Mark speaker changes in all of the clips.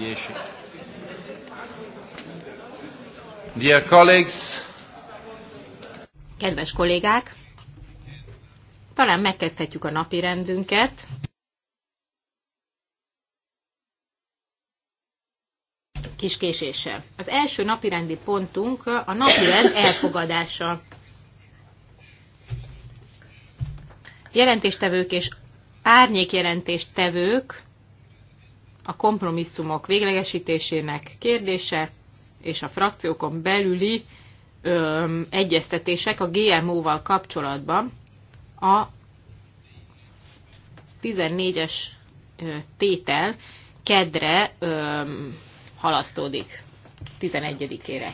Speaker 1: 10. Dear colleagues,
Speaker 2: Kedves kollégák, talán megkezdhetjük a napi rendünket. Kis késéssel. Az első napirendi pontunk a napirend elfogadása. Jelentéstevők és árnyékjelentéstevők a kompromisszumok véglegesítésének kérdése és a frakciókon belüli ö, egyeztetések a GMO-val kapcsolatban a 14-es tétel kedre ö, halasztódik 11-ére.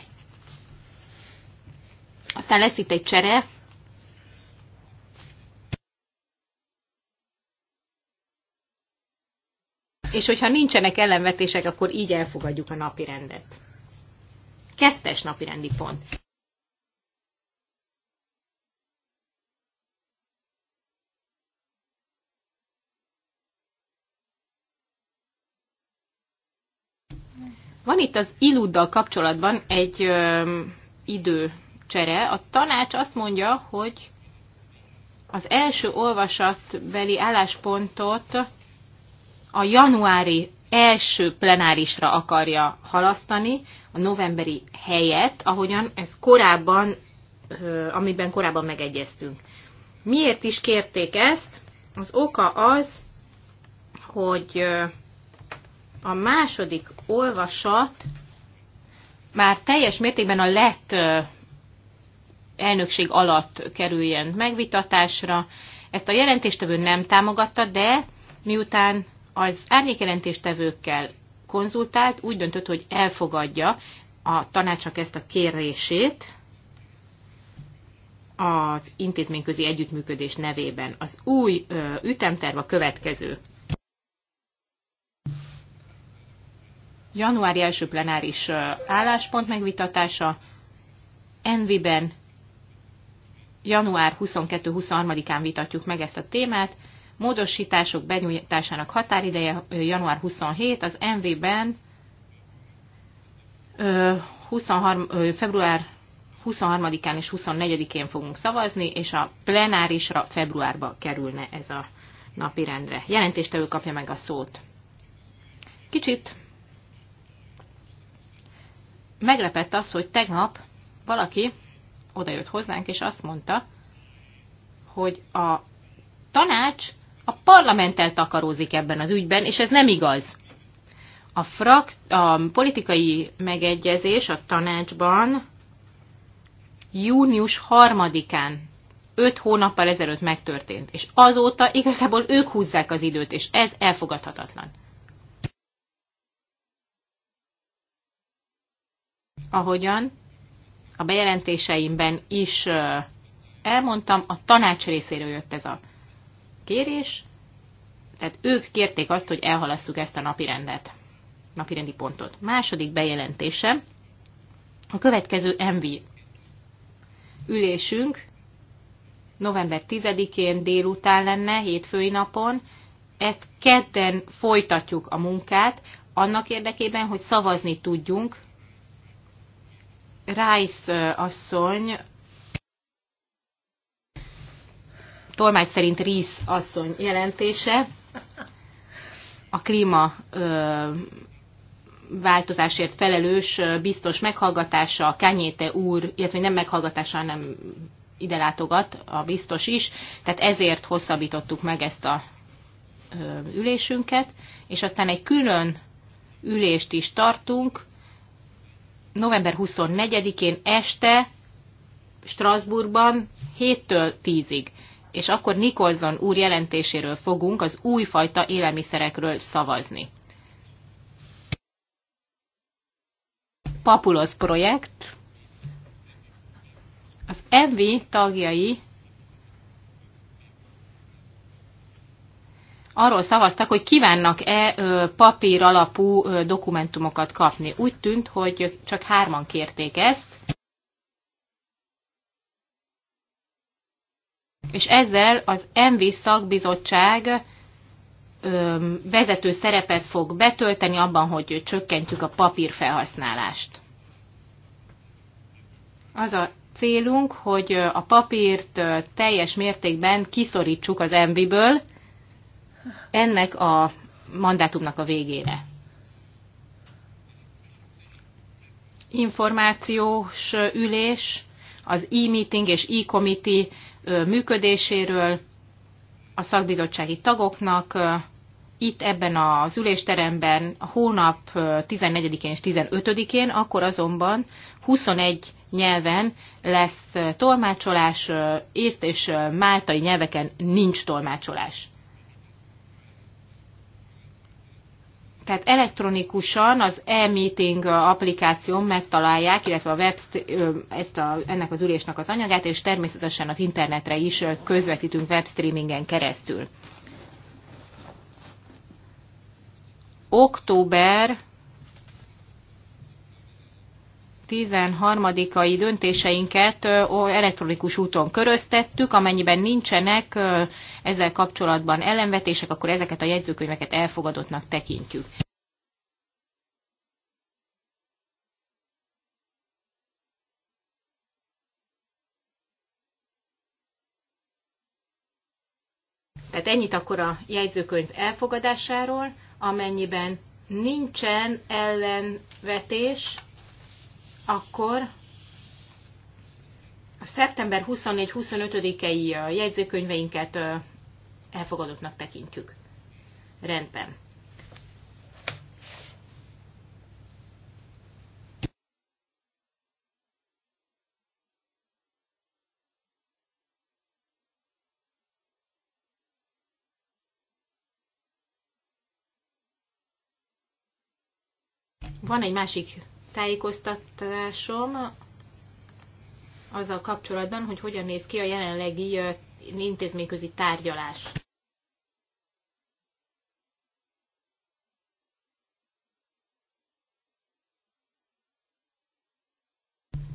Speaker 2: Aztán lesz itt egy csere és hogyha nincsenek ellenvetések, akkor így elfogadjuk a napi rendet. Kettes napi rendi pont. Van itt az iluddal kapcsolatban egy ö, időcsere. A tanács azt mondja, hogy az első olvasatbeli álláspontot a januári első plenárisra akarja halasztani a novemberi helyet, ahogyan ez korábban, amiben korábban megegyeztünk. Miért is kérték ezt? Az oka az, hogy a második olvasat már teljes mértékben a lett elnökség alatt kerüljön megvitatásra. Ezt a jelentéstevő nem támogatta, de miután az árnyékjelentéstevőkkel konzultált, úgy döntött, hogy elfogadja a tanácsnak ezt a kérését az intézményközi együttműködés nevében. Az új ütemterv a következő. Januári első plenáris álláspont megvitatása, Enviben január 22-23-án vitatjuk meg ezt a témát, Módosítások benyújtásának határideje január 27, az MV-ben 23, február 23-án és 24-én fogunk szavazni, és a plenárisra februárba kerülne ez a napirendre. Jelentéstevő kapja meg a szót. Kicsit meglepett az, hogy tegnap valaki odajött hozzánk, és azt mondta, hogy a tanács a parlamenttel takarózik ebben az ügyben, és ez nem igaz. A, frak, a politikai megegyezés a tanácsban június 3-án, 5 hónappal ezelőtt megtörtént, és azóta igazából ők húzzák az időt, és ez elfogadhatatlan. Ahogyan a bejelentéseimben is elmondtam, a tanács részéről jött ez a kérés, tehát ők kérték azt, hogy elhalasszuk ezt a napirendet, napirendi pontot. Második bejelentése, a következő MV ülésünk november 10-én délután lenne, hétfői napon. Ezt kedden folytatjuk a munkát, annak érdekében, hogy szavazni tudjunk. Rice eh, asszony tolmács szerint Rész asszony jelentése a klíma ö, változásért felelős biztos meghallgatása, Kányéte úr, illetve nem meghallgatása, hanem ide látogat a biztos is, tehát ezért hosszabbítottuk meg ezt a ö, ülésünket, és aztán egy külön ülést is tartunk, november 24-én este Strasbourgban 7-től 10-ig és akkor Nikolson úr jelentéséről fogunk az újfajta élelmiszerekről szavazni. Papulos projekt. Az EVI tagjai arról szavaztak, hogy kívánnak-e papír alapú dokumentumokat kapni. Úgy tűnt, hogy csak hárman kérték ezt, és ezzel az MV szakbizottság vezető szerepet fog betölteni abban, hogy csökkentjük a papírfelhasználást. Az a célunk, hogy a papírt teljes mértékben kiszorítsuk az enviből ennek a mandátumnak a végére. Információs ülés, az e-meeting és e-committee működéséről a szakbizottsági tagoknak itt ebben az ülésteremben a hónap 14-én és 15-én, akkor azonban 21 nyelven lesz tolmácsolás, észt és máltai nyelveken nincs tolmácsolás. Tehát elektronikusan az e-meeting applikáción megtalálják, illetve a web, ezt a, ennek az ülésnek az anyagát, és természetesen az internetre is közvetítünk webstreamingen keresztül. Október 13-ai döntéseinket elektronikus úton köröztettük, amennyiben nincsenek ezzel kapcsolatban ellenvetések, akkor ezeket a jegyzőkönyveket elfogadottnak tekintjük. Tehát ennyit akkor a jegyzőkönyv elfogadásáról, amennyiben nincsen ellenvetés, akkor a szeptember 24-25-i jegyzőkönyveinket elfogadottnak tekintjük. Rendben. Van egy másik tájékoztatásom azzal kapcsolatban, hogy hogyan néz ki a jelenlegi intézményközi tárgyalás.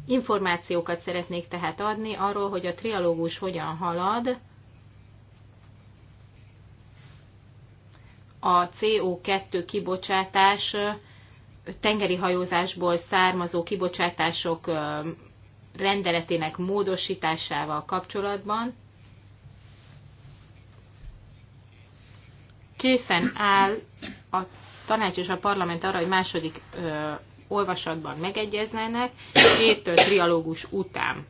Speaker 2: Információkat szeretnék tehát adni arról, hogy a trialógus hogyan halad, a CO2 kibocsátás tengeri hajózásból származó kibocsátások rendeletének módosításával kapcsolatban. Készen áll a tanács és a parlament arra, hogy második ö, olvasatban megegyeznének, két trialógus után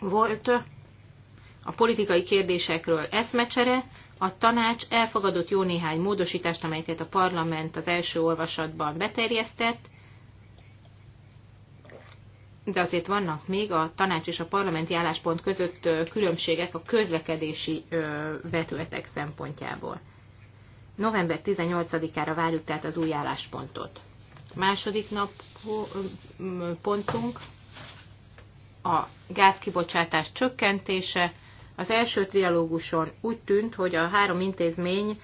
Speaker 2: volt a politikai kérdésekről eszmecsere, a tanács elfogadott jó néhány módosítást, amelyeket a parlament az első olvasatban beterjesztett, de azért vannak még a tanács és a parlamenti álláspont között különbségek a közlekedési vetületek szempontjából. November 18-ára várjuk tehát az új álláspontot. Második nap pontunk a gázkibocsátás csökkentése, az első trialóguson úgy tűnt, hogy a három intézmény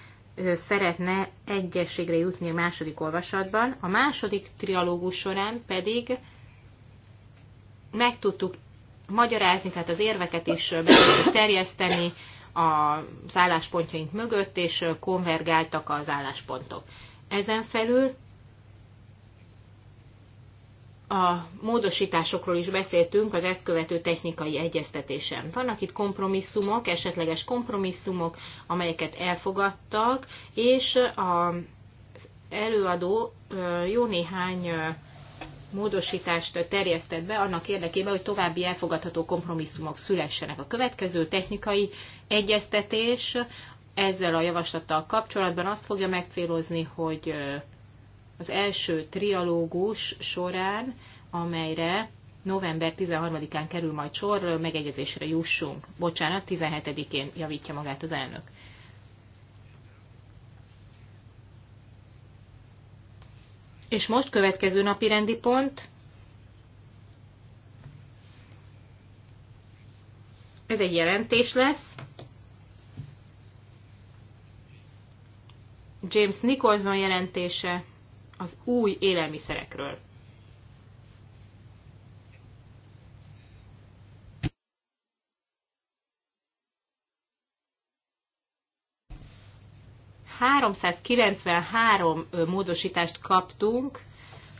Speaker 2: szeretne egyességre jutni a második olvasatban, a második trialógus során pedig meg tudtuk magyarázni, tehát az érveket is be tudtuk terjeszteni az álláspontjaink mögött, és konvergáltak az álláspontok. Ezen felül a módosításokról is beszéltünk az ezt követő technikai egyeztetésen. Vannak itt kompromisszumok, esetleges kompromisszumok, amelyeket elfogadtak, és a előadó jó néhány módosítást terjesztett be annak érdekében, hogy további elfogadható kompromisszumok szülessenek. A következő technikai egyeztetés ezzel a javaslattal kapcsolatban azt fogja megcélozni, hogy az első trialógus során, amelyre november 13-án kerül majd sor, megegyezésre jussunk. Bocsánat, 17-én javítja magát az elnök. És most következő napi rendi pont. Ez egy jelentés lesz. James Nicholson jelentése az új élelmiszerekről. ...393 módosítást kaptunk,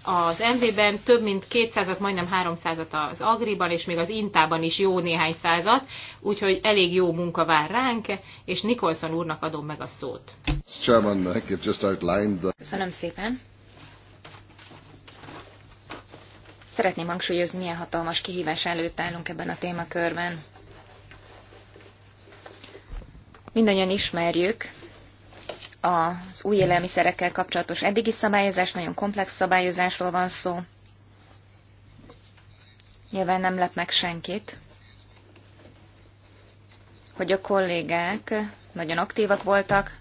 Speaker 2: az MV-ben több mint 200-at, majdnem 300-at az Agriban, és még az Intában is jó néhány százat, úgyhogy elég jó munka vár ránk, és Nikolson úrnak adom meg a szót. Köszönöm szépen.
Speaker 3: Szeretném hangsúlyozni, milyen hatalmas kihívás előtt állunk ebben a témakörben. Mindannyian ismerjük az új élelmiszerekkel kapcsolatos eddigi szabályozás, nagyon komplex szabályozásról van szó. Nyilván nem lep meg senkit, hogy a kollégák nagyon aktívak voltak,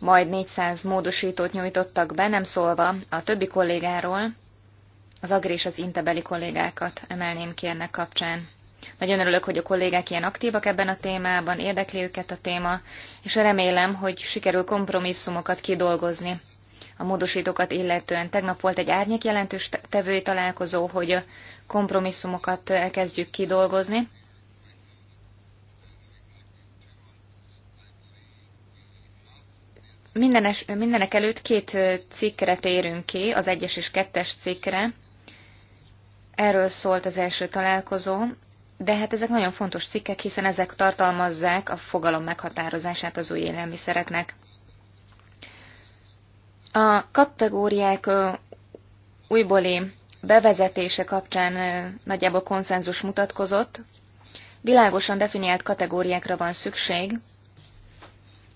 Speaker 3: majd 400 módosítót nyújtottak be, nem szólva a többi kollégáról, az Agri és az Intebeli kollégákat emelném ki ennek kapcsán. Nagyon örülök, hogy a kollégák ilyen aktívak ebben a témában, érdekli őket a téma, és remélem, hogy sikerül kompromisszumokat kidolgozni. A módosítókat illetően tegnap volt egy árnyék jelentős tevői találkozó, hogy kompromisszumokat elkezdjük kidolgozni. Mindenes, mindenek előtt két cikkre térünk ki, az egyes és kettes cikkre, Erről szólt az első találkozó, de hát ezek nagyon fontos cikkek, hiszen ezek tartalmazzák a fogalom meghatározását az új élelmiszereknek. A kategóriák újbóli bevezetése kapcsán nagyjából konszenzus mutatkozott. Világosan definiált kategóriákra van szükség,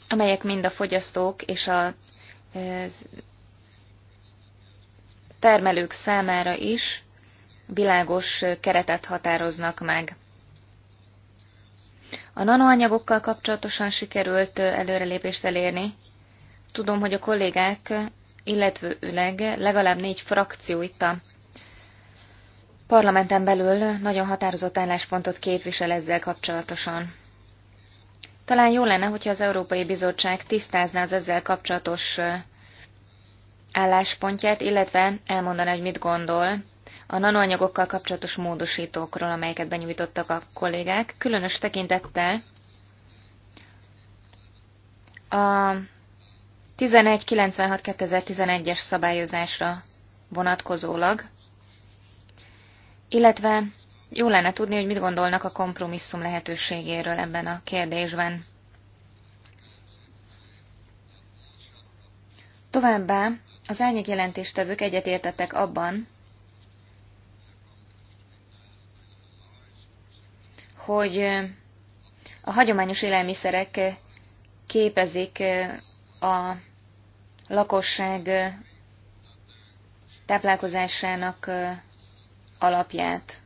Speaker 3: amelyek mind a fogyasztók és a termelők számára is világos keretet határoznak meg. A nanoanyagokkal kapcsolatosan sikerült előrelépést elérni. Tudom, hogy a kollégák, illetőleg legalább négy frakció itt a parlamenten belül nagyon határozott álláspontot képvisel ezzel kapcsolatosan. Talán jó lenne, hogyha az Európai Bizottság tisztázná az ezzel kapcsolatos álláspontját, illetve elmondaná, hogy mit gondol a nanoanyagokkal kapcsolatos módosítókról, amelyeket benyújtottak a kollégák, különös tekintettel a 1196-2011-es szabályozásra vonatkozólag, illetve jó lenne tudni, hogy mit gondolnak a kompromisszum lehetőségéről ebben a kérdésben. Továbbá az árnyék jelentéstevők egyetértettek abban, hogy a hagyományos élelmiszerek képezik a lakosság táplálkozásának alapját.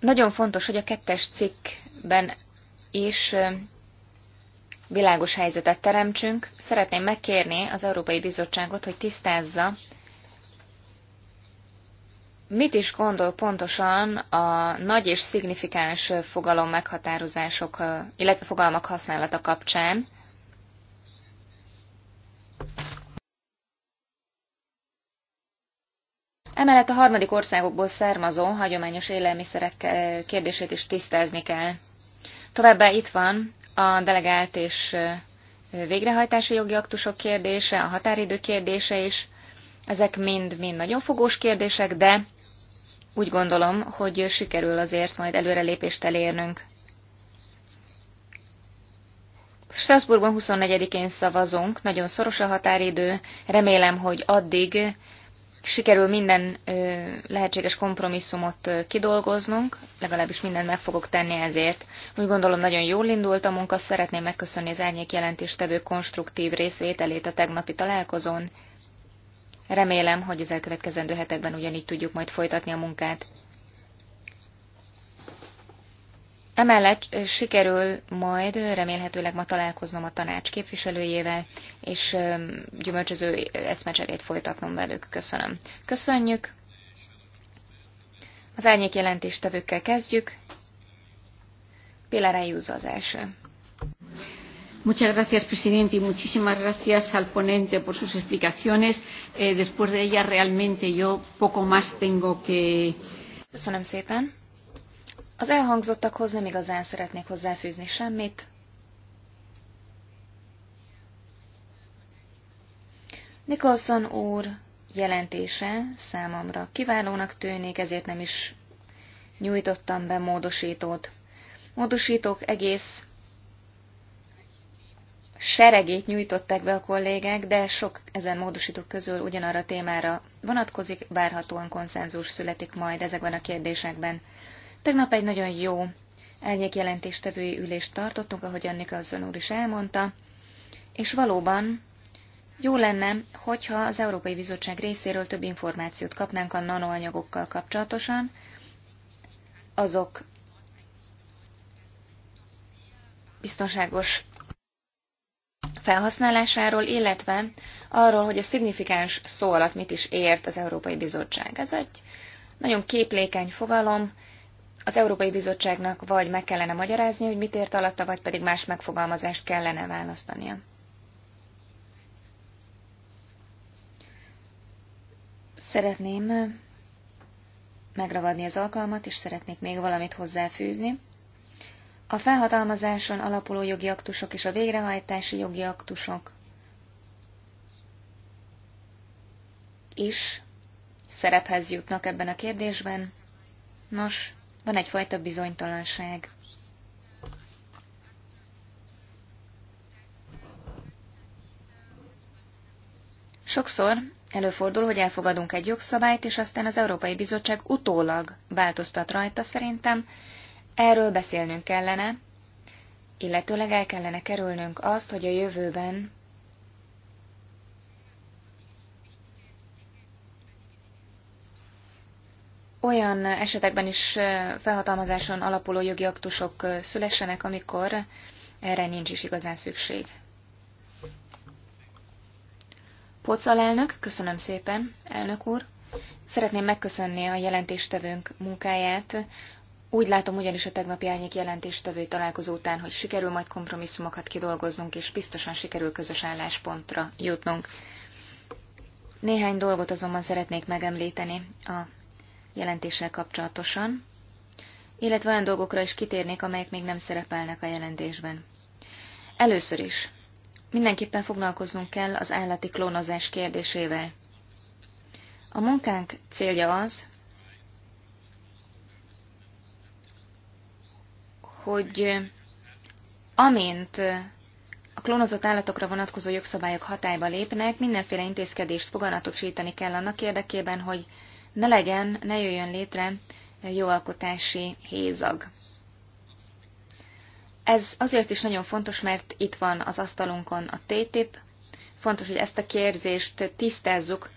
Speaker 3: Nagyon fontos, hogy a kettes cikkben is világos helyzetet teremtsünk. Szeretném megkérni az Európai Bizottságot, hogy tisztázza mit is gondol pontosan a nagy és szignifikáns fogalom meghatározások, illetve fogalmak használata kapcsán? Emellett a harmadik országokból származó hagyományos élelmiszerek kérdését is tisztázni kell. Továbbá itt van a delegált és végrehajtási jogi aktusok kérdése, a határidő kérdése is. Ezek mind-mind nagyon fogós kérdések, de úgy gondolom, hogy sikerül azért majd előrelépést elérnünk. Strasbourgban 24-én szavazunk, nagyon szoros a határidő, remélem, hogy addig sikerül minden ö, lehetséges kompromisszumot ö, kidolgoznunk, legalábbis mindent meg fogok tenni ezért. Úgy gondolom, nagyon jól indult a munka, szeretném megköszönni az árnyék jelentéstevő konstruktív részvételét a tegnapi találkozón, Remélem, hogy az elkövetkezendő hetekben ugyanígy tudjuk majd folytatni a munkát. Emellett sikerül majd remélhetőleg ma találkoznom a tanács képviselőjével, és gyümölcsöző eszmecserét folytatnom velük. Köszönöm. Köszönjük. Az árnyék jelentéstevőkkel kezdjük. Pilar Ayuso
Speaker 2: az első. Muchas gracias, presidente, y muchísimas gracias al ponente por sus explicaciones. Eh, después de ellas, realmente yo poco más tengo que. Köszönöm szépen.
Speaker 3: Az elhangzottakhoz nem igazán szeretnék hozzáfűzni semmit. Nicholson úr jelentése számomra kiválónak tűnik, ezért nem is nyújtottam be módosítót. Módosítók egész seregét nyújtották be a kollégák, de sok ezen módosítók közül ugyanarra a témára vonatkozik, várhatóan konszenzus születik majd ezekben a kérdésekben. Tegnap egy nagyon jó elnyék jelentéstevői ülést tartottunk, ahogy Annika Azzon úr is elmondta, és valóban jó lenne, hogyha az Európai Bizottság részéről több információt kapnánk a nanoanyagokkal kapcsolatosan, azok biztonságos felhasználásáról, illetve arról, hogy a szignifikáns szó alatt mit is ért az Európai Bizottság. Ez egy nagyon képlékeny fogalom, az Európai Bizottságnak vagy meg kellene magyarázni, hogy mit ért alatta, vagy pedig más megfogalmazást kellene választania. Szeretném megragadni az alkalmat, és szeretnék még valamit hozzáfűzni. A felhatalmazáson alapuló jogi aktusok és a végrehajtási jogi aktusok is szerephez jutnak ebben a kérdésben. Nos, van egyfajta bizonytalanság. Sokszor előfordul, hogy elfogadunk egy jogszabályt, és aztán az Európai Bizottság utólag változtat rajta. Szerintem Erről beszélnünk kellene, illetőleg el kellene kerülnünk azt, hogy a jövőben olyan esetekben is felhatalmazáson alapuló jogi aktusok szülessenek, amikor erre nincs is igazán szükség. Pocal elnök, köszönöm szépen, elnök úr. Szeretném megköszönni a jelentéstevőnk munkáját. Úgy látom ugyanis a tegnapi árnyék jelentéstevői találkozó után, hogy sikerül majd kompromisszumokat kidolgoznunk, és biztosan sikerül közös álláspontra jutnunk. Néhány dolgot azonban szeretnék megemlíteni a jelentéssel kapcsolatosan, illetve olyan dolgokra is kitérnék, amelyek még nem szerepelnek a jelentésben. Először is. Mindenképpen foglalkoznunk kell az állati klónozás kérdésével. A munkánk célja az, hogy amint a klónozott állatokra vonatkozó jogszabályok hatályba lépnek, mindenféle intézkedést foganatosítani kell annak érdekében, hogy ne legyen, ne jöjjön létre jogalkotási hézag. Ez azért is nagyon fontos, mert itt van az asztalunkon a TTIP. Fontos, hogy ezt a kérdést tisztázzuk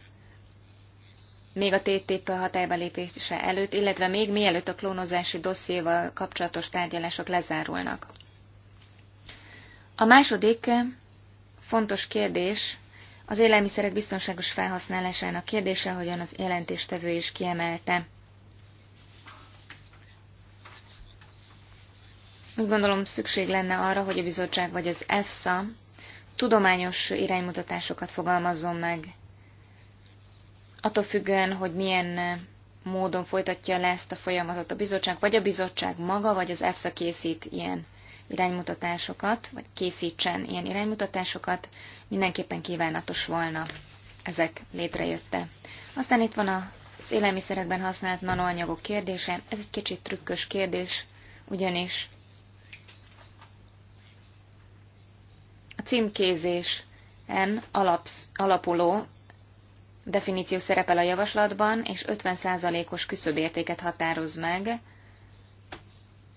Speaker 3: még a TTIP hatályba lépése előtt, illetve még mielőtt a klónozási dossziéval kapcsolatos tárgyalások lezárulnak. A második fontos kérdés az élelmiszerek biztonságos felhasználásának kérdése, ahogyan az jelentéstevő is kiemelte. Úgy gondolom szükség lenne arra, hogy a bizottság vagy az EFSA tudományos iránymutatásokat fogalmazzon meg attól függően, hogy milyen eh, módon folytatja le ezt a folyamatot a bizottság, vagy a bizottság maga, vagy az EFSA készít ilyen iránymutatásokat, vagy készítsen ilyen iránymutatásokat, mindenképpen kívánatos volna ezek létrejötte. Aztán itt van az élelmiszerekben használt nanoanyagok kérdése. Ez egy kicsit trükkös kérdés, ugyanis a címkézésen alapsz, alapuló definíció szerepel a javaslatban, és 50%-os küszöbértéket határoz meg.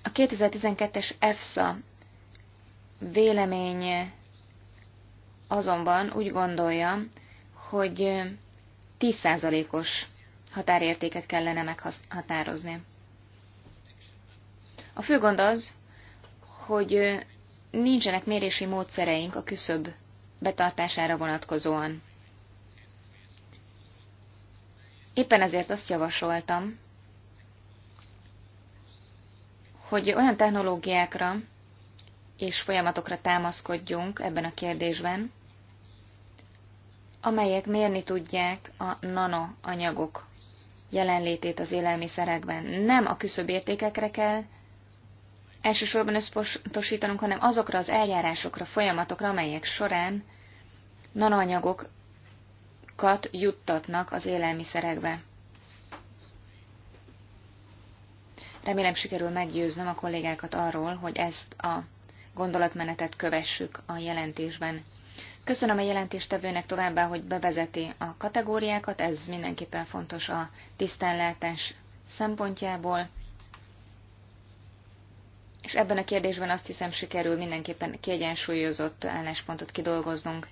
Speaker 3: A 2012-es EFSA vélemény azonban úgy gondolja, hogy 10%-os határértéket kellene meghatározni. A fő gond az, hogy nincsenek mérési módszereink a küszöb betartására vonatkozóan. Éppen ezért azt javasoltam, hogy olyan technológiákra és folyamatokra támaszkodjunk ebben a kérdésben, amelyek mérni tudják a nanoanyagok jelenlétét az élelmiszerekben. Nem a értékekre kell elsősorban összpontosítanunk, hanem azokra az eljárásokra, folyamatokra, amelyek során nanoanyagok kat juttatnak az élelmiszerekbe. Remélem sikerül meggyőznöm a kollégákat arról, hogy ezt a gondolatmenetet kövessük a jelentésben. Köszönöm a jelentéstevőnek továbbá, hogy bevezeti a kategóriákat, ez mindenképpen fontos a tisztánlátás szempontjából. És ebben a kérdésben azt hiszem sikerül mindenképpen kiegyensúlyozott álláspontot kidolgoznunk.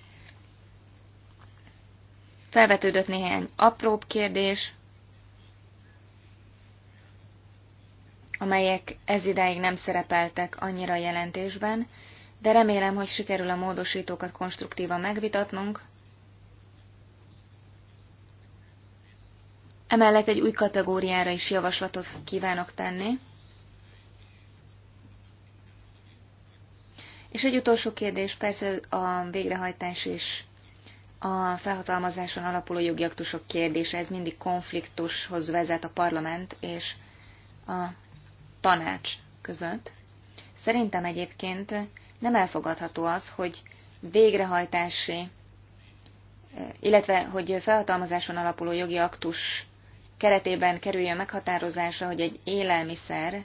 Speaker 3: Felvetődött néhány apróbb kérdés, amelyek ez idáig nem szerepeltek annyira a jelentésben, de remélem, hogy sikerül a módosítókat konstruktívan megvitatnunk. Emellett egy új kategóriára is javaslatot kívánok tenni. És egy utolsó kérdés, persze a végrehajtás és a felhatalmazáson alapuló jogi aktusok kérdése, ez mindig konfliktushoz vezet a parlament és a tanács között. Szerintem egyébként nem elfogadható az, hogy végrehajtási, illetve hogy felhatalmazáson alapuló jogi aktus keretében kerüljön meghatározásra, hogy egy élelmiszer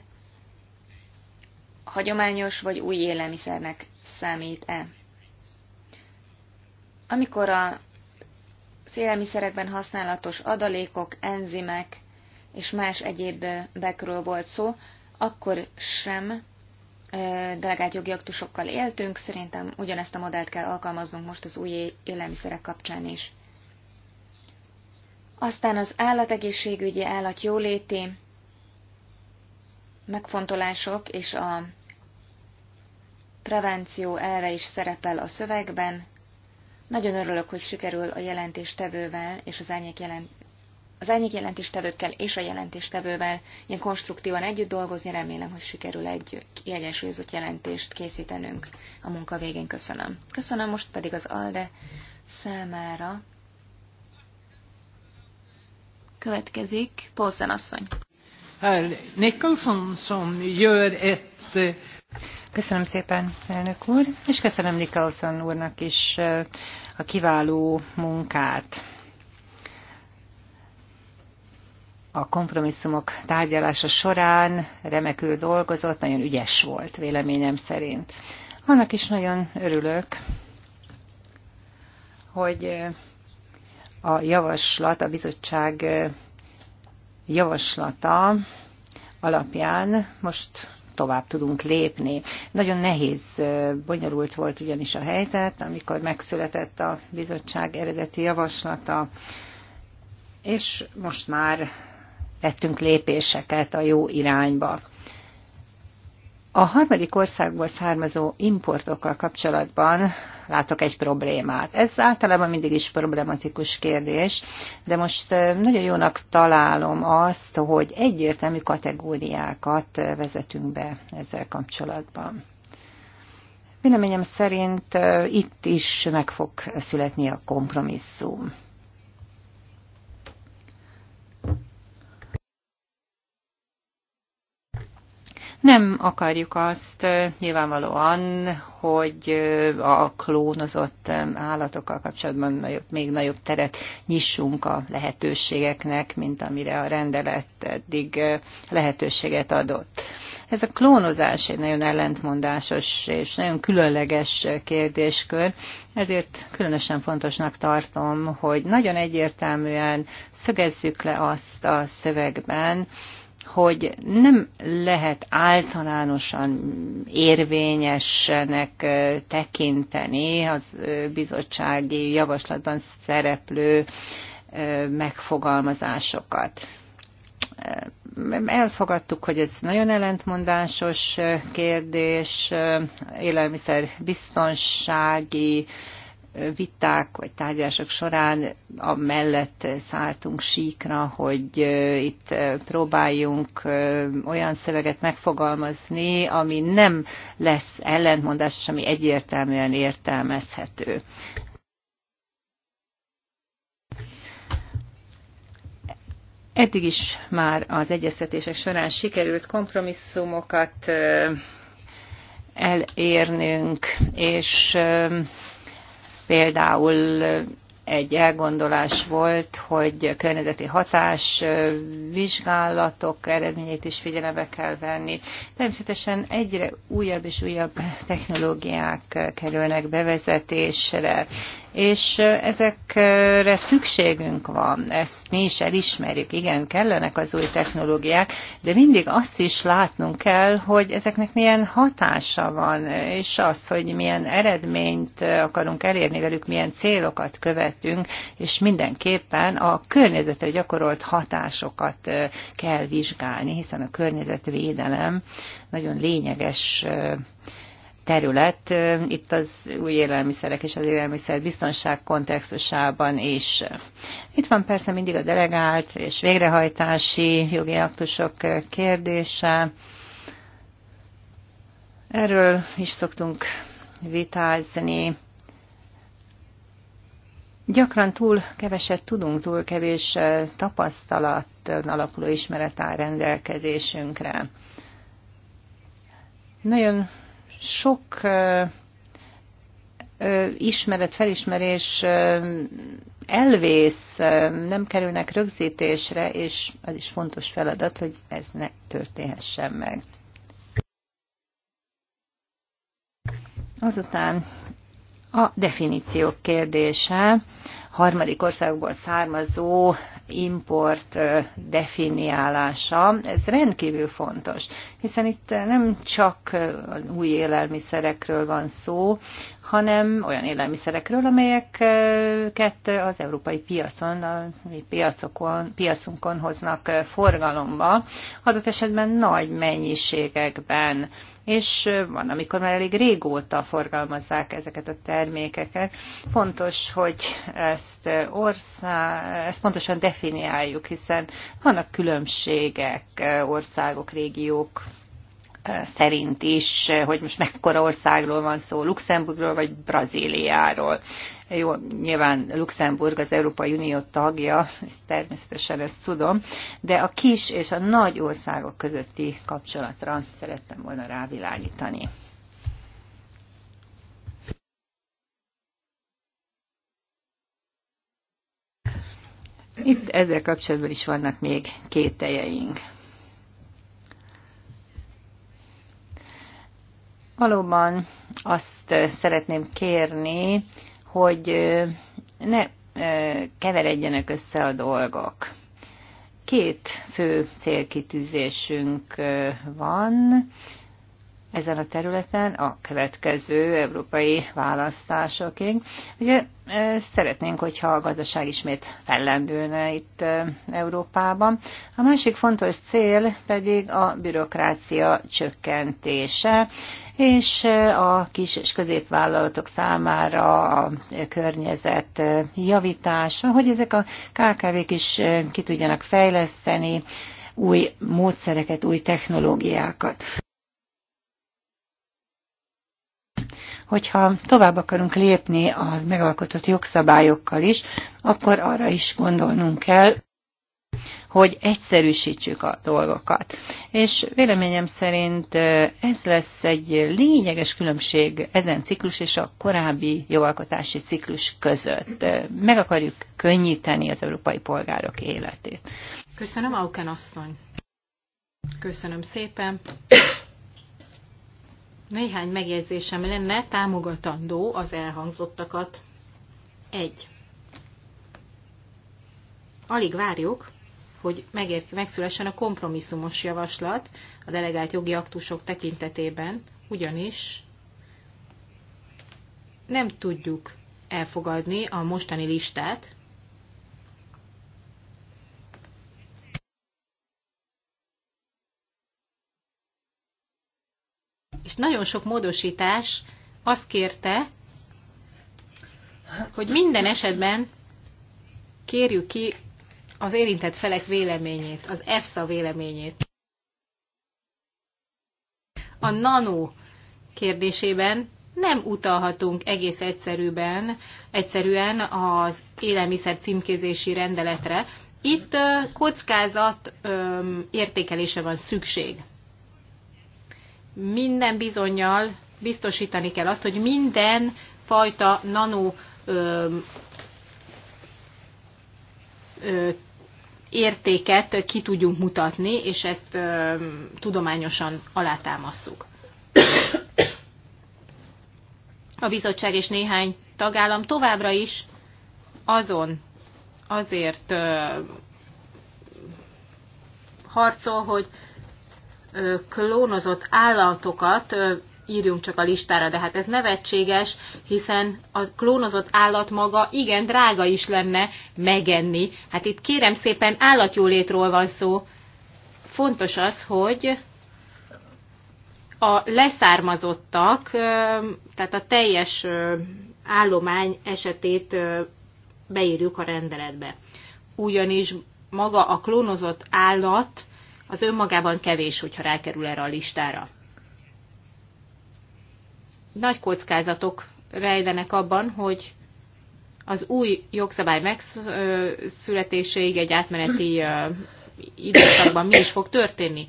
Speaker 3: hagyományos vagy új élelmiszernek számít-e. Amikor a szélelmiszerekben használatos adalékok, enzimek és más egyéb bekről volt szó, akkor sem delegált jogi aktusokkal éltünk, szerintem ugyanezt a modellt kell alkalmaznunk most az új élelmiszerek kapcsán is. Aztán az állategészségügyi, állatjóléti megfontolások és a prevenció elve is szerepel a szövegben. Nagyon örülök, hogy sikerül a jelentéstevővel és az árnyék jelent az árnyék jelentéstevőkkel és a jelentéstevővel ilyen konstruktívan együtt dolgozni, remélem, hogy sikerül egy kiegyensúlyozott jelentést készítenünk a munka végén. Köszönöm. Köszönöm most pedig az ALDE számára. Következik Paulsen asszony.
Speaker 4: Herr Nicholson som gör ett eh, Köszönöm szépen, elnök úr, és köszönöm Nikolson úrnak is eh, a kiváló munkát. A kompromisszumok tárgyalása során remekül dolgozott, nagyon ügyes volt véleményem szerint. Annak is nagyon örülök, hogy eh, a javaslat, a bizottság eh, javaslata alapján most tovább tudunk lépni. Nagyon nehéz, bonyolult volt ugyanis a helyzet, amikor megszületett a bizottság eredeti javaslata, és most már tettünk lépéseket a jó irányba. A harmadik országból származó importokkal kapcsolatban látok egy problémát. Ez általában mindig is problematikus kérdés, de most nagyon jónak találom azt, hogy egyértelmű kategóriákat vezetünk be ezzel kapcsolatban. Véleményem szerint itt is meg fog születni a kompromisszum. Nem akarjuk azt nyilvánvalóan, hogy a klónozott állatokkal kapcsolatban nagyobb, még nagyobb teret nyissunk a lehetőségeknek, mint amire a rendelet eddig lehetőséget adott. Ez a klónozás egy nagyon ellentmondásos és nagyon különleges kérdéskör, ezért különösen fontosnak tartom, hogy nagyon egyértelműen szögezzük le azt a szövegben, hogy nem lehet általánosan érvényesnek tekinteni az bizottsági javaslatban szereplő megfogalmazásokat. Elfogadtuk, hogy ez nagyon ellentmondásos kérdés, élelmiszer biztonsági viták vagy tárgyalások során a mellett szálltunk síkra, hogy itt próbáljunk olyan szöveget megfogalmazni, ami nem lesz ellentmondásos, ami egyértelműen értelmezhető. Eddig is már az egyeztetések során sikerült kompromisszumokat elérnünk, és például egy elgondolás volt, hogy környezeti hatás vizsgálatok eredményét is figyelembe kell venni. Természetesen egyre újabb és újabb technológiák kerülnek bevezetésre, és ezekre szükségünk van, ezt mi is elismerjük. Igen, kellenek az új technológiák, de mindig azt is látnunk kell, hogy ezeknek milyen hatása van, és az, hogy milyen eredményt akarunk elérni velük, milyen célokat követ beszélgettünk, és mindenképpen a környezetre gyakorolt hatásokat kell vizsgálni, hiszen a környezetvédelem nagyon lényeges terület, itt az új élelmiszerek és az élelmiszer biztonság kontextusában is. Itt van persze mindig a delegált és végrehajtási jogi aktusok kérdése. Erről is szoktunk vitázni. Gyakran túl keveset tudunk, túl kevés tapasztalat alapuló ismeret áll rendelkezésünkre. Nagyon sok ismeret, felismerés elvész, nem kerülnek rögzítésre, és az is fontos feladat, hogy ez ne történhessen meg. Azután a definíciók kérdése, harmadik országból származó import definiálása, ez rendkívül fontos, hiszen itt nem csak új élelmiszerekről van szó, hanem olyan élelmiszerekről, amelyeket az európai piacon, a mi piacokon, piacunkon hoznak forgalomba, adott esetben nagy mennyiségekben és van, amikor már elég régóta forgalmazzák ezeket a termékeket. Fontos, hogy ezt, ország, ezt pontosan definiáljuk, hiszen vannak különbségek országok, régiók szerint is, hogy most mekkora országról van szó, Luxemburgról vagy Brazíliáról. Jó, nyilván Luxemburg az Európai Unió tagja, ezt természetesen ezt tudom, de a kis és a nagy országok közötti kapcsolatra szerettem volna rávilágítani. Itt ezzel kapcsolatban is vannak még kételjeink. Valóban azt szeretném kérni, hogy ne keveredjenek össze a dolgok. Két fő célkitűzésünk van ezen a területen a következő európai választásokig. Ugye szeretnénk, hogyha a gazdaság ismét fellendülne itt Európában. A másik fontos cél pedig a bürokrácia csökkentése, és a kis és középvállalatok számára a környezet javítása, hogy ezek a KKV-k is ki tudjanak fejleszteni új módszereket, új technológiákat. hogyha tovább akarunk lépni az megalkotott jogszabályokkal is, akkor arra is gondolnunk kell, hogy egyszerűsítsük a dolgokat. És véleményem szerint ez lesz egy lényeges különbség ezen ciklus és a korábbi jogalkotási ciklus között. Meg akarjuk könnyíteni az európai polgárok életét.
Speaker 2: Köszönöm, Auken asszony. Köszönöm szépen. Néhány megjegyzésem lenne támogatandó az elhangzottakat. Egy. Alig várjuk, hogy megér, megszülessen a kompromisszumos javaslat a delegált jogi aktusok tekintetében, ugyanis nem tudjuk elfogadni a mostani listát, és nagyon sok módosítás azt kérte,
Speaker 4: hogy minden esetben
Speaker 2: kérjük ki az érintett felek véleményét, az EFSA véleményét. A nano kérdésében nem utalhatunk egész egyszerűben, egyszerűen az élelmiszer címkézési rendeletre. Itt kockázat értékelése van szükség. Minden bizonyal biztosítani kell azt, hogy minden fajta nano értéket ki tudjunk mutatni, és ezt tudományosan alátámasszuk. A bizottság és néhány tagállam továbbra is azon azért harcol, hogy klónozott állatokat írjunk csak a listára, de hát ez nevetséges, hiszen a klónozott állat maga igen drága is lenne megenni. Hát itt kérem szépen állatjólétről van szó. Fontos az, hogy a leszármazottak, tehát a teljes állomány esetét beírjuk a rendeletbe. Ugyanis maga a klónozott állat az önmagában kevés, hogyha rákerül erre a listára nagy kockázatok rejlenek abban, hogy az új jogszabály megszületéséig egy átmeneti időszakban mi is fog történni.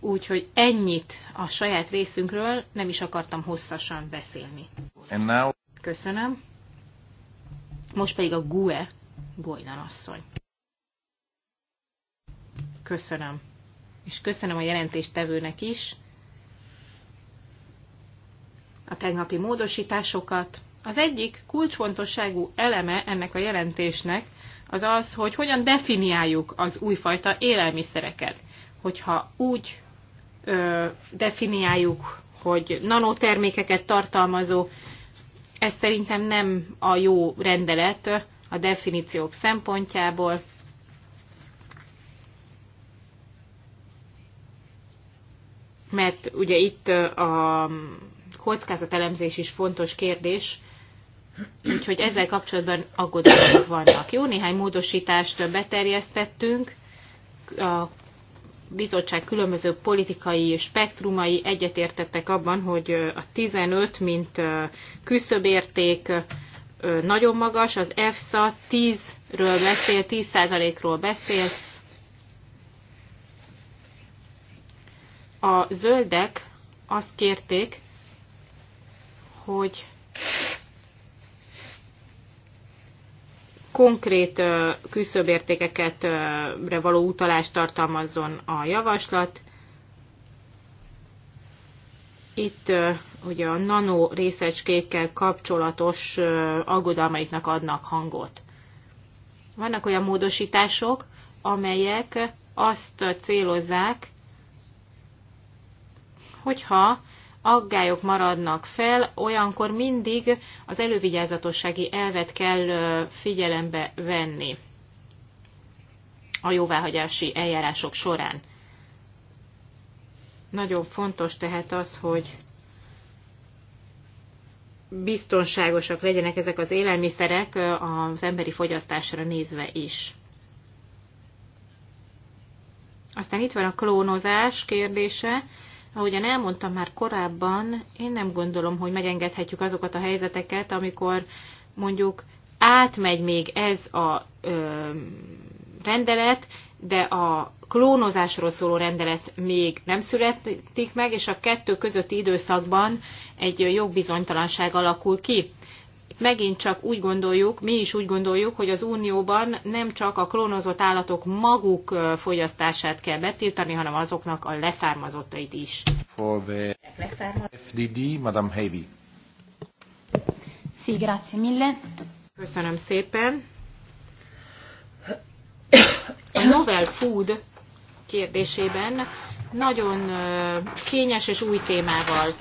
Speaker 2: Úgyhogy ennyit a saját részünkről nem is akartam hosszasan beszélni. Now... Köszönöm. Most pedig a GUE Gojnan asszony. Köszönöm. És köszönöm a jelentéstevőnek is a tegnapi módosításokat. Az egyik kulcsfontosságú eleme ennek a jelentésnek az az, hogy hogyan definiáljuk az újfajta élelmiszereket. Hogyha úgy ö, definiáljuk, hogy nanotermékeket tartalmazó, ez szerintem nem a jó rendelet a definíciók szempontjából. Mert ugye itt a kockázatelemzés is fontos kérdés, úgyhogy ezzel kapcsolatban aggodalmak vannak. Jó néhány módosítást beterjesztettünk, a bizottság különböző politikai spektrumai egyetértettek abban, hogy a 15, mint küszöbérték nagyon magas, az EFSA 10-ről beszél, 10%-ról beszél, a zöldek azt kérték, hogy konkrét küszöbértékeket való utalást tartalmazzon a javaslat. Itt ugye a nano részecskékkel kapcsolatos aggodalmaiknak adnak hangot. Vannak olyan módosítások, amelyek azt célozzák, hogyha aggályok maradnak fel, olyankor mindig az elővigyázatossági elvet kell figyelembe venni a jóváhagyási eljárások során. Nagyon fontos tehát az, hogy biztonságosak legyenek ezek az élelmiszerek az emberi fogyasztásra nézve is. Aztán itt van a klónozás kérdése. Ahogyan elmondtam már korábban, én nem gondolom, hogy megengedhetjük azokat a helyzeteket, amikor mondjuk átmegy még ez a ö, rendelet, de a klónozásról szóló rendelet még nem születik meg, és a kettő közötti időszakban egy jogbizonytalanság alakul ki megint csak úgy gondoljuk, mi is úgy gondoljuk, hogy az Unióban nem csak a klónozott állatok maguk fogyasztását kell betiltani, hanem azoknak a leszármazottait is.
Speaker 1: For the FDD, Madame Heavy.
Speaker 4: Sí, grazie mille.
Speaker 2: Köszönöm szépen. A novel food kérdésében nagyon kényes és új témával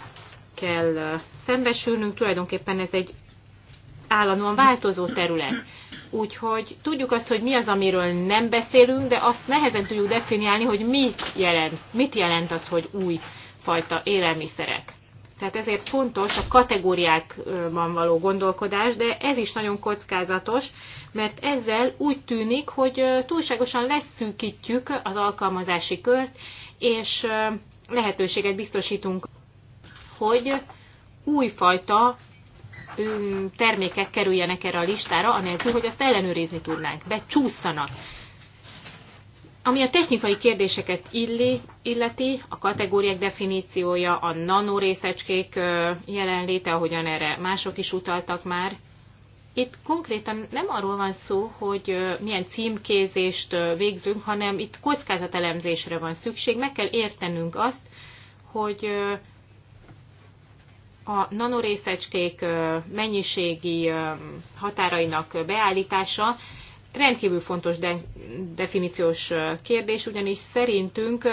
Speaker 2: kell szembesülnünk. Tulajdonképpen ez egy állandóan változó terület. Úgyhogy tudjuk azt, hogy mi az, amiről nem beszélünk, de azt nehezen tudjuk definiálni, hogy mit jelent, mit jelent az, hogy új fajta élelmiszerek. Tehát ezért fontos a kategóriákban való gondolkodás, de ez is nagyon kockázatos, mert ezzel úgy tűnik, hogy túlságosan leszűkítjük az alkalmazási kört, és lehetőséget biztosítunk, hogy újfajta Mm, termékek kerüljenek erre a listára, anélkül, hogy azt ellenőrizni tudnánk, becsúszanak. Ami a technikai kérdéseket illi, illeti, a kategóriák definíciója, a nanorészecskék jelenléte, ahogyan erre mások is utaltak már, itt konkrétan nem arról van szó, hogy milyen címkézést végzünk, hanem itt kockázatelemzésre van szükség. Meg kell értenünk azt, hogy a nanorészecskék mennyiségi határainak beállítása rendkívül fontos de definíciós kérdés, ugyanis szerintünk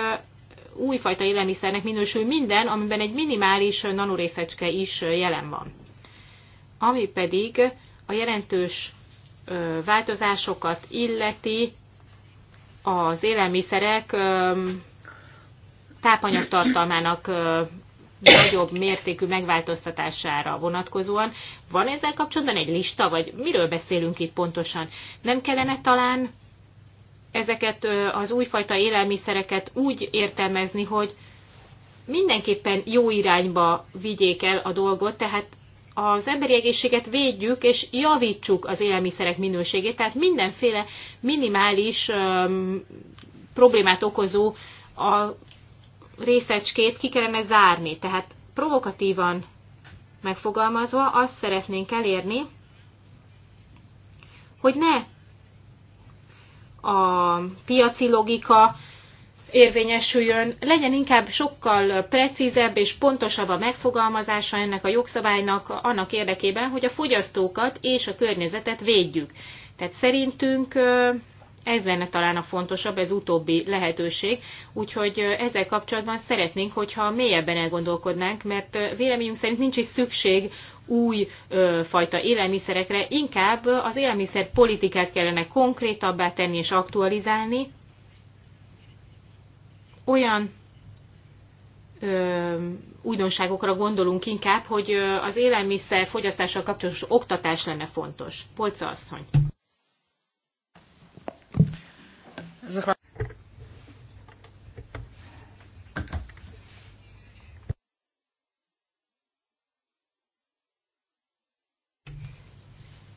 Speaker 2: újfajta élelmiszernek minősül minden, amiben egy minimális nanorészecske is jelen van. Ami pedig a jelentős változásokat illeti az élelmiszerek tápanyagtartalmának nagyobb mértékű megváltoztatására vonatkozóan. Van ezzel kapcsolatban egy lista, vagy miről beszélünk itt pontosan? Nem kellene talán ezeket az újfajta élelmiszereket úgy értelmezni, hogy mindenképpen jó irányba vigyék el a dolgot, tehát az emberi egészséget védjük és javítsuk az élelmiszerek minőségét, tehát mindenféle minimális um, problémát okozó a részecskét ki kellene zárni. Tehát provokatívan megfogalmazva azt szeretnénk elérni, hogy ne a piaci logika érvényesüljön, legyen inkább sokkal precízebb és pontosabb a megfogalmazása ennek a jogszabálynak annak érdekében, hogy a fogyasztókat és a környezetet védjük. Tehát szerintünk ez lenne talán a fontosabb, ez utóbbi lehetőség, úgyhogy ezzel kapcsolatban szeretnénk, hogyha mélyebben elgondolkodnánk, mert véleményünk szerint nincs is szükség új ö, fajta élelmiszerekre, inkább az élelmiszer politikát kellene konkrétabbá tenni és aktualizálni, olyan ö, újdonságokra gondolunk inkább, hogy az élelmiszer fogyasztással kapcsolatos oktatás lenne fontos. Polca asszony. Az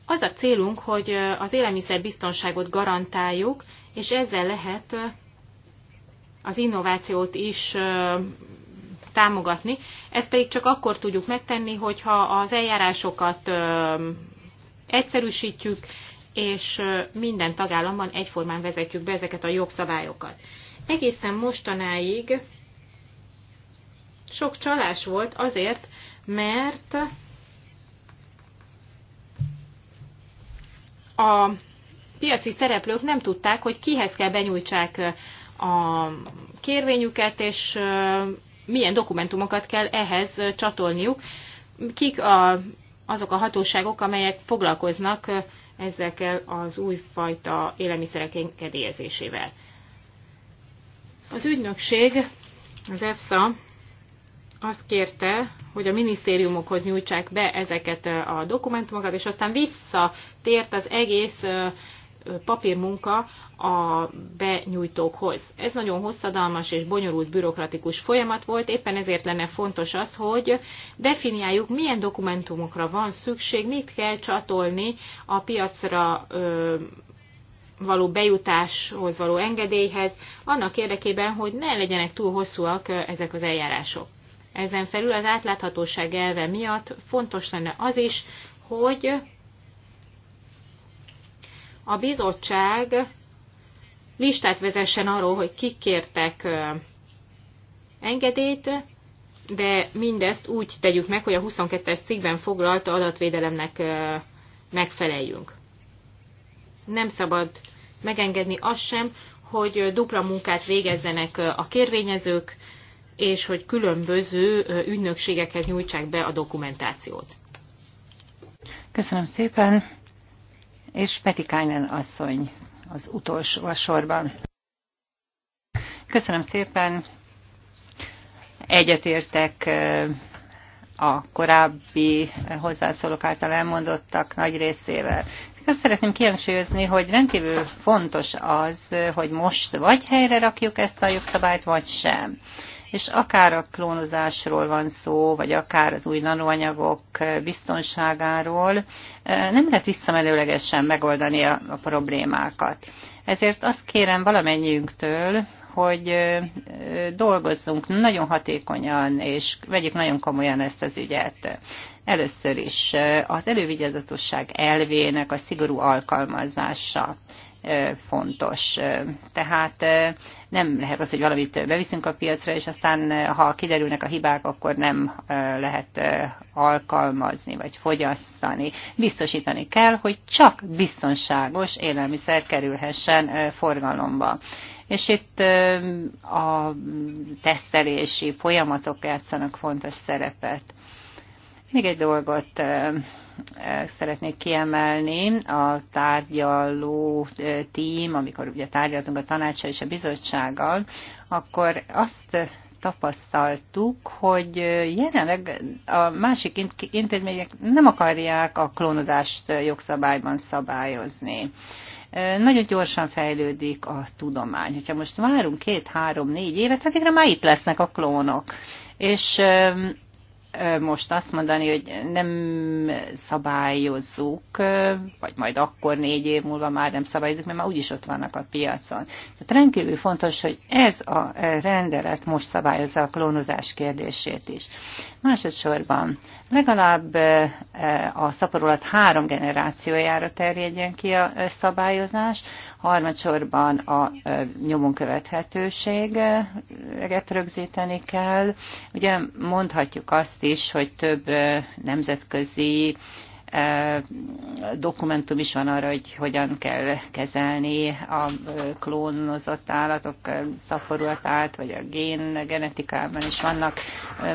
Speaker 2: a célunk, hogy az élelmiszerbiztonságot garantáljuk, és ezzel lehet az innovációt is támogatni. Ezt pedig csak akkor tudjuk megtenni, hogyha az eljárásokat egyszerűsítjük, és minden tagállamban egyformán vezetjük be ezeket a jogszabályokat. Egészen mostanáig sok csalás volt azért, mert a piaci szereplők nem tudták, hogy kihez kell benyújtsák a kérvényüket, és milyen dokumentumokat kell ehhez csatolniuk, kik a, azok a hatóságok, amelyek foglalkoznak ezekkel az újfajta élelmiszerek engedélyezésével. Az ügynökség, az EFSA azt kérte, hogy a minisztériumokhoz nyújtsák be ezeket a dokumentumokat, és aztán visszatért az egész papírmunka a benyújtókhoz. Ez nagyon hosszadalmas és bonyolult bürokratikus folyamat volt, éppen ezért lenne fontos az, hogy definiáljuk, milyen dokumentumokra van szükség, mit kell csatolni a piacra való bejutáshoz való engedélyhez, annak érdekében, hogy ne legyenek túl hosszúak ezek az eljárások. Ezen felül az átláthatóság elve miatt fontos lenne az is, hogy a bizottság listát vezessen arról, hogy kik kértek engedélyt, de mindezt úgy tegyük meg, hogy a 22-es cikkben foglalt adatvédelemnek megfeleljünk. Nem szabad megengedni azt sem, hogy dupla munkát végezzenek a kérvényezők, és hogy különböző ügynökségekhez nyújtsák be a dokumentációt.
Speaker 4: Köszönöm szépen! és Peti Kájnen asszony az utolsó sorban. Köszönöm szépen. Egyetértek a korábbi hozzászólók által elmondottak nagy részével. Azt szeretném kihangsúlyozni, hogy rendkívül fontos az, hogy most vagy helyre rakjuk ezt a jogszabályt, vagy sem és akár a klónozásról van szó, vagy akár az új nanoanyagok biztonságáról, nem lehet visszamenőlegesen megoldani a, a problémákat. Ezért azt kérem valamennyiünktől, hogy dolgozzunk nagyon hatékonyan, és vegyük nagyon komolyan ezt az ügyet. Először is az elővigyázatosság elvének a szigorú alkalmazása fontos. Tehát nem lehet az, hogy valamit beviszünk a piacra, és aztán ha kiderülnek a hibák, akkor nem lehet alkalmazni vagy fogyasztani. Biztosítani kell, hogy csak biztonságos élelmiszer kerülhessen forgalomba. És itt a tesztelési folyamatok játszanak fontos szerepet. Még egy dolgot szeretnék kiemelni, a tárgyaló tím, amikor ugye tárgyaltunk a tanácsa és a bizottsággal, akkor azt tapasztaltuk, hogy jelenleg a másik intézmények nem akarják a klónozást jogszabályban szabályozni. Nagyon gyorsan fejlődik a tudomány. Hogyha most várunk két, három, négy évet, addigra hát már itt lesznek a klónok. És most azt mondani, hogy nem szabályozzuk, vagy majd akkor négy év múlva már nem szabályozzuk, mert már úgyis ott vannak a piacon. Tehát rendkívül fontos, hogy ez a rendelet most szabályozza a klónozás kérdését is. Másodszorban legalább a szaporulat három generációjára terjedjen ki a szabályozás, Harmadsorban a nyomon követhetőséget rögzíteni kell. Ugye mondhatjuk azt is, hogy több nemzetközi dokumentum is van arra, hogy hogyan kell kezelni a klónozott állatok szaporulatát, vagy a gén genetikában is vannak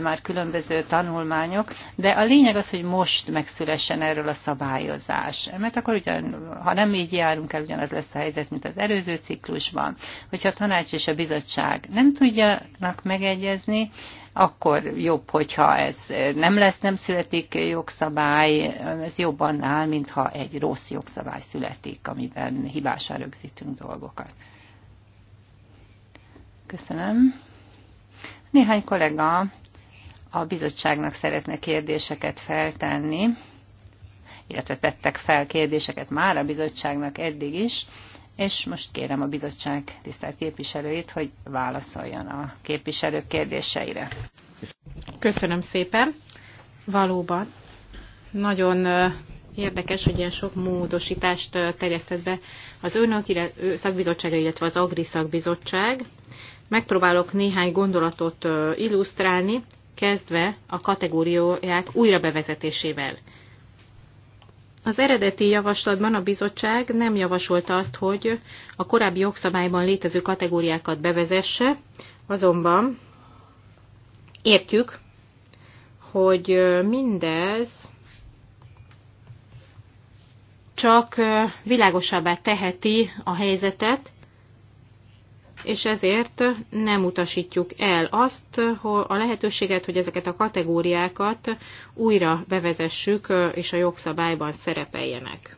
Speaker 4: már különböző tanulmányok, de a lényeg az, hogy most megszülessen erről a szabályozás. Mert akkor ugyan, ha nem így járunk el, ugyanaz lesz a helyzet, mint az előző ciklusban. Hogyha a tanács és a bizottság nem tudjanak megegyezni, akkor jobb, hogyha ez nem lesz, nem születik jogszabály, ez jobban áll, mintha egy rossz jogszabály születik, amiben hibásan rögzítünk dolgokat. Köszönöm. Néhány kollega a bizottságnak szeretne kérdéseket feltenni, illetve tettek fel kérdéseket már a bizottságnak eddig is és most kérem a bizottság tisztelt képviselőit, hogy válaszoljon a képviselők kérdéseire. Köszönöm szépen. Valóban nagyon
Speaker 2: érdekes, hogy ilyen sok módosítást terjesztett be az önök szakbizottsága, illetve az Agri szakbizottság. Megpróbálok néhány gondolatot illusztrálni, kezdve a kategóriák újrabevezetésével. Az eredeti javaslatban a bizottság nem javasolta azt, hogy a korábbi jogszabályban létező kategóriákat bevezesse, azonban értjük, hogy mindez csak világosabbá teheti a helyzetet, és ezért nem utasítjuk el azt hogy a lehetőséget, hogy ezeket a kategóriákat újra bevezessük, és a jogszabályban szerepeljenek.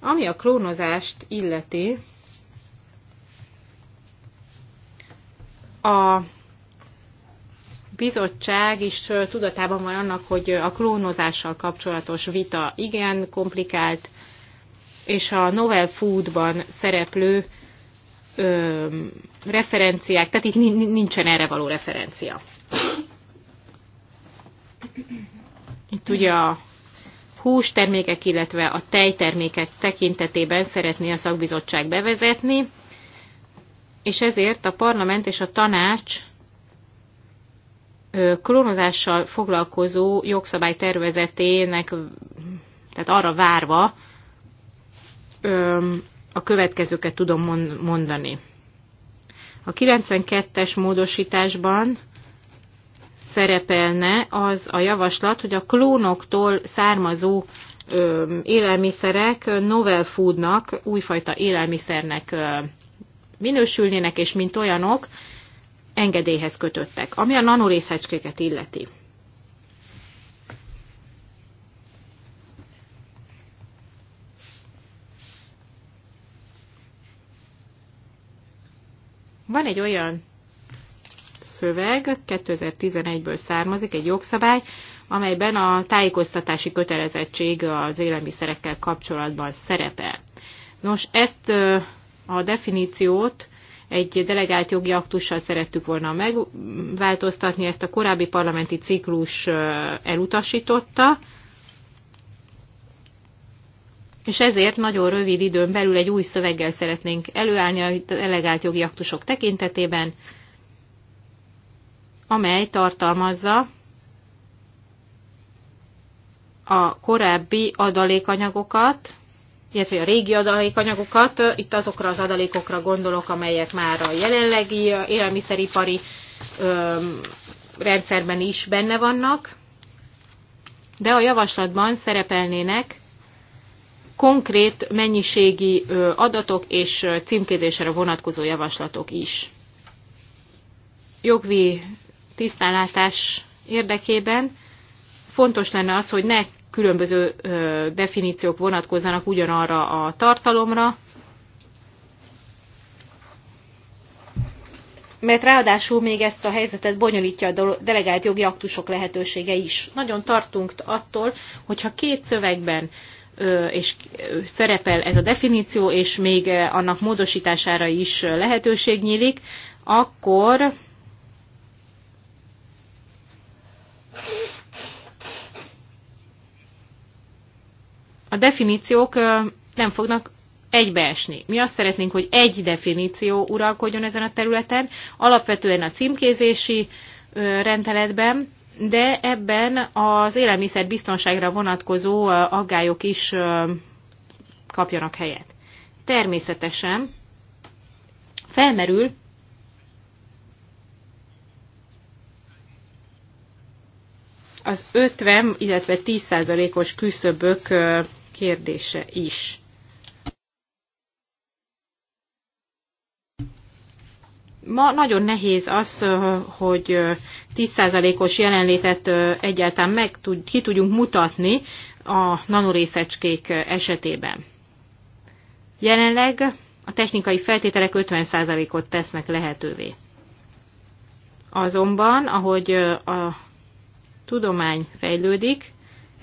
Speaker 2: Ami a klónozást illeti, a bizottság is tudatában van annak, hogy a klónozással kapcsolatos vita igen komplikált, és a Novel Foodban szereplő ö, referenciák, tehát itt nincsen erre való referencia. Itt ugye a hústermékek, illetve a tejtermékek tekintetében szeretné a szakbizottság bevezetni, és ezért a parlament és a tanács klónozással foglalkozó jogszabálytervezetének, tehát arra várva, a következőket tudom mondani. A 92-es módosításban szerepelne az a javaslat, hogy a klónoktól származó élelmiszerek novel foodnak, újfajta élelmiszernek minősülnének, és mint olyanok engedélyhez kötöttek. Ami a nanorészecskéket illeti. Van egy olyan szöveg, 2011-ből származik, egy jogszabály, amelyben a tájékoztatási kötelezettség az élelmiszerekkel kapcsolatban szerepel. Nos, ezt a definíciót egy delegált jogi aktussal szerettük volna megváltoztatni, ezt a korábbi parlamenti ciklus elutasította, és ezért nagyon rövid időn belül egy új szöveggel szeretnénk előállni a delegált jogi aktusok tekintetében, amely tartalmazza a korábbi adalékanyagokat, illetve a régi adalékanyagokat, itt azokra az adalékokra gondolok, amelyek már a jelenlegi élelmiszeripari öm, rendszerben is benne vannak, de a javaslatban szerepelnének konkrét mennyiségi adatok és címkézésre vonatkozó javaslatok is. Jogvi tisztánlátás érdekében fontos lenne az, hogy ne különböző definíciók vonatkozzanak ugyanarra a tartalomra, mert ráadásul még ezt a helyzetet bonyolítja a delegált jogi aktusok lehetősége is. Nagyon tartunk attól, hogyha két szövegben és szerepel ez a definíció, és még annak módosítására is lehetőség nyílik, akkor a definíciók nem fognak egybeesni. Mi azt szeretnénk, hogy egy definíció uralkodjon ezen a területen, alapvetően a címkézési rendeletben, de ebben az élelmiszer biztonságra vonatkozó aggályok is kapjanak helyet. Természetesen felmerül az 50, illetve 10%-os küszöbök kérdése is. Ma nagyon nehéz az, hogy 10%-os jelenlétet egyáltalán meg tud, ki tudjunk mutatni a nanorészecskék esetében. Jelenleg a technikai feltételek 50%-ot tesznek lehetővé. Azonban, ahogy a tudomány fejlődik,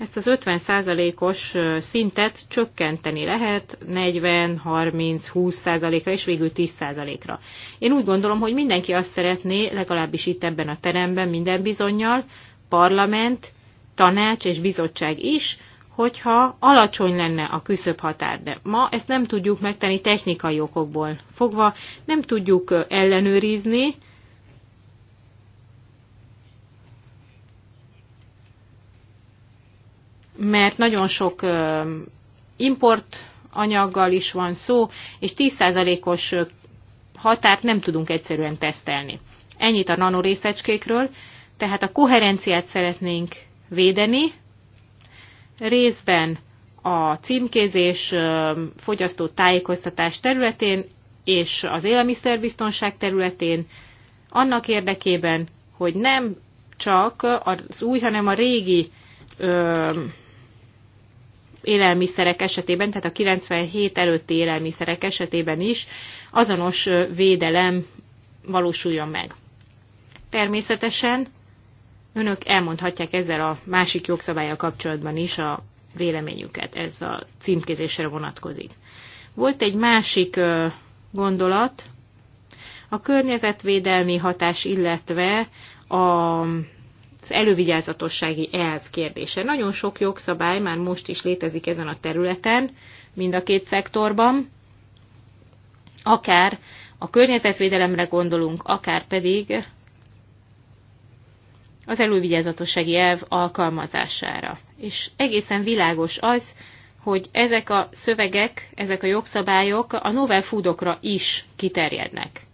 Speaker 2: ezt az 50%-os szintet csökkenteni lehet 40, 30, 20%-ra és végül 10%-ra. Én úgy gondolom, hogy mindenki azt szeretné, legalábbis itt ebben a teremben minden bizonyal, parlament, tanács és bizottság is, hogyha alacsony lenne a küszöbb határ, de ma ezt nem tudjuk megtenni technikai okokból fogva, nem tudjuk ellenőrizni, mert nagyon sok import anyaggal is van szó, és 10%-os határt nem tudunk egyszerűen tesztelni. Ennyit a nanorészecskékről, tehát a koherenciát szeretnénk védeni, részben a címkézés, fogyasztó tájékoztatás területén és az élelmiszerbiztonság területén, annak érdekében, hogy nem csak az új, hanem a régi élelmiszerek esetében, tehát a 97 előtti élelmiszerek esetében is azonos védelem valósuljon meg. Természetesen önök elmondhatják ezzel a másik jogszabályjal kapcsolatban is a véleményüket, ez a címkézésre vonatkozik. Volt egy másik gondolat, a környezetvédelmi hatás, illetve a az elővigyázatossági elv kérdése. Nagyon sok jogszabály már most is létezik ezen a területen, mind a két szektorban, akár a környezetvédelemre gondolunk, akár pedig az elővigyázatossági elv alkalmazására. És egészen világos az, hogy ezek a szövegek, ezek a jogszabályok a novel foodokra is kiterjednek.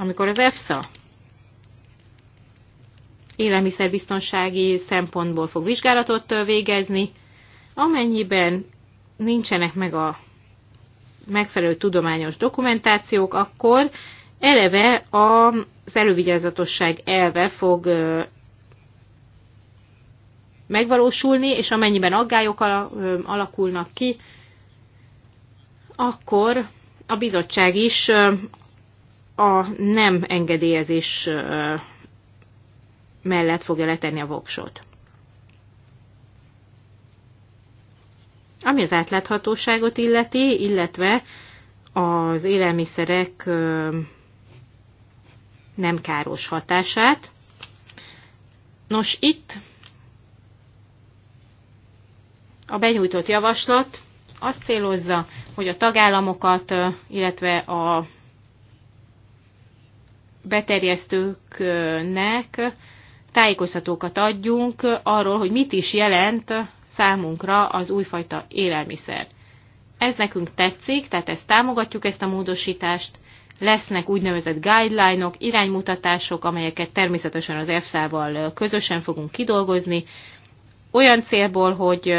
Speaker 2: Amikor az EFSA élelmiszerbiztonsági szempontból fog vizsgálatot végezni, amennyiben nincsenek meg a megfelelő tudományos dokumentációk, akkor eleve az elővigyázatosság elve fog megvalósulni, és amennyiben aggályok alakulnak ki, akkor a bizottság is a nem engedélyezés mellett fogja letenni a voksot. Ami az átláthatóságot illeti, illetve az élelmiszerek nem káros hatását. Nos, itt a benyújtott javaslat azt célozza, hogy a tagállamokat, illetve a beterjesztőknek tájékoztatókat adjunk arról, hogy mit is jelent számunkra az újfajta élelmiszer. Ez nekünk tetszik, tehát ezt támogatjuk, ezt a módosítást. Lesznek úgynevezett guideline-ok, iránymutatások, amelyeket természetesen az EFSA-val közösen fogunk kidolgozni, olyan célból, hogy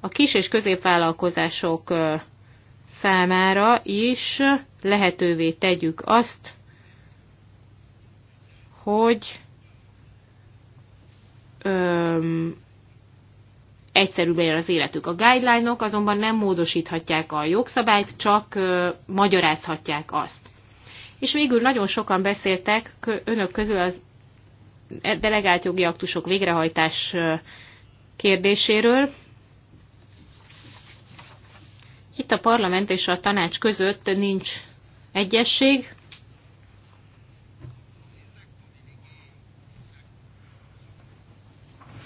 Speaker 2: a kis és középvállalkozások számára is lehetővé tegyük azt, hogy öm, egyszerűbb az életük. A guideline-ok -ok azonban nem módosíthatják a jogszabályt, csak ö, magyarázhatják azt. És végül nagyon sokan beszéltek önök közül az e, delegált jogi aktusok végrehajtás kérdéséről. Itt a parlament és a tanács között nincs egyesség,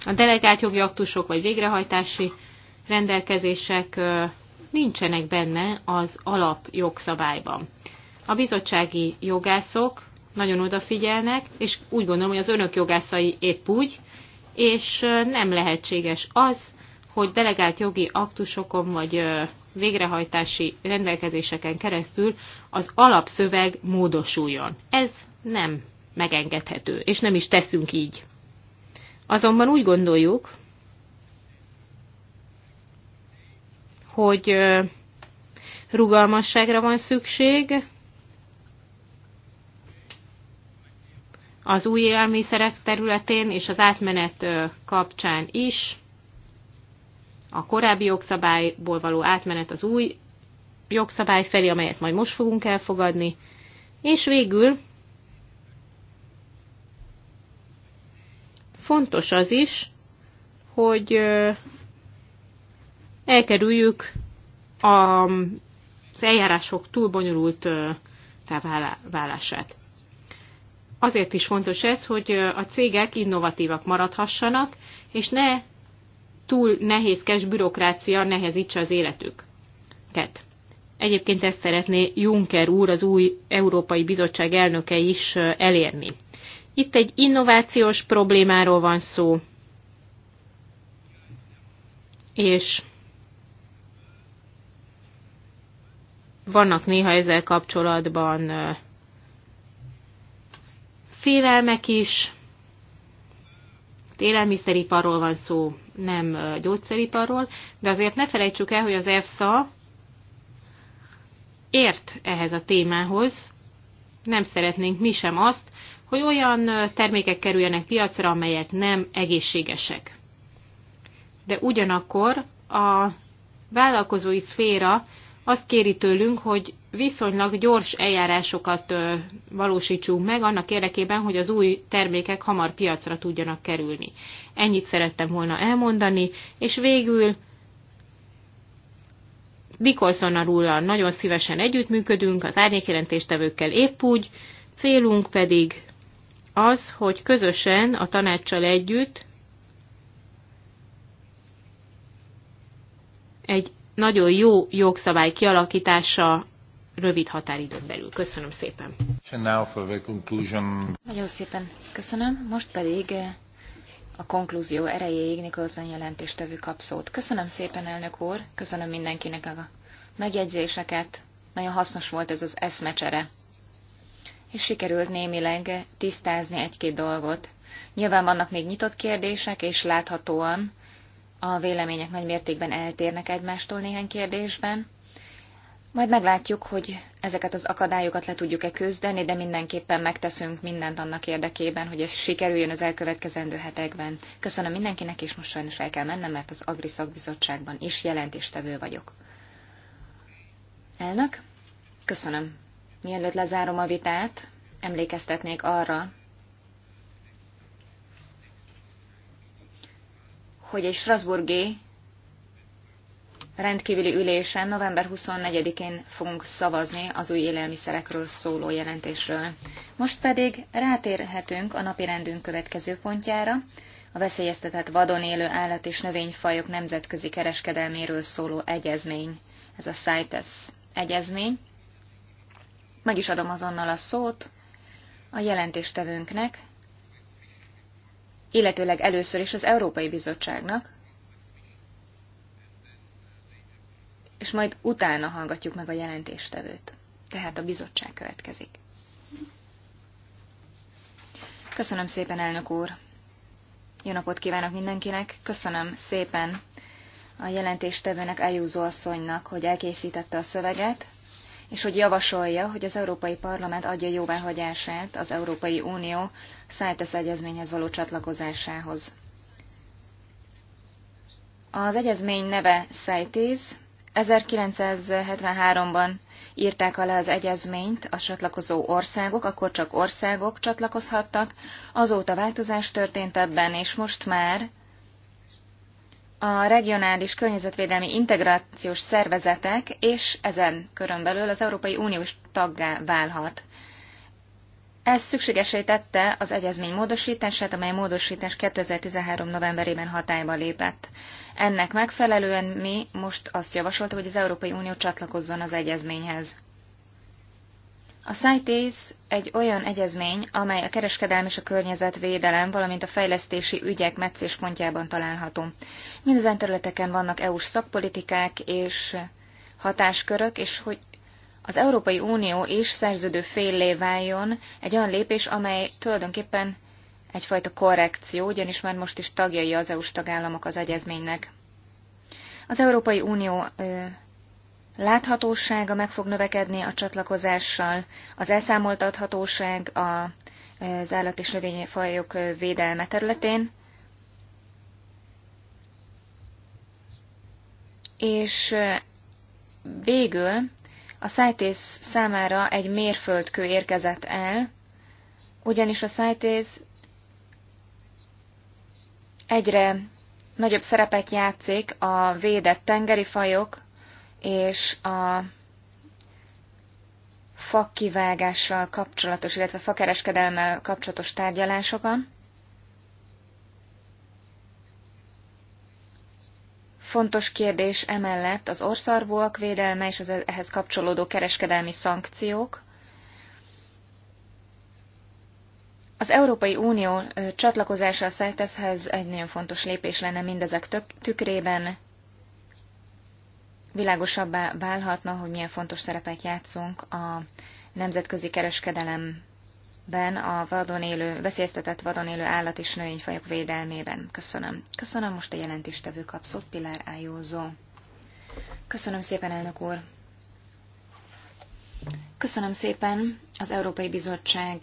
Speaker 2: a delegált jogi aktusok vagy végrehajtási rendelkezések nincsenek benne az alapjogszabályban. A bizottsági jogászok nagyon odafigyelnek, és úgy gondolom, hogy az önök jogászai épp úgy, és nem lehetséges az, hogy delegált jogi aktusokon vagy végrehajtási rendelkezéseken keresztül az alapszöveg módosuljon. Ez nem megengedhető, és nem is teszünk így. Azonban úgy gondoljuk, hogy rugalmasságra van szükség az új élelmiszerek területén és az átmenet kapcsán is. A korábbi jogszabályból való átmenet az új jogszabály felé, amelyet majd most fogunk elfogadni. És végül Fontos az is, hogy elkerüljük az eljárások túl bonyolult válását. Azért is fontos ez, hogy a cégek innovatívak maradhassanak, és ne túl nehézkes bürokrácia nehezítse az életüket. Egyébként ezt szeretné Juncker úr, az új Európai Bizottság elnöke is elérni. Itt egy innovációs problémáról van szó, és vannak néha ezzel kapcsolatban félelmek is. Élelmiszeriparról van szó, nem gyógyszeriparról, de azért ne felejtsük el, hogy az EFSA ért ehhez a témához, nem szeretnénk mi sem azt, hogy olyan termékek kerüljenek piacra, amelyek nem egészségesek. De ugyanakkor a vállalkozói szféra azt kéri tőlünk, hogy viszonylag gyors eljárásokat valósítsunk meg annak érdekében, hogy az új termékek hamar piacra tudjanak kerülni. Ennyit szerettem volna elmondani, és végül Nikolson úrral nagyon szívesen együttműködünk, az árnyékjelentéstevőkkel épp úgy, célunk pedig az, hogy közösen a tanácssal együtt egy nagyon jó jogszabály kialakítása rövid határidőn belül. Köszönöm szépen.
Speaker 3: Nagyon szépen köszönöm. Most pedig a konklúzió erejéig Nikolson jelentéstevő kapszót. Köszönöm szépen, elnök úr, köszönöm mindenkinek a megjegyzéseket, nagyon hasznos volt ez az eszmecsere. És sikerült némileg tisztázni egy-két dolgot. Nyilván vannak még nyitott kérdések, és láthatóan a vélemények nagy mértékben eltérnek egymástól néhány kérdésben, majd meglátjuk, hogy ezeket az akadályokat le tudjuk-e küzdeni, de mindenképpen megteszünk mindent annak érdekében, hogy ez sikerüljön az elkövetkezendő hetekben. Köszönöm mindenkinek, és most sajnos el kell mennem, mert az Agri Szakbizottságban is jelentéstevő vagyok. Elnök, köszönöm. Mielőtt lezárom a vitát, emlékeztetnék arra, hogy egy Strasburgi rendkívüli ülésen november 24-én fogunk szavazni az új élelmiszerekről szóló jelentésről. Most pedig rátérhetünk a napi rendünk következő pontjára, a veszélyeztetett vadon élő állat és növényfajok nemzetközi kereskedelméről szóló egyezmény. Ez a CITES egyezmény. Meg is adom azonnal a szót a jelentéstevőnknek, illetőleg először is az Európai Bizottságnak, és majd utána hallgatjuk meg a jelentéstevőt. Tehát a bizottság következik. Köszönöm szépen, elnök úr! Jó napot kívánok mindenkinek! Köszönöm szépen a jelentéstevőnek, Ayuso asszonynak, hogy elkészítette a szöveget, és hogy javasolja, hogy az Európai Parlament adja jóváhagyását az Európai Unió Szájtesz egyezményhez való csatlakozásához. Az egyezmény neve Szájtész, 1973-ban írták alá az egyezményt a csatlakozó országok, akkor csak országok csatlakozhattak, azóta változás történt ebben, és most már a regionális környezetvédelmi integrációs szervezetek, és ezen körön belül az Európai Uniós taggá válhat. Ez szükségesé tette az egyezmény módosítását, amely módosítás 2013. novemberében hatályba lépett. Ennek megfelelően mi most azt javasoltuk, hogy az Európai Unió csatlakozzon az egyezményhez. A CITES egy olyan egyezmény, amely a kereskedelmi és a környezetvédelem, valamint a fejlesztési ügyek meccéspontjában található. Mindezen területeken vannak EU-s szakpolitikák és hatáskörök, és hogy az Európai Unió is szerződő fél váljon egy olyan lépés, amely tulajdonképpen egyfajta korrekció, ugyanis már most is tagjai az EU-s tagállamok az egyezménynek. Az Európai Unió ö, láthatósága meg fog növekedni a csatlakozással, az elszámoltathatóság a, az állat és növényfajok védelme területén, és végül a CITES számára egy mérföldkő érkezett el, ugyanis a CITES egyre nagyobb szerepet játszik a védett tengeri fajok és a fakivágással kapcsolatos, illetve fakereskedelmel kapcsolatos tárgyalásokon. Fontos kérdés emellett az orszarvúak védelme és az ehhez kapcsolódó kereskedelmi szankciók, Az Európai Unió csatlakozása a CITES-hez egy nagyon fontos lépés lenne mindezek tükrében. Világosabbá válhatna, hogy milyen fontos szerepet játszunk a nemzetközi kereskedelemben, a vadon élő, veszélyeztetett vadon élő állat és növényfajok védelmében. Köszönöm. Köszönöm most a jelentéstevő kapszott, Pilar Ájózó. Köszönöm szépen, elnök úr. Köszönöm szépen az Európai Bizottság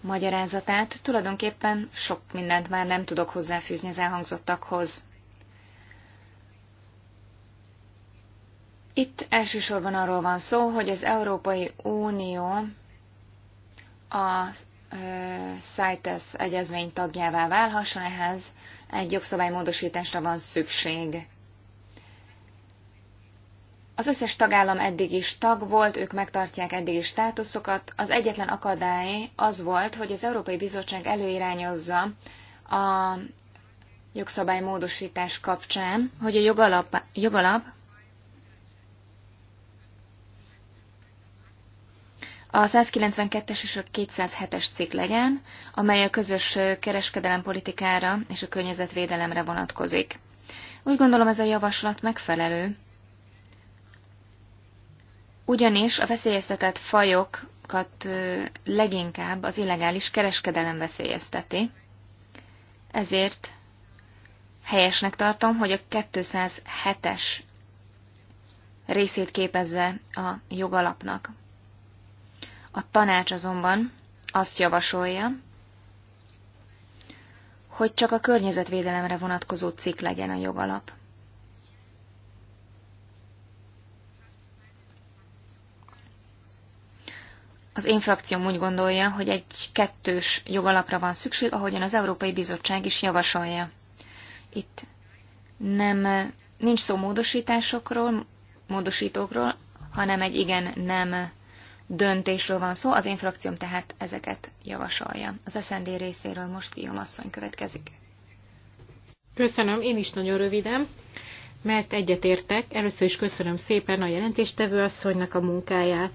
Speaker 3: magyarázatát. Tulajdonképpen sok mindent már nem tudok hozzáfűzni az elhangzottakhoz. Itt elsősorban arról van szó, hogy az Európai Unió a CITES egyezmény tagjává válhasson, ehhez egy jogszabálymódosításra van szükség. Az összes tagállam eddig is tag volt, ők megtartják is státuszokat. Az egyetlen akadály az volt, hogy az Európai Bizottság előirányozza a jogszabálymódosítás kapcsán, hogy a jogalap, jogalap a 192-es és a 207-es cikk legyen, amely a közös kereskedelempolitikára és a környezetvédelemre vonatkozik. Úgy gondolom ez a javaslat megfelelő, ugyanis a veszélyeztetett fajokat leginkább az illegális kereskedelem veszélyezteti. Ezért helyesnek tartom, hogy a 207-es részét képezze a jogalapnak. A tanács azonban azt javasolja, hogy csak a környezetvédelemre vonatkozó cikk legyen a jogalap. Az én frakcióm úgy gondolja, hogy egy kettős jogalapra van szükség, ahogyan az Európai Bizottság is javasolja. Itt nem, nincs szó módosításokról, módosítókról, hanem egy igen-nem döntésről van szó, az én frakcióm tehát ezeket javasolja. Az SND részéről most Guillaume asszony következik.
Speaker 2: Köszönöm, én is nagyon röviden, mert egyetértek. Először is köszönöm szépen a jelentéstevő asszonynak a munkáját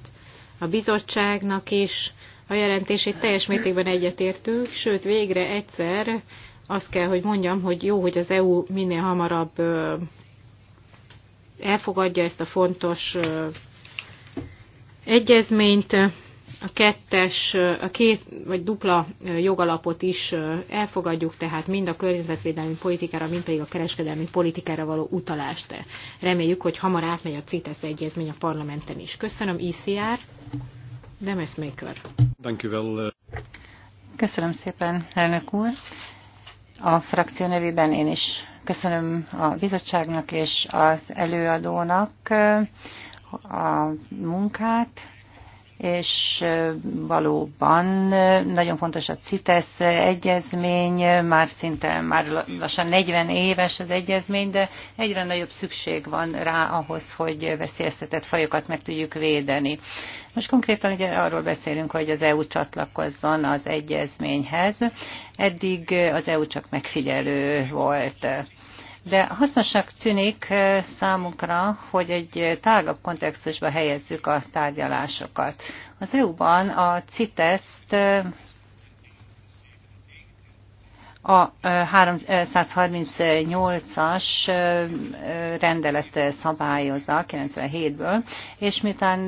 Speaker 2: a bizottságnak is a jelentését teljes mértékben egyetértünk, sőt végre egyszer azt kell, hogy mondjam, hogy jó, hogy az EU minél hamarabb elfogadja ezt a fontos egyezményt, a kettes, a két vagy dupla jogalapot is elfogadjuk, tehát mind a környezetvédelmi politikára, mind pedig a kereskedelmi politikára való utalást. Reméljük, hogy hamar átmegy a CITES egyezmény a parlamenten is. Köszönöm, ICR. E Demes Maker.
Speaker 1: Uh,
Speaker 4: köszönöm szépen, elnök úr. A frakció nevében én is köszönöm a bizottságnak és az előadónak a munkát, és valóban nagyon fontos a CITES egyezmény, már szinte már lassan 40 éves az egyezmény, de egyre nagyobb szükség van rá ahhoz, hogy veszélyeztetett fajokat meg tudjuk védeni. Most konkrétan ugye arról beszélünk, hogy az EU csatlakozzon az egyezményhez. Eddig az EU csak megfigyelő volt de hasznosak tűnik számunkra, hogy egy tágabb kontextusba helyezzük a tárgyalásokat. Az EU-ban a CITES-t a 338-as rendelet szabályozza 97-ből, és miután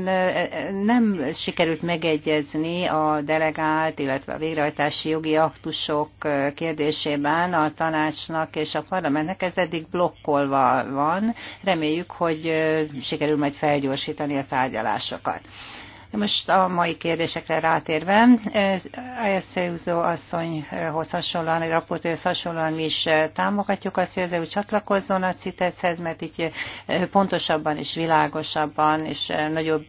Speaker 4: nem sikerült megegyezni a delegált, illetve a végrehajtási jogi aktusok kérdésében a tanácsnak és a parlamentnek, ez eddig blokkolva van. Reméljük, hogy sikerül majd felgyorsítani a tárgyalásokat. Most a mai kérdésekre rátérve, eh, Ayasseuzó asszonyhoz hasonlóan, a raportőrhöz hasonlóan mi is eh, támogatjuk azt, hogy az EU csatlakozzon a CITES-hez, mert így eh, pontosabban és világosabban és nagyobb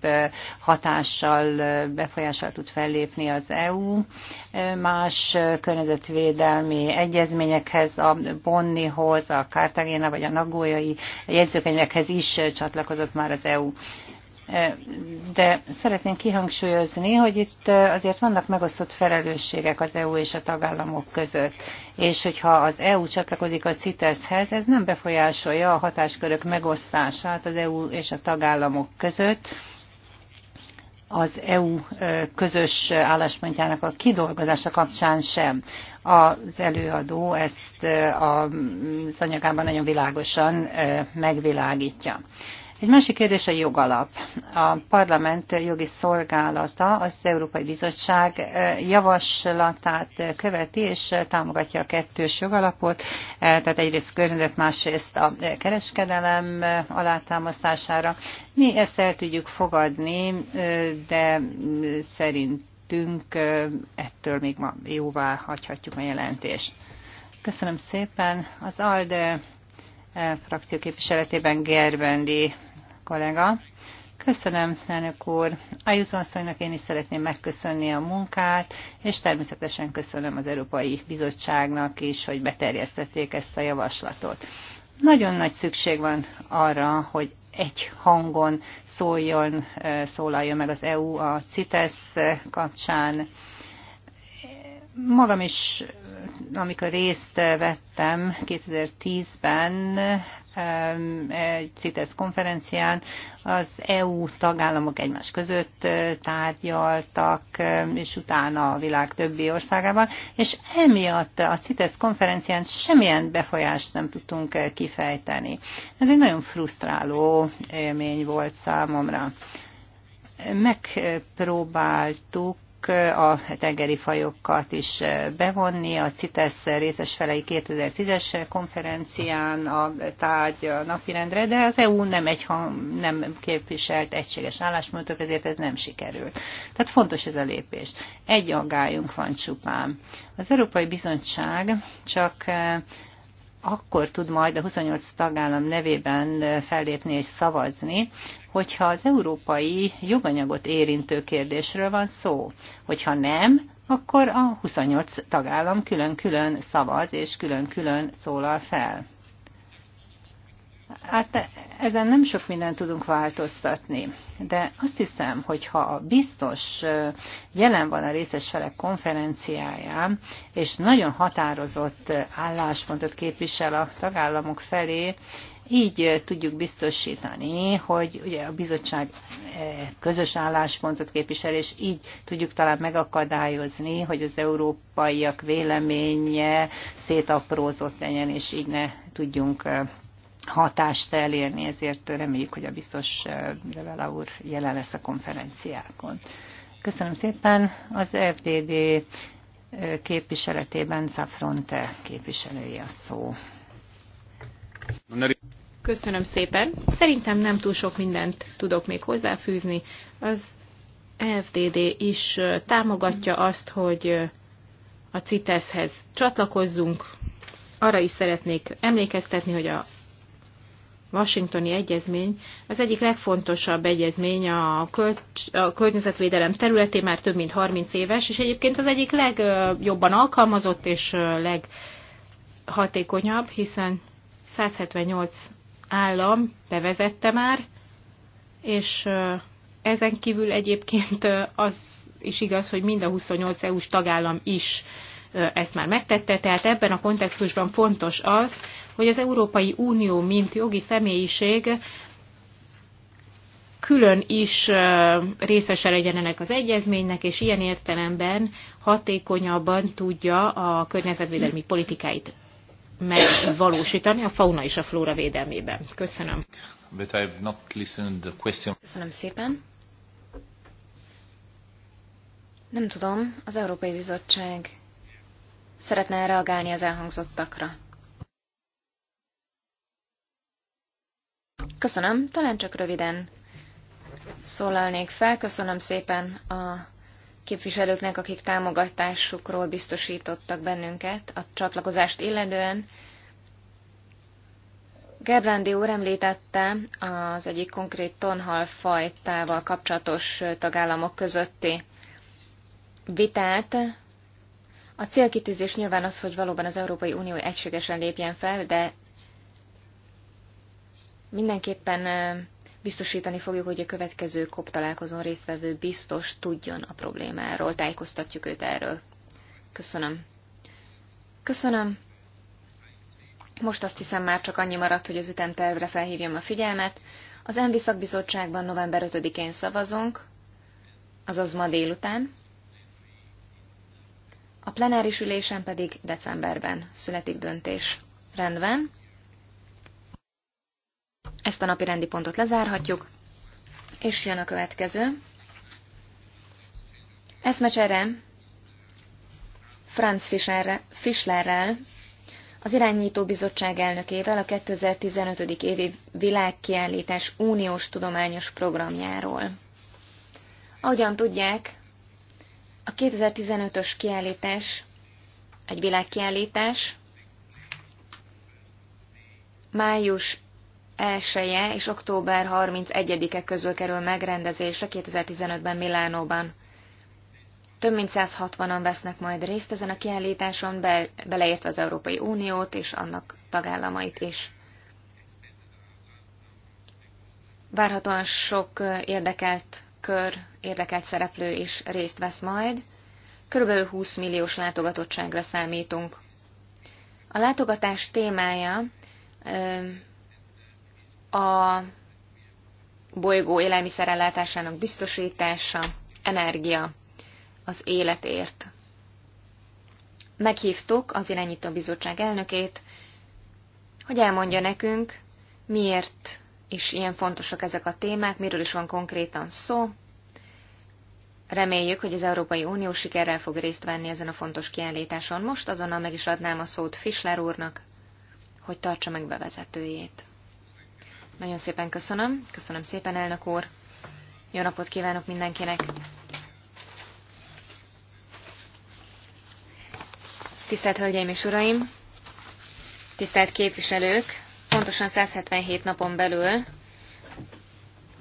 Speaker 4: hatással, befolyással tud fellépni az EU. Más környezetvédelmi egyezményekhez, a Bonnihoz, a Kártagéna vagy a Nagójai jegyzőkönyvekhez is csatlakozott már az EU de szeretném kihangsúlyozni, hogy itt azért vannak megosztott felelősségek az EU és a tagállamok között, és hogyha az EU csatlakozik a CITES-hez, ez nem befolyásolja a hatáskörök megosztását az EU és a tagállamok között, az EU közös álláspontjának a kidolgozása kapcsán sem. Az előadó ezt az anyagában nagyon világosan megvilágítja. Egy másik kérdés a jogalap. A parlament jogi szolgálata az Európai Bizottság javaslatát követi és támogatja a kettős jogalapot, tehát egyrészt környezet, másrészt a kereskedelem alátámasztására. Mi ezt el tudjuk fogadni, de szerintünk ettől még ma jóvá hagyhatjuk a jelentést. Köszönöm szépen. Az ALDE E, frakció képviseletében Gerbendi kollega. Köszönöm, elnök úr. Ajuzon én is szeretném megköszönni a munkát, és természetesen köszönöm az Európai Bizottságnak is, hogy beterjesztették ezt a javaslatot. Nagyon nagy szükség van arra, hogy egy hangon szóljon, e, szólaljon meg az EU a CITES kapcsán Magam is, amikor részt vettem 2010-ben egy CITES konferencián, az EU tagállamok egymás között tárgyaltak, és utána a világ többi országában, és emiatt a CITES konferencián semmilyen befolyást nem tudtunk kifejteni. Ez egy nagyon frusztráló élmény volt számomra megpróbáltuk a tengeri fajokat is bevonni. A CITES részes felei 2010-es konferencián a tárgy a napirendre, de az EU nem, egy, nem képviselt egységes álláspontot, ezért ez nem sikerült. Tehát fontos ez a lépés. Egy aggályunk van csupán. Az Európai Bizottság csak eh, akkor tud majd a 28 tagállam nevében eh, fellépni és szavazni, hogyha az európai joganyagot érintő kérdésről van szó. Hogyha nem, akkor a 28 tagállam külön-külön szavaz és külön-külön szólal fel. Hát ezen nem sok mindent tudunk változtatni, de azt hiszem, hogy ha a biztos jelen van a részes felek konferenciáján, és nagyon határozott álláspontot képvisel a tagállamok felé, így tudjuk biztosítani, hogy ugye a bizottság közös álláspontot képvisel, és így tudjuk talán megakadályozni, hogy az európaiak véleménye szétaprózott legyen, és így ne tudjunk hatást elérni, ezért reméljük, hogy a biztos eh, Revela úr jelen lesz a konferenciákon. Köszönöm szépen. Az FDD eh, képviseletében Szafronte képviselője a szó. Köszönöm szépen. Szerintem nem túl sok
Speaker 2: mindent tudok még hozzáfűzni. Az FDD is eh, támogatja azt, hogy a citesz hez csatlakozzunk. Arra is szeretnék emlékeztetni, hogy a Washingtoni egyezmény az egyik legfontosabb egyezmény a, kölcs, a környezetvédelem területén már több mint 30 éves, és egyébként az egyik legjobban alkalmazott és leghatékonyabb, hiszen 178 állam bevezette már, és ezen kívül egyébként az is igaz, hogy mind a 28 EU-s tagállam is ezt már megtette, tehát ebben a kontextusban fontos az, hogy az Európai Unió, mint jogi személyiség külön is részese legyen ennek az egyezménynek, és ilyen értelemben hatékonyabban tudja a környezetvédelmi politikáit megvalósítani a fauna és a flóra védelmében. Köszönöm.
Speaker 1: But I've not listened
Speaker 3: the question.
Speaker 2: Köszönöm szépen. Nem tudom,
Speaker 3: az Európai Bizottság szeretne reagálni az elhangzottakra. Köszönöm, talán csak röviden szólalnék fel. Köszönöm szépen a képviselőknek, akik támogatásukról biztosítottak bennünket a csatlakozást illetően. Gebrándi úr említette az egyik konkrét tonhalfajtával kapcsolatos tagállamok közötti vitát. A célkitűzés nyilván az, hogy valóban az Európai Unió egységesen lépjen fel, de mindenképpen biztosítani fogjuk, hogy a következő COP találkozón résztvevő biztos tudjon a problémáról. Tájékoztatjuk őt erről. Köszönöm. Köszönöm. Most azt hiszem már csak annyi maradt, hogy az ütemtervre felhívjam a figyelmet. Az ENVI szakbizottságban november 5-én szavazunk, azaz ma délután a plenáris ülésen pedig decemberben születik döntés. Rendben. Ezt a napi rendi pontot lezárhatjuk, és jön a következő. Eszmecsere Franz Fischerrel, Fischlerrel, az irányító bizottság elnökével a 2015. évi világkiállítás uniós tudományos programjáról. Ahogyan tudják, a 2015-ös kiállítás egy világkiállítás. Május 1-e és október 31-e közül kerül megrendezésre 2015-ben Milánóban. Több mint 160-an vesznek majd részt ezen a kiállításon, be, beleértve az Európai Uniót és annak tagállamait is. Várhatóan sok érdekelt kör érdekelt szereplő is részt vesz majd. Körülbelül 20 milliós látogatottságra számítunk. A látogatás témája a bolygó élelmiszerellátásának biztosítása, energia, az életért. Meghívtuk az irányító bizottság elnökét, hogy elmondja nekünk, miért is ilyen fontosak ezek a témák, miről is van konkrétan szó. Reméljük, hogy az Európai Unió sikerrel fog részt venni ezen a fontos kiállításon. Most azonnal meg is adnám a szót Fischler úrnak, hogy tartsa meg bevezetőjét. Nagyon szépen köszönöm. Köszönöm szépen, elnök úr. Jó napot kívánok mindenkinek. Tisztelt Hölgyeim és Uraim! Tisztelt képviselők! pontosan 177 napon belül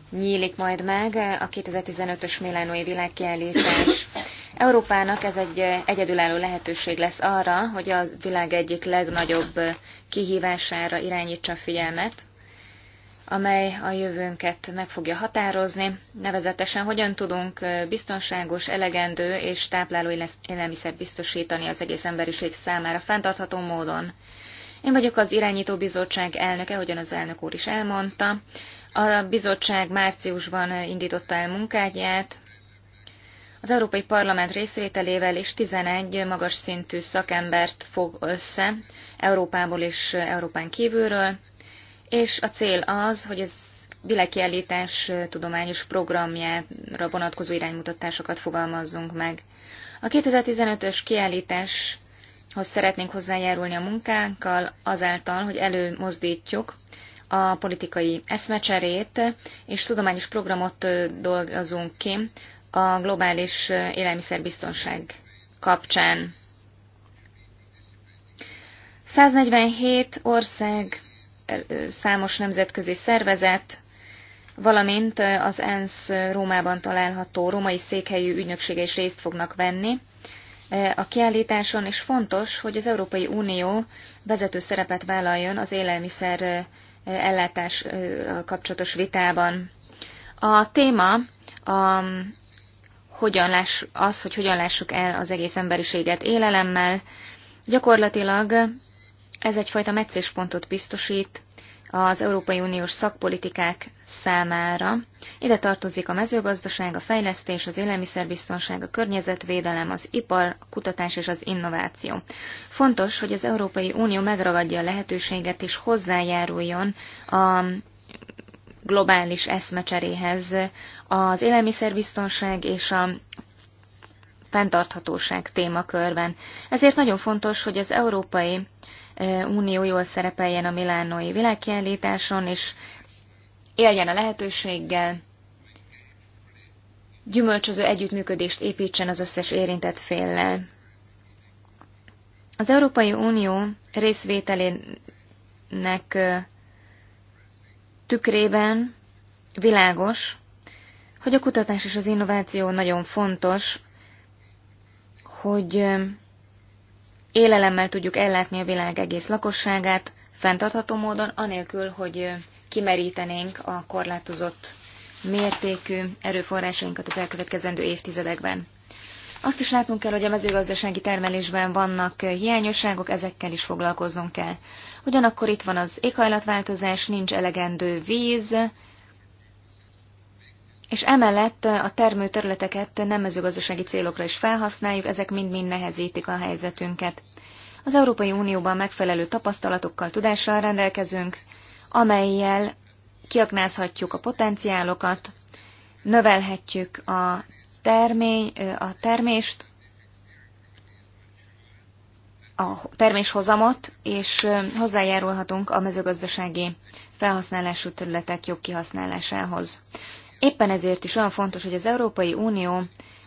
Speaker 3: nyílik majd meg a 2015-ös Milánói világkiállítás. Európának ez egy egyedülálló lehetőség lesz arra, hogy a világ egyik legnagyobb kihívására irányítsa a figyelmet, amely a jövőnket meg fogja határozni, nevezetesen hogyan tudunk biztonságos, elegendő és tápláló élelmiszert biztosítani az egész emberiség számára fenntartható módon. Én vagyok az irányító bizottság elnöke, ahogyan az elnök úr is elmondta. A bizottság márciusban indította el munkáját, az Európai Parlament részvételével is 11 magas szintű szakembert fog össze, Európából és Európán kívülről, és a cél az, hogy az világkiállítás tudományos programjára vonatkozó iránymutatásokat fogalmazzunk meg. A 2015-ös kiállítás hoz szeretnénk hozzájárulni a munkánkkal, azáltal, hogy előmozdítjuk a politikai eszmecserét, és tudományos programot dolgozunk ki a globális élelmiszerbiztonság kapcsán. 147 ország, számos nemzetközi szervezet, valamint az ENSZ Rómában található római székhelyű ügynöksége is részt fognak venni E, a kiállításon, és fontos, hogy az Európai Unió vezető szerepet vállaljon az élelmiszer e, ellátás e, kapcsolatos vitában. A téma a, hogyan láss, az, hogy hogyan lássuk el az egész emberiséget élelemmel. Gyakorlatilag ez egyfajta meccéspontot biztosít az Európai Uniós szakpolitikák számára. Ide tartozik a mezőgazdaság, a fejlesztés, az élelmiszerbiztonság, a környezetvédelem, az ipar, a kutatás és az innováció. Fontos, hogy az Európai Unió megragadja a lehetőséget és hozzájáruljon a globális eszmecseréhez az élelmiszerbiztonság és a fenntarthatóság témakörben. Ezért nagyon fontos, hogy az európai Unió jól szerepeljen a Milánói világkiállításon, és éljen a lehetőséggel, gyümölcsöző együttműködést építsen az összes érintett féllel. Az Európai Unió részvételének tükrében világos, hogy a kutatás és az innováció nagyon fontos, hogy élelemmel tudjuk ellátni a világ egész lakosságát, fenntartható módon, anélkül, hogy kimerítenénk a korlátozott mértékű erőforrásainkat az elkövetkezendő évtizedekben. Azt is látnunk kell, hogy a mezőgazdasági termelésben vannak hiányosságok, ezekkel is foglalkoznunk kell. Ugyanakkor itt van az éghajlatváltozás, nincs elegendő víz, és emellett a termőterületeket nem mezőgazdasági célokra is felhasználjuk, ezek mind-mind nehezítik a helyzetünket. Az Európai Unióban megfelelő tapasztalatokkal, tudással rendelkezünk, amelyel kiaknázhatjuk a potenciálokat, növelhetjük a, termény, a termést, a terméshozamot, és hozzájárulhatunk a mezőgazdasági felhasználású területek jobb kihasználásához. Éppen ezért is olyan fontos, hogy az Európai Unió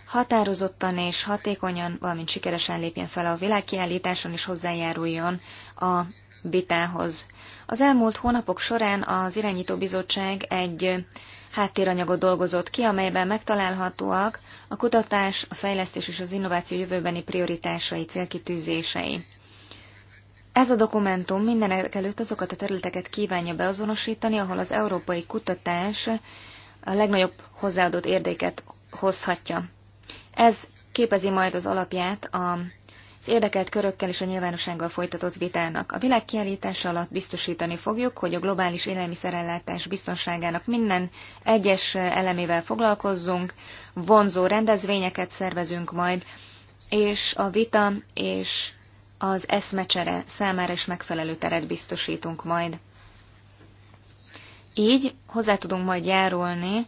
Speaker 3: határozottan és hatékonyan, valamint sikeresen lépjen fel a világkiállításon és hozzájáruljon a vitához. Az elmúlt hónapok során az irányító bizottság egy háttéranyagot dolgozott ki, amelyben megtalálhatóak a kutatás, a fejlesztés és az innováció jövőbeni prioritásai, célkitűzései. Ez a dokumentum mindenek előtt azokat a területeket kívánja beazonosítani, ahol az európai kutatás a legnagyobb hozzáadott érdeket hozhatja. Ez képezi majd az alapját a az érdekelt körökkel és a nyilvánossággal folytatott vitának. A világ kiállítása alatt biztosítani fogjuk, hogy a globális élelmiszerellátás biztonságának minden egyes elemével foglalkozzunk, vonzó rendezvényeket szervezünk majd, és a vita és az eszmecsere számára is megfelelő teret biztosítunk majd. Így hozzá tudunk majd járulni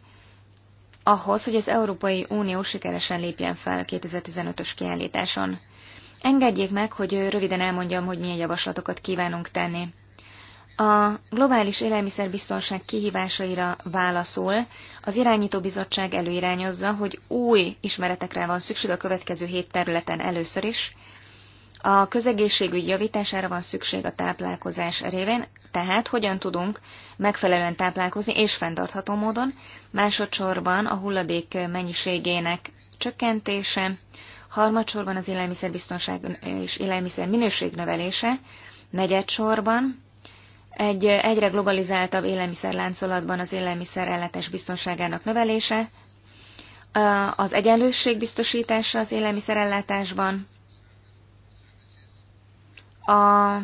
Speaker 3: ahhoz, hogy az Európai Unió sikeresen lépjen fel a 2015-ös kiállításon. Engedjék meg, hogy röviden elmondjam, hogy milyen javaslatokat kívánunk tenni. A globális élelmiszerbiztonság kihívásaira válaszul az irányító bizottság előirányozza, hogy új ismeretekre van szükség a következő hét területen először is, a közegészségügy javítására van szükség a táplálkozás révén, tehát hogyan tudunk megfelelően táplálkozni és fenntartható módon, másodszorban a hulladék mennyiségének csökkentése, harmadsorban az élelmiszerbiztonság és élelmiszer minőség növelése, negyedsorban egy egyre globalizáltabb élelmiszerláncolatban az élelmiszer ellátás biztonságának növelése, az egyenlőség biztosítása az élelmiszerellátásban, a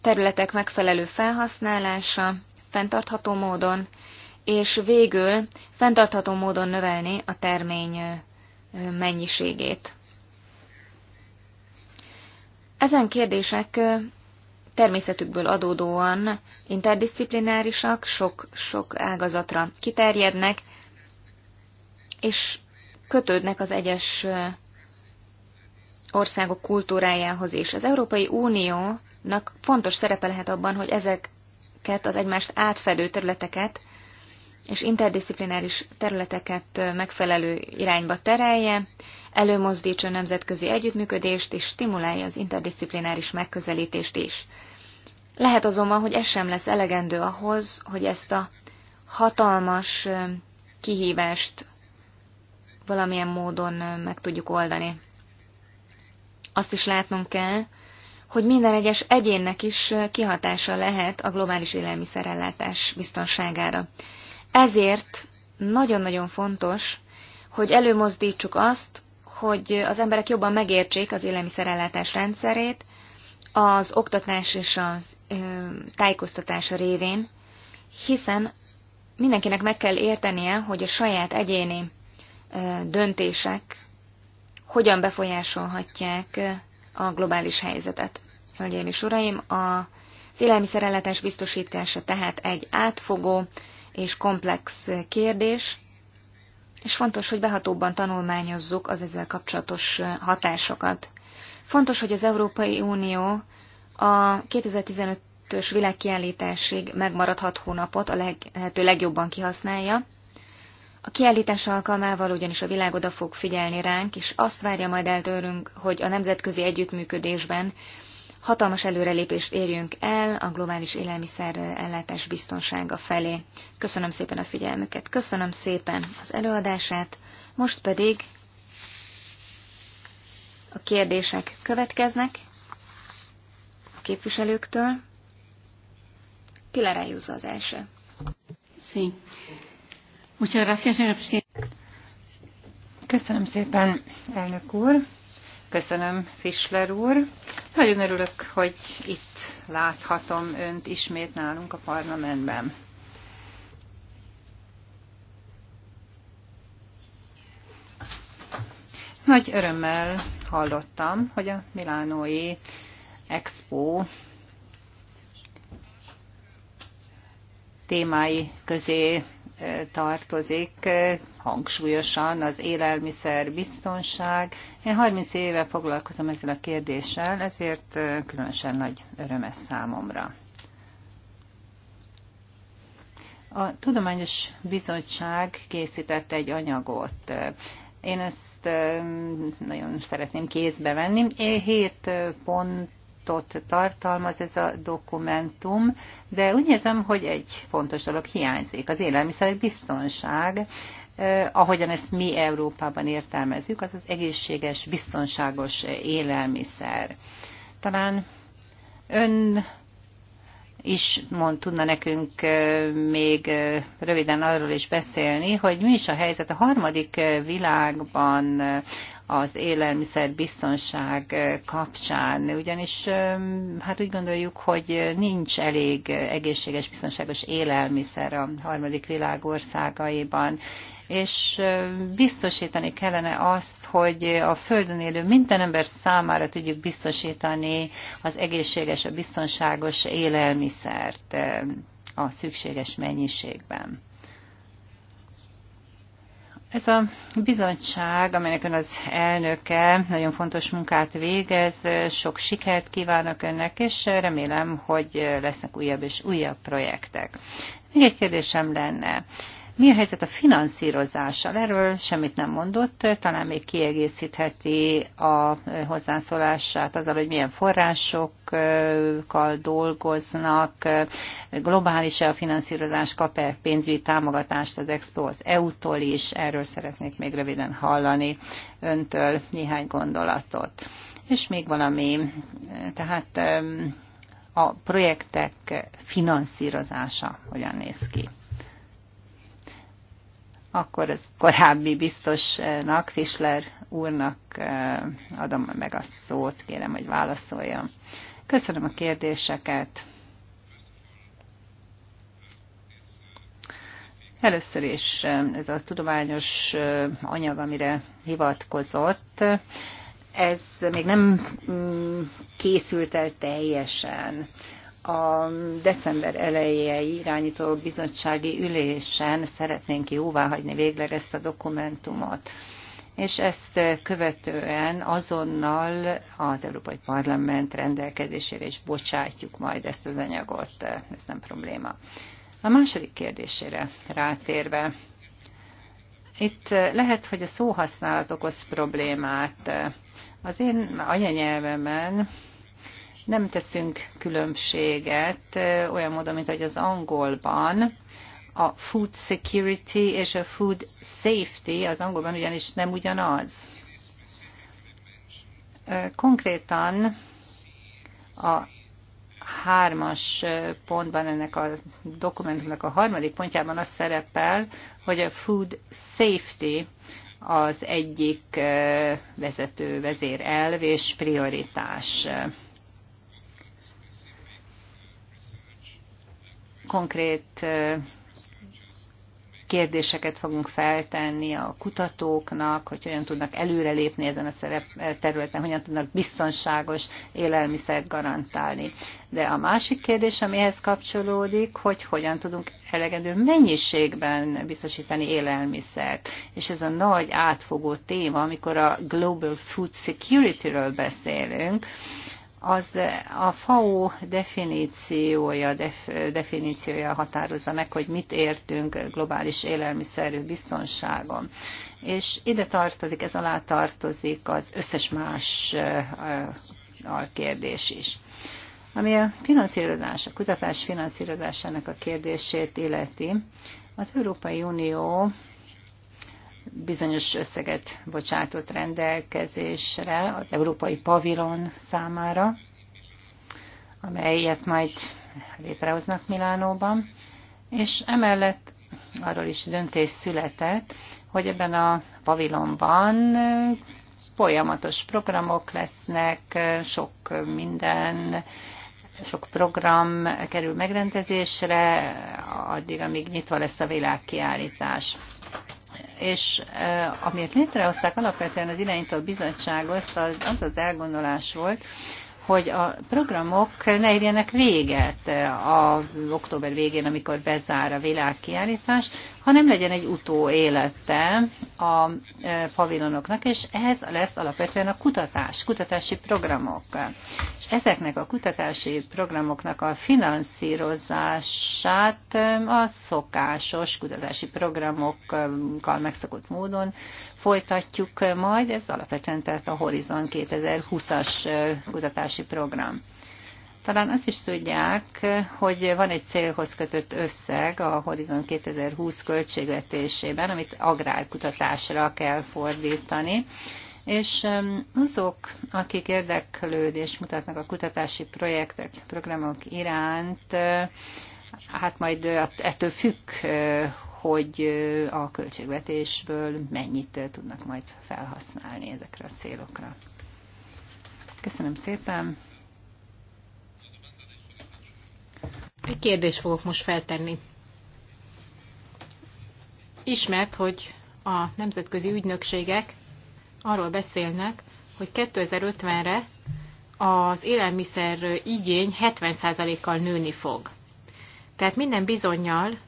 Speaker 3: területek megfelelő felhasználása fenntartható módon, és végül fenntartható módon növelni a termény mennyiségét. Ezen kérdések természetükből adódóan interdisziplinárisak, sok-sok ágazatra kiterjednek, és kötődnek az egyes országok kultúrájához is. Az Európai Uniónak fontos szerepe lehet abban, hogy ezeket az egymást átfedő területeket és interdisziplináris területeket megfelelő irányba terelje, előmozdítsa a nemzetközi együttműködést és stimulálja az interdisziplináris megközelítést is. Lehet azonban, hogy ez sem lesz elegendő ahhoz, hogy ezt a hatalmas eh, kihívást valamilyen módon eh, meg tudjuk oldani azt is látnunk kell, hogy minden egyes egyénnek is kihatása lehet a globális élelmiszerellátás biztonságára. Ezért nagyon-nagyon fontos, hogy előmozdítsuk azt, hogy az emberek jobban megértsék az élelmiszerellátás rendszerét, az oktatás és az ö, tájékoztatás révén, hiszen mindenkinek meg kell értenie, hogy a saját egyéni ö, döntések hogyan befolyásolhatják a globális helyzetet. Hölgyeim és uraim, az élelmiszerellátás biztosítása tehát egy átfogó és komplex kérdés, és fontos, hogy behatóbban tanulmányozzuk az ezzel kapcsolatos hatásokat. Fontos, hogy az Európai Unió a 2015-ös világkiállításig megmaradt hat hónapot a lehető legjobban kihasználja, a kiállítás alkalmával ugyanis a világ oda fog figyelni ránk, és azt várja majd el tőlünk, hogy a nemzetközi együttműködésben hatalmas előrelépést érjünk el a globális élelmiszer ellátás biztonsága felé. Köszönöm szépen a figyelmüket, köszönöm szépen az előadását, most pedig a kérdések következnek a képviselőktől. Pilar Ayuso az első.
Speaker 4: Sí. Köszönöm szépen, elnök úr. Köszönöm, Fischler úr. Nagyon örülök, hogy itt láthatom önt ismét nálunk a parlamentben. Nagy örömmel hallottam, hogy a Milánói Expo témái közé tartozik hangsúlyosan az élelmiszer biztonság. Én 30 éve foglalkozom ezzel a kérdéssel, ezért különösen nagy öröm ez számomra. A Tudományos Bizottság készített egy anyagot. Én ezt nagyon szeretném kézbe venni. Hét pont pontot tartalmaz ez a dokumentum, de úgy érzem, hogy egy fontos dolog hiányzik, az élelmiszerek biztonság, ahogyan ezt mi Európában értelmezzük, az az egészséges, biztonságos élelmiszer. Talán ön is mond, tudna nekünk még röviden arról is beszélni, hogy mi is a helyzet a harmadik világban az élelmiszer biztonság kapcsán, ugyanis hát úgy gondoljuk, hogy nincs elég egészséges, biztonságos élelmiszer a harmadik világ országaiban, és biztosítani kellene azt, hogy a Földön élő minden ember számára tudjuk biztosítani az egészséges, a biztonságos élelmiszert a szükséges mennyiségben. Ez a bizottság, amelynek ön az elnöke, nagyon fontos munkát végez, sok sikert kívánok önnek, és remélem, hogy lesznek újabb és újabb projektek. Még egy kérdésem lenne. Mi a helyzet a finanszírozással? Erről semmit nem mondott, talán még kiegészítheti a hozzászólását azzal, hogy milyen forrásokkal dolgoznak, globális-e a finanszírozás, kap-e pénzügyi támogatást az Expo, az EU-tól is, erről szeretnék még röviden hallani öntől néhány gondolatot. És még valami, tehát a projektek finanszírozása hogyan néz ki? akkor az korábbi biztosnak, Fischler úrnak eh, adom meg a szót, kérem, hogy válaszoljon. Köszönöm a kérdéseket. Először is eh, ez a tudományos eh, anyag, amire hivatkozott, ez még nem mm, készült el teljesen a december elejei irányító bizottsági ülésen szeretnénk hagyni végleg ezt a dokumentumot. És ezt követően azonnal az Európai Parlament rendelkezésére is bocsátjuk majd ezt az anyagot, ez nem probléma. A második kérdésére rátérve, itt lehet, hogy a szóhasználat okoz problémát. Az én anyanyelvemen nem teszünk különbséget olyan módon, mint hogy az angolban a food security és a food safety az angolban ugyanis nem ugyanaz. Konkrétan a hármas pontban ennek a dokumentumnak a harmadik pontjában az szerepel, hogy a food safety az egyik vezető vezérelv és prioritás. konkrét kérdéseket fogunk feltenni a kutatóknak, hogy hogyan tudnak előrelépni ezen a szerep területen, hogyan tudnak biztonságos élelmiszert garantálni. De a másik kérdés, amihez kapcsolódik, hogy hogyan tudunk elegendő mennyiségben biztosítani élelmiszert. És ez a nagy átfogó téma, amikor a Global Food Security-ről beszélünk, az a FAO definíciója, def, definíciója határozza meg, hogy mit értünk globális élelmiszerű biztonságon. És ide tartozik, ez alá tartozik az összes más alkérdés is. Ami a finanszírozás, a kutatás finanszírozásának a kérdését illeti, az Európai Unió bizonyos összeget bocsátott rendelkezésre az Európai Pavilon számára, amelyet majd létrehoznak Milánóban, és emellett arról is döntés született, hogy ebben a pavilonban folyamatos programok lesznek, sok minden, sok program kerül megrendezésre, addig, amíg nyitva lesz a világkiállítás és eh, amiért létrehozták alapvetően az irányító bizottságot, az az elgondolás volt, hogy a programok ne érjenek véget a október végén, amikor bezár a világkiállítás, hanem legyen egy utó élete a e, pavilonoknak, és ehhez lesz alapvetően a kutatás, kutatási programok. És ezeknek a kutatási programoknak a finanszírozását e, a szokásos kutatási programokkal megszokott módon folytatjuk majd, ez alapvetően tehát a Horizon 2020-as kutatási program. Talán azt is tudják, hogy van egy célhoz kötött összeg a Horizon 2020 költségvetésében, amit agrárkutatásra kell fordítani, és azok, akik érdeklődést mutatnak a kutatási projektek, programok iránt, hát majd ettől függ, hogy a költségvetésből mennyit tudnak majd felhasználni ezekre a célokra. Köszönöm szépen!
Speaker 2: Egy kérdést fogok most feltenni. Ismert, hogy a nemzetközi ügynökségek arról beszélnek, hogy 2050-re az élelmiszer igény 70%-kal nőni fog. Tehát minden bizonyal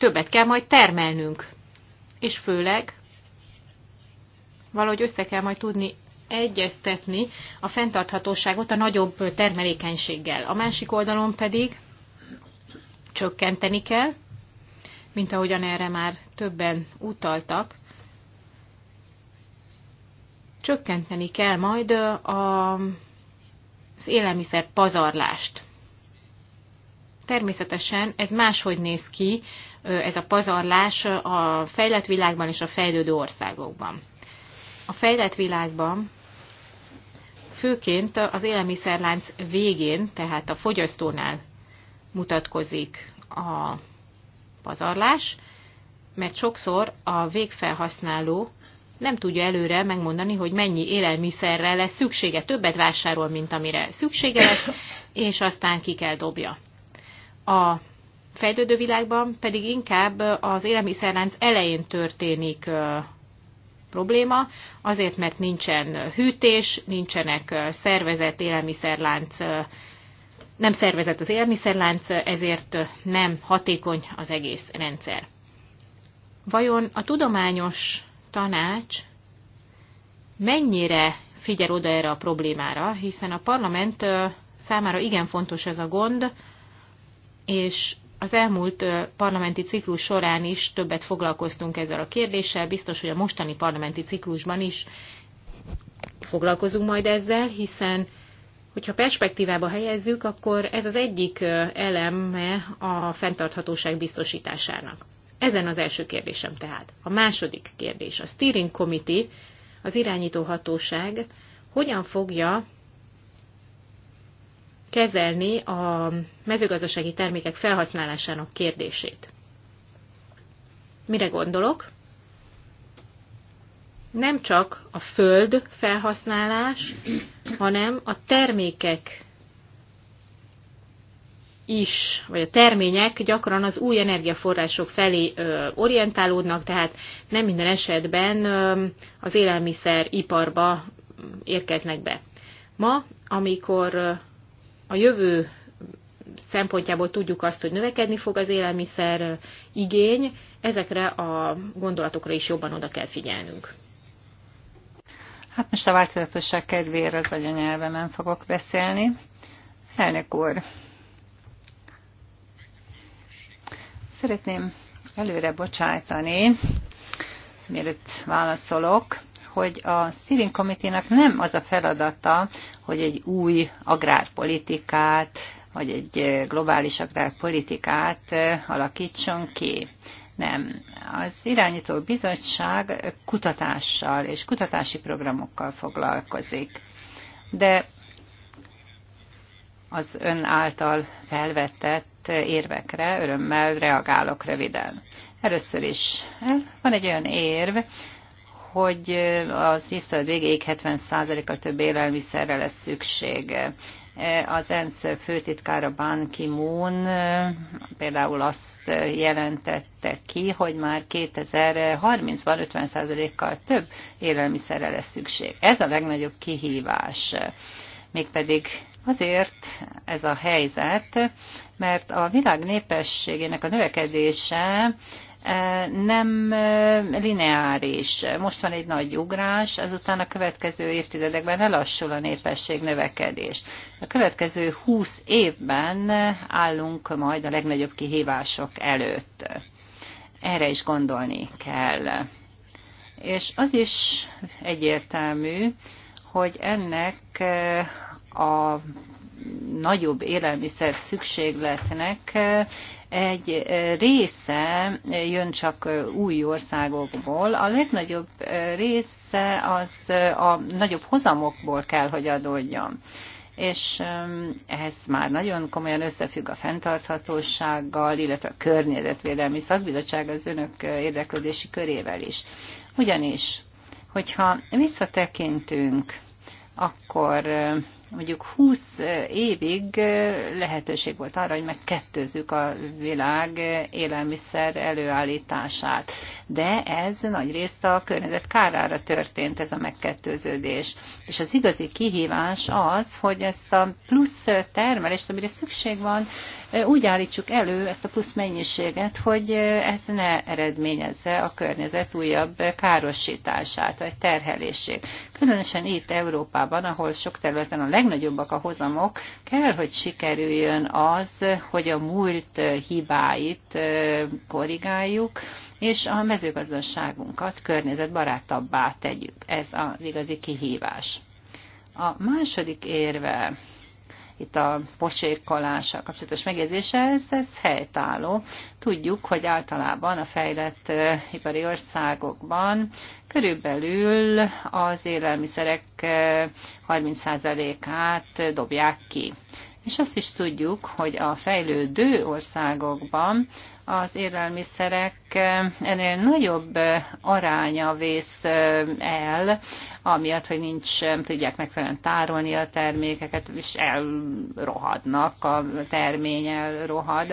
Speaker 2: többet kell majd termelnünk. És főleg valahogy össze kell majd tudni egyeztetni a fenntarthatóságot a nagyobb termelékenységgel. A másik oldalon pedig csökkenteni kell, mint ahogyan erre már többen utaltak, csökkenteni kell majd a, az élelmiszer pazarlást. Természetesen ez máshogy néz ki, ez a pazarlás a fejlett világban és a fejlődő országokban. A fejlett világban főként az élelmiszerlánc végén, tehát a fogyasztónál mutatkozik a pazarlás, mert sokszor a végfelhasználó nem tudja előre megmondani, hogy mennyi élelmiszerre lesz szüksége, többet vásárol, mint amire szüksége lesz, és aztán ki kell dobja a fejlődő világban pedig inkább az élelmiszerlánc elején történik probléma, azért mert nincsen hűtés, nincsenek szervezett élelmiszerlánc, nem szervezett az élelmiszerlánc, ezért nem hatékony az egész rendszer. Vajon a tudományos tanács mennyire figyel oda erre a problémára, hiszen a parlament számára igen fontos ez a gond, és az elmúlt parlamenti ciklus során is többet foglalkoztunk ezzel a kérdéssel, biztos, hogy a mostani parlamenti ciklusban is foglalkozunk majd ezzel, hiszen hogyha perspektívába helyezzük, akkor ez az egyik eleme a fenntarthatóság biztosításának. Ezen az első kérdésem tehát. A második kérdés, a steering committee, az irányítóhatóság. hogyan fogja kezelni a mezőgazdasági termékek felhasználásának kérdését. Mire gondolok? Nem csak a föld felhasználás, hanem a termékek is, vagy a termények gyakran az új energiaforrások felé ö, orientálódnak, tehát nem minden esetben ö, az élelmiszer iparba érkeznek be. Ma, amikor a jövő szempontjából tudjuk azt, hogy növekedni fog az élelmiszer igény, ezekre a gondolatokra is jobban oda kell figyelnünk.
Speaker 4: Hát most a változatosság kedvéért az anyanyelvemen fogok beszélni. Elnök úr, szeretném előre bocsájtani, mielőtt válaszolok, hogy a steering committee nem az a feladata, hogy egy új agrárpolitikát, vagy egy globális agrárpolitikát alakítson ki. Nem. Az irányító bizottság kutatással és kutatási programokkal foglalkozik. De az ön által felvetett érvekre örömmel reagálok röviden. Először is eh, van egy olyan érv, hogy az évszázad végéig 70%-a több élelmiszerre lesz szükség. Az ENSZ főtitkára Ban Ki-moon például azt jelentette ki, hogy már 2030-ban 50%-kal több élelmiszerre lesz szükség. Ez a legnagyobb kihívás. Mégpedig Azért ez a helyzet, mert a világ népességének a növekedése nem lineáris. Most van egy nagy ugrás, azután a következő évtizedekben elassul a népesség növekedés. A következő 20 évben állunk majd a legnagyobb kihívások előtt. Erre is gondolni kell. És az is egyértelmű, hogy ennek a nagyobb élelmiszer szükségletnek egy része jön csak új országokból, a legnagyobb része az a nagyobb hozamokból kell, hogy adódjon és ehhez már nagyon komolyan összefügg a fenntarthatósággal, illetve a környezetvédelmi szakbizottság az önök érdeklődési körével is. Ugyanis, hogyha visszatekintünk, akkor mondjuk 20 évig lehetőség volt arra, hogy megkettőzzük a világ élelmiszer előállítását de ez nagy részt a környezet kárára történt ez a megkettőződés. És az igazi kihívás az, hogy ezt a plusz termelést, amire szükség van, úgy állítsuk elő ezt a plusz mennyiséget, hogy ez ne eredményezze a környezet újabb károsítását, vagy terhelését. Különösen itt Európában, ahol sok területen a legnagyobbak a hozamok, kell, hogy sikerüljön az, hogy a múlt hibáit korrigáljuk, és a mezőgazdaságunkat környezetbarátabbá tegyük. Ez az igazi kihívás. A második érve, itt a pocsékolással kapcsolatos megjegyzése, ez, ez helytálló. Tudjuk, hogy általában a fejlett ipari országokban körülbelül az élelmiszerek 30%-át dobják ki. És azt is tudjuk, hogy a fejlődő országokban az élelmiszerek eh, ennél nagyobb eh, aránya vész eh, el, amiatt, hogy nincs, nem tudják megfelelően tárolni a termékeket, és elrohadnak, a termény elrohad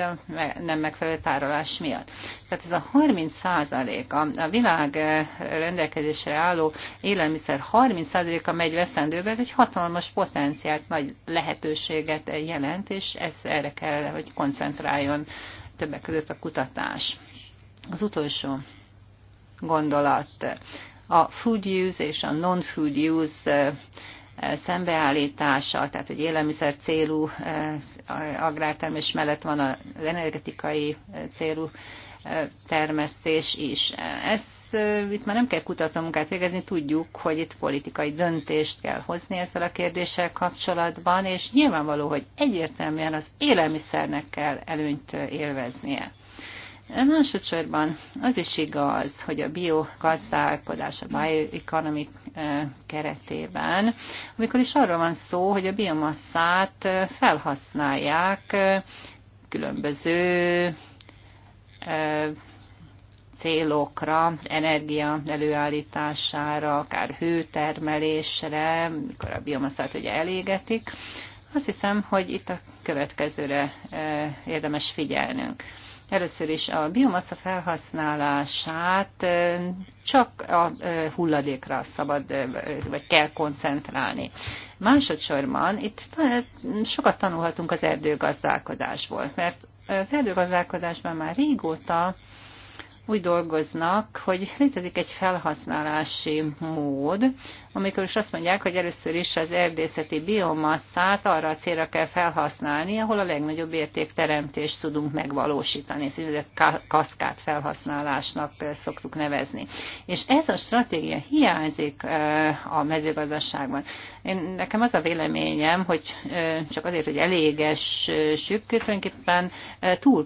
Speaker 4: nem megfelelő tárolás miatt. Tehát ez a 30 százalék, a világ rendelkezésre álló élelmiszer 30 százaléka megy veszendőbe, ez egy hatalmas potenciált, nagy lehetőséget jelent, és ez erre kell, hogy koncentráljon többek között a kutatás. Az utolsó gondolat. A food use és a non-food use eh, szembeállítása, tehát egy élelmiszer célú eh, agrártermés mellett van az energetikai eh, célú termesztés is. Ez itt már nem kell munkát végezni, tudjuk, hogy itt politikai döntést kell hozni ezzel a kérdéssel kapcsolatban, és nyilvánvaló, hogy egyértelműen az élelmiszernek kell előnyt élveznie. Másodszorban az is igaz, hogy a biogazdálkodás, a bioeconomy keretében, amikor is arról van szó, hogy a biomasszát felhasználják különböző célokra, energia előállítására, akár hőtermelésre, mikor a biomaszát ugye elégetik. Azt hiszem, hogy itt a következőre e, érdemes figyelnünk. Először is a biomassa felhasználását e, csak a e, hulladékra szabad, vagy kell koncentrálni. Másodszorban itt sokat tanulhatunk az erdőgazdálkodásból, mert az erdőgazdálkodásban már régóta úgy dolgoznak, hogy létezik egy felhasználási mód, amikor is azt mondják, hogy először is az erdészeti biomasszát arra a célra kell felhasználni, ahol a legnagyobb értékteremtést tudunk megvalósítani. Ezt a kaszkát felhasználásnak eh, szoktuk nevezni. És ez a stratégia hiányzik eh, a mezőgazdaságban. Én, nekem az a véleményem, hogy eh, csak azért, hogy elégessük, tulajdonképpen túl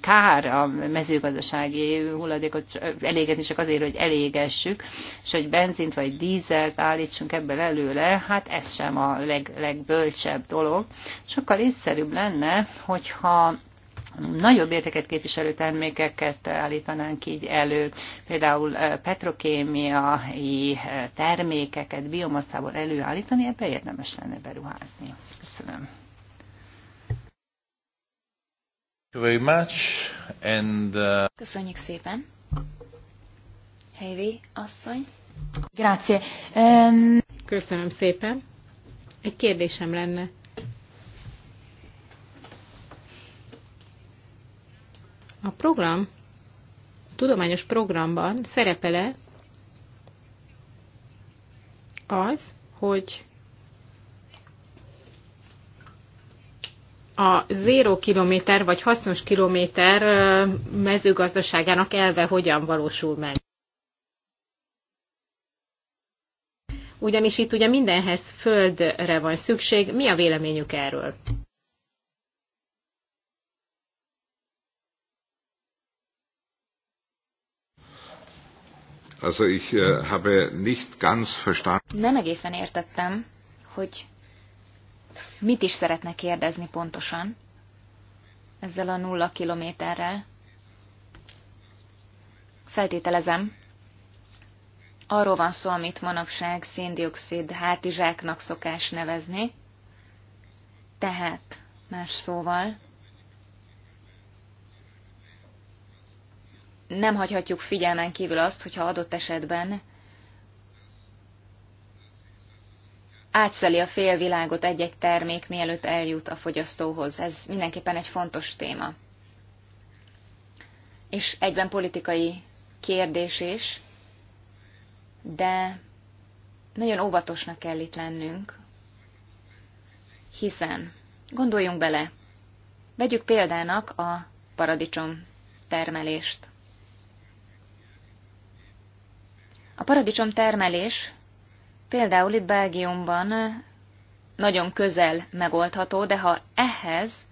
Speaker 4: kár a mezőgazdasági hulladékot elégetni csak azért, hogy elégessük, és hogy benzint vagy dízel munkát állítsunk ebből előle, hát ez sem a leg, legbölcsebb dolog. Sokkal észszerűbb lenne, hogyha nagyobb értéket képviselő termékeket állítanánk így elő, például eh, petrokémiai eh, termékeket biomaszából előállítani, ebbe érdemes lenne beruházni. Köszönöm.
Speaker 1: Very much, and, uh...
Speaker 4: Köszönjük szépen.
Speaker 3: Heivi asszony.
Speaker 2: Grazie. Um... Köszönöm szépen. Egy kérdésem lenne. A program, a tudományos programban szerepele az, hogy a zéró kilométer vagy hasznos kilométer mezőgazdaságának elve hogyan valósul meg. ugyanis itt ugye mindenhez földre van szükség. Mi a véleményük erről?
Speaker 1: Also ich äh, habe nicht ganz verstanden.
Speaker 3: Nem egészen értettem, hogy mit is szeretne kérdezni pontosan ezzel a nulla kilométerrel. Feltételezem, arról van szó, amit manapság széndiokszid hátizsáknak szokás nevezni. Tehát, más szóval, nem hagyhatjuk figyelmen kívül azt, hogyha adott esetben átszeli a félvilágot egy-egy termék, mielőtt eljut a fogyasztóhoz. Ez mindenképpen egy fontos téma. És egyben politikai kérdés is, de nagyon óvatosnak kell itt lennünk, hiszen gondoljunk bele, vegyük példának a paradicsom termelést. A paradicsom termelés például itt Belgiumban nagyon közel megoldható, de ha ehhez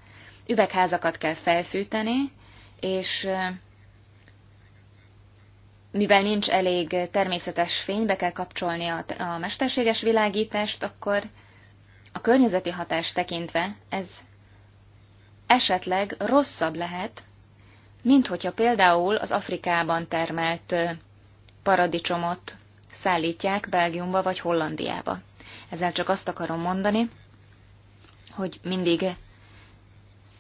Speaker 3: üvegházakat kell felfűteni, és mivel nincs elég természetes fény, be kell kapcsolni a, a mesterséges világítást, akkor a környezeti hatást tekintve ez esetleg rosszabb lehet, mint hogyha például az Afrikában termelt paradicsomot szállítják Belgiumba vagy Hollandiába. Ezzel csak azt akarom mondani, hogy mindig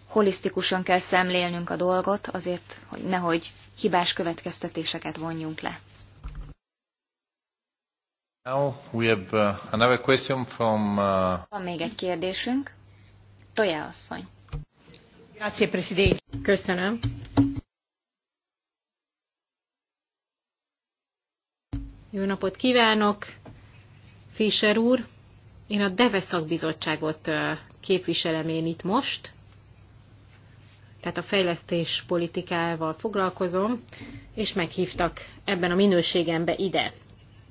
Speaker 3: holisztikusan kell szemlélnünk a dolgot, azért, hogy nehogy hibás következtetéseket vonjunk le.
Speaker 1: Now we have uh, another question from, uh...
Speaker 3: Van még egy kérdésünk. Toja asszony.
Speaker 2: Grazie, Presidente. Köszönöm. Jó napot kívánok, Fischer úr! Én a Deveszak bizottságot képviselem én itt most, tehát a fejlesztés politikával foglalkozom, és meghívtak ebben a minőségembe ide.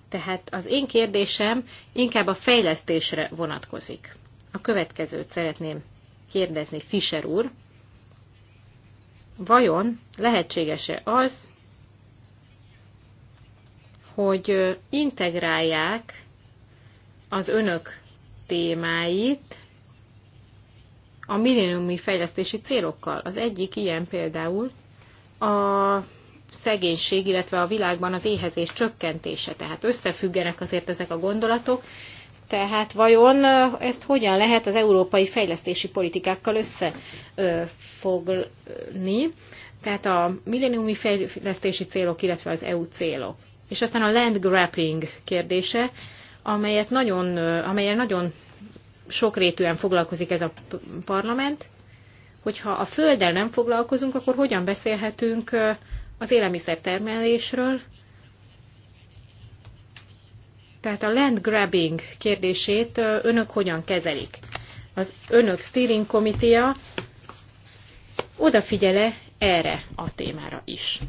Speaker 2: Tehát az én kérdésem inkább a fejlesztésre vonatkozik. A következőt szeretném kérdezni Fischer úr. Vajon lehetséges-e az, hogy integrálják az önök témáit a milléniumi fejlesztési célokkal. Az egyik ilyen például a szegénység, illetve a világban az éhezés csökkentése. Tehát összefüggenek azért ezek a gondolatok. Tehát vajon ezt hogyan lehet az európai fejlesztési politikákkal összefogni? Tehát a milleniumi fejlesztési célok, illetve az EU célok. És aztán a land grabbing kérdése, amelyet nagyon, amelyen nagyon sokrétűen foglalkozik ez a parlament, hogyha a földdel nem foglalkozunk, akkor hogyan beszélhetünk az élelmiszertermelésről? Tehát a land grabbing kérdését önök hogyan kezelik? Az önök steering komitéja odafigyele erre a témára is.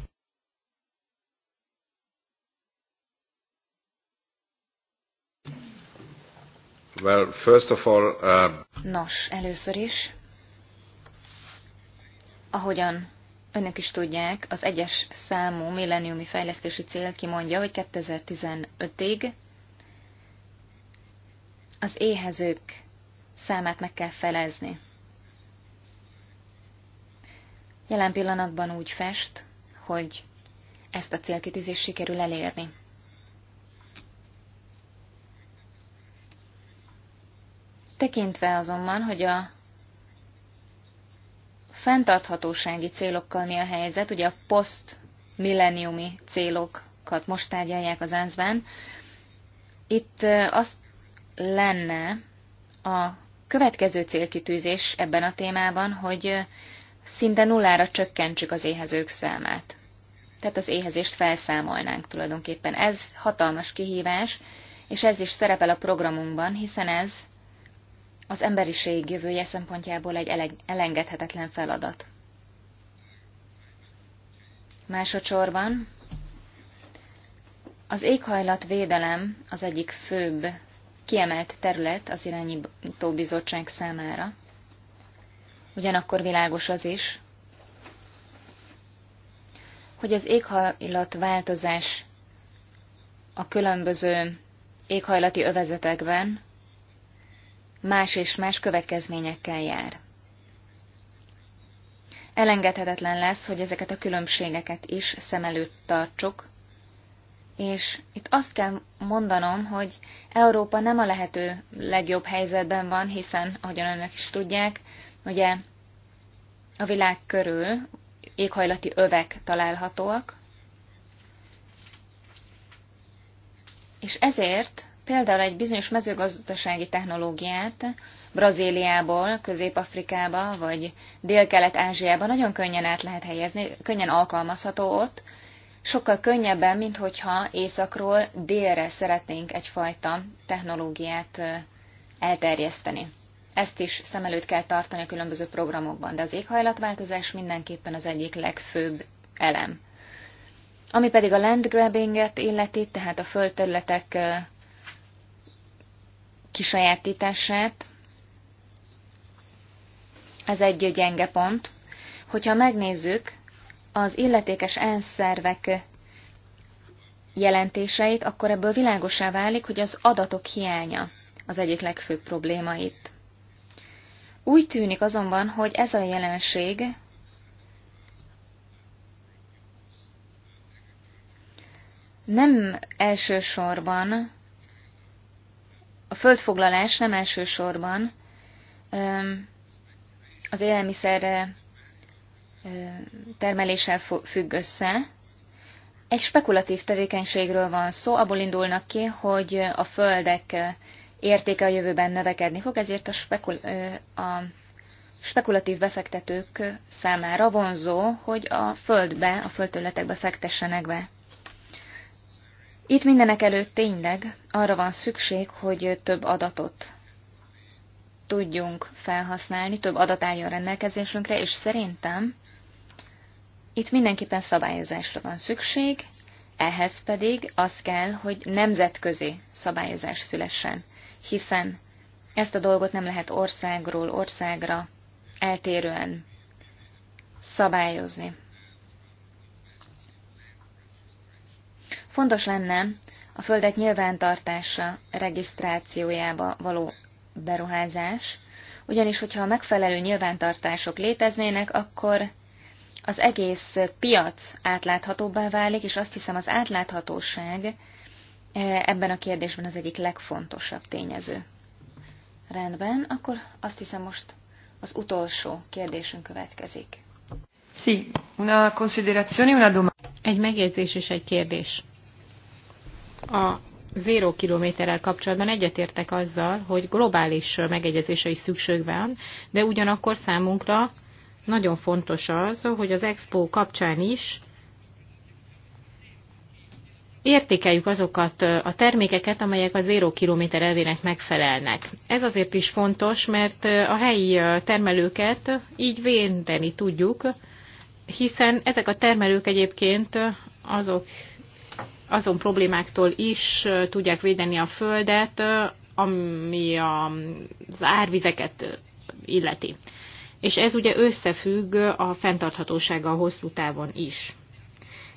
Speaker 1: Well, first of all, uh,
Speaker 3: Nos, először is, ahogyan önök is tudják, az egyes számú milleniumi fejlesztési cél kimondja, hogy 2015-ig az éhezők számát meg kell felezni. Jelen pillanatban úgy fest, hogy ezt a célkitűzést sikerül elérni. Tekintve azonban, hogy a fenntarthatósági célokkal mi a helyzet, ugye a post-milleniumi célokat most tárgyalják az ensz itt azt lenne a következő célkitűzés ebben a témában, hogy szinte nullára csökkentsük az éhezők számát. Tehát az éhezést felszámolnánk tulajdonképpen. Ez hatalmas kihívás, és ez is szerepel a programunkban, hiszen ez az emberiség jövője szempontjából egy elengedhetetlen feladat. Másodszorban az éghajlatvédelem az egyik főbb kiemelt terület az irányító bizottság számára. Ugyanakkor világos az is, hogy az éghajlatváltozás a különböző éghajlati övezetekben más és más következményekkel jár. Elengedhetetlen lesz, hogy ezeket a különbségeket is szem előtt tartsuk, és itt azt kell mondanom, hogy Európa nem a lehető legjobb helyzetben van, hiszen, ahogyan önök is tudják, ugye a világ körül éghajlati övek találhatóak, és ezért például egy bizonyos mezőgazdasági technológiát Brazíliából, Közép-Afrikába vagy Dél-Kelet-Ázsiába nagyon könnyen át lehet helyezni, könnyen alkalmazható ott, sokkal könnyebben, mint hogyha északról délre szeretnénk egyfajta technológiát elterjeszteni. Ezt is szem előtt kell tartani a különböző programokban, de az éghajlatváltozás mindenképpen az egyik legfőbb elem. Ami pedig a landgrabbinget illeti, tehát a földterületek kisajátítását. Ez egy gyenge pont. Hogyha megnézzük az illetékes enszervek jelentéseit, akkor ebből világosá válik, hogy az adatok hiánya az egyik legfőbb probléma itt. Úgy tűnik azonban, hogy ez a jelenség nem elsősorban a földfoglalás nem elsősorban az élelmiszer termeléssel függ össze. Egy spekulatív tevékenységről van szó, abból indulnak ki, hogy a földek értéke a jövőben növekedni fog, ezért a, spekul- a spekulatív befektetők számára vonzó, hogy a földbe, a földterületekbe fektessenek be. Itt mindenek előtt tényleg arra van szükség, hogy több adatot tudjunk felhasználni, több adat álljon rendelkezésünkre, és szerintem itt mindenképpen szabályozásra van szükség, ehhez pedig az kell, hogy nemzetközi szabályozás szülessen, hiszen ezt a dolgot nem lehet országról országra eltérően szabályozni. Fontos lenne a földek nyilvántartása regisztrációjába való beruházás, ugyanis hogyha a megfelelő nyilvántartások léteznének, akkor az egész piac átláthatóbbá válik, és azt hiszem az átláthatóság e, ebben a kérdésben az egyik legfontosabb tényező. Rendben, akkor azt hiszem most az utolsó kérdésünk következik.
Speaker 2: Sí, una considerazione, una domanda. Egy megjegyzés és egy kérdés a zéró kilométerrel kapcsolatban egyetértek azzal, hogy globális megegyezése is szükség van, de ugyanakkor számunkra nagyon fontos az, hogy az Expo kapcsán is értékeljük azokat a termékeket, amelyek a zéró kilométer elvének megfelelnek. Ez azért is fontos, mert a helyi termelőket így védeni tudjuk, hiszen ezek a termelők egyébként azok azon problémáktól is tudják védeni a földet, ami az árvizeket illeti. És ez ugye összefügg a fenntarthatósággal hosszú távon is.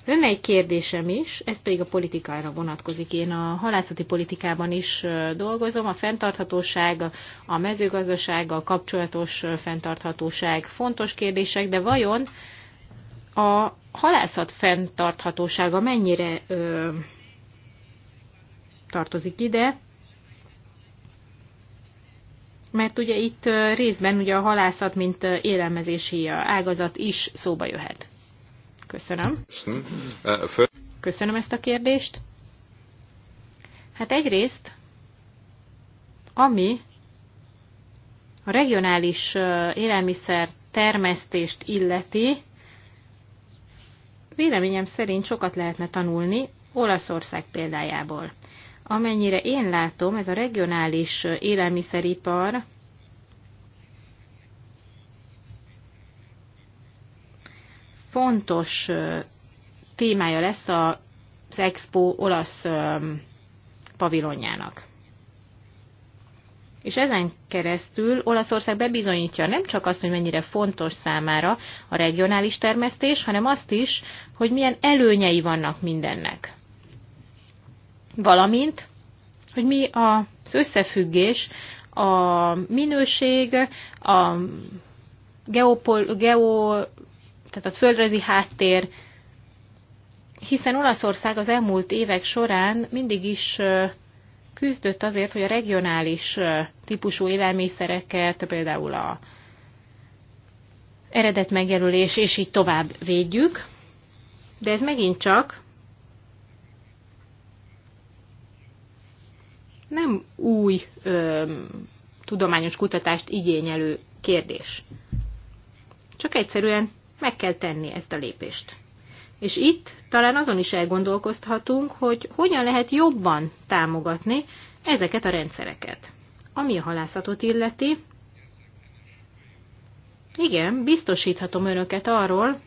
Speaker 2: Lenne egy kérdésem is, ez pedig a politikára vonatkozik. Én a halászati politikában is dolgozom, a fenntarthatóság, a mezőgazdasággal kapcsolatos fenntarthatóság fontos kérdések, de vajon a halászat fenntarthatósága mennyire ö, tartozik ide, mert ugye itt részben ugye a halászat, mint élelmezési ágazat is szóba jöhet. Köszönöm. Köszönöm ezt a kérdést. Hát egyrészt, ami a regionális élelmiszer termesztést illeti, véleményem szerint sokat lehetne tanulni Olaszország példájából. Amennyire én látom, ez a regionális élelmiszeripar fontos témája lesz az Expo olasz pavilonjának. És ezen keresztül Olaszország bebizonyítja nem csak azt, hogy mennyire fontos számára a regionális termesztés, hanem azt is, hogy milyen előnyei vannak mindennek. Valamint, hogy mi az összefüggés, a minőség, a geopol, geo, tehát a földrajzi háttér, hiszen Olaszország az elmúlt évek során mindig is küzdött azért, hogy a regionális típusú élelmiszereket, például a eredet megjelölés, és így tovább védjük, de ez megint csak nem új ö, tudományos kutatást igényelő kérdés. Csak egyszerűen meg kell tenni ezt a lépést. És itt talán azon is elgondolkozhatunk, hogy hogyan lehet jobban támogatni ezeket a rendszereket. Ami a halászatot illeti, igen, biztosíthatom önöket arról,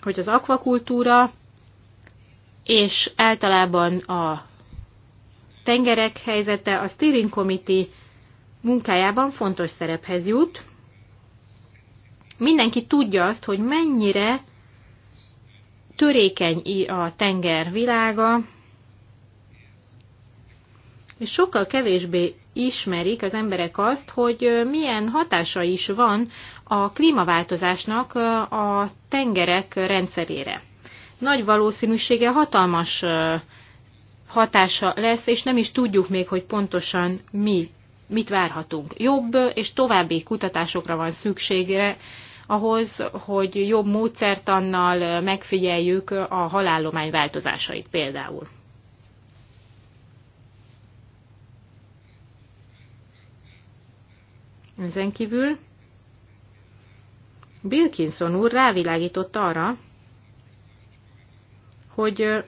Speaker 2: hogy az akvakultúra és általában a tengerek helyzete a steering committee munkájában fontos szerephez jut. Mindenki tudja azt, hogy mennyire törékeny a tenger világa, és sokkal kevésbé ismerik az emberek azt, hogy milyen hatása is van a klímaváltozásnak a tengerek rendszerére. Nagy valószínűsége hatalmas hatása lesz, és nem is tudjuk még, hogy pontosan mi, mit várhatunk. Jobb és további kutatásokra van szükségre ahhoz, hogy jobb módszertannal megfigyeljük a halállomány változásait például. Ezen kívül Wilkinson úr rávilágított arra, hogy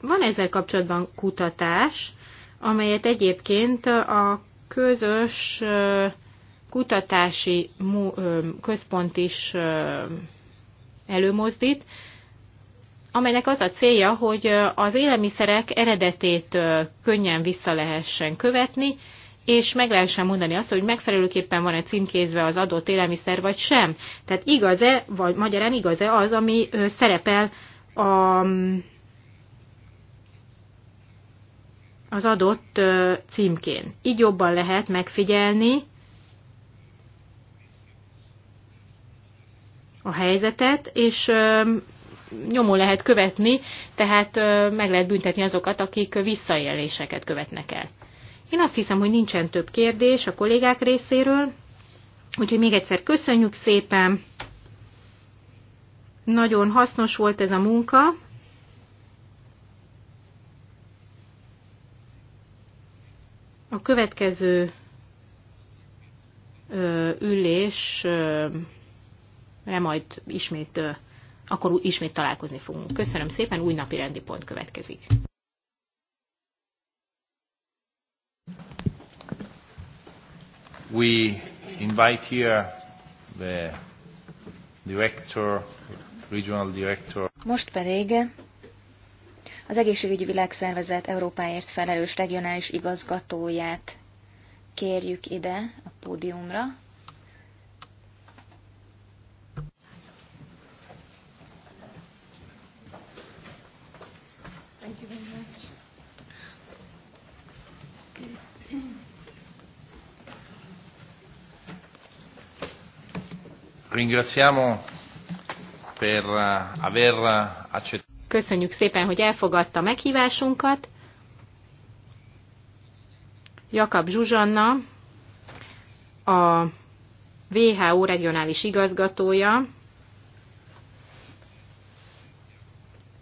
Speaker 2: van ezzel kapcsolatban kutatás, amelyet egyébként a közös kutatási központ is előmozdít, amelynek az a célja, hogy az élelmiszerek eredetét könnyen vissza lehessen követni, és meg lehessen mondani azt, hogy megfelelőképpen van-e címkézve az adott élelmiszer, vagy sem. Tehát igaz-e, vagy magyarán igaz-e az, ami szerepel a, az adott címkén. Így jobban lehet megfigyelni a helyzetet, és nyomon lehet követni, tehát meg lehet büntetni azokat, akik visszaéléseket követnek el. Én azt hiszem, hogy nincsen több kérdés a kollégák részéről, úgyhogy még egyszer köszönjük szépen. Nagyon hasznos volt ez a munka. A következő ülés mert majd ismét, akkor ismét találkozni fogunk. Köszönöm szépen, új napi rendi pont következik.
Speaker 1: We invite here the director, regional director.
Speaker 3: Most pedig az Egészségügyi Világszervezet Európáért felelős regionális igazgatóját kérjük ide a pódiumra.
Speaker 1: ringraziamo per eh, aver eh, accettato.
Speaker 2: Köszönjük szépen, hogy elfogadta meghívásunkat. Jakab Zsuzsanna, a WHO regionális igazgatója,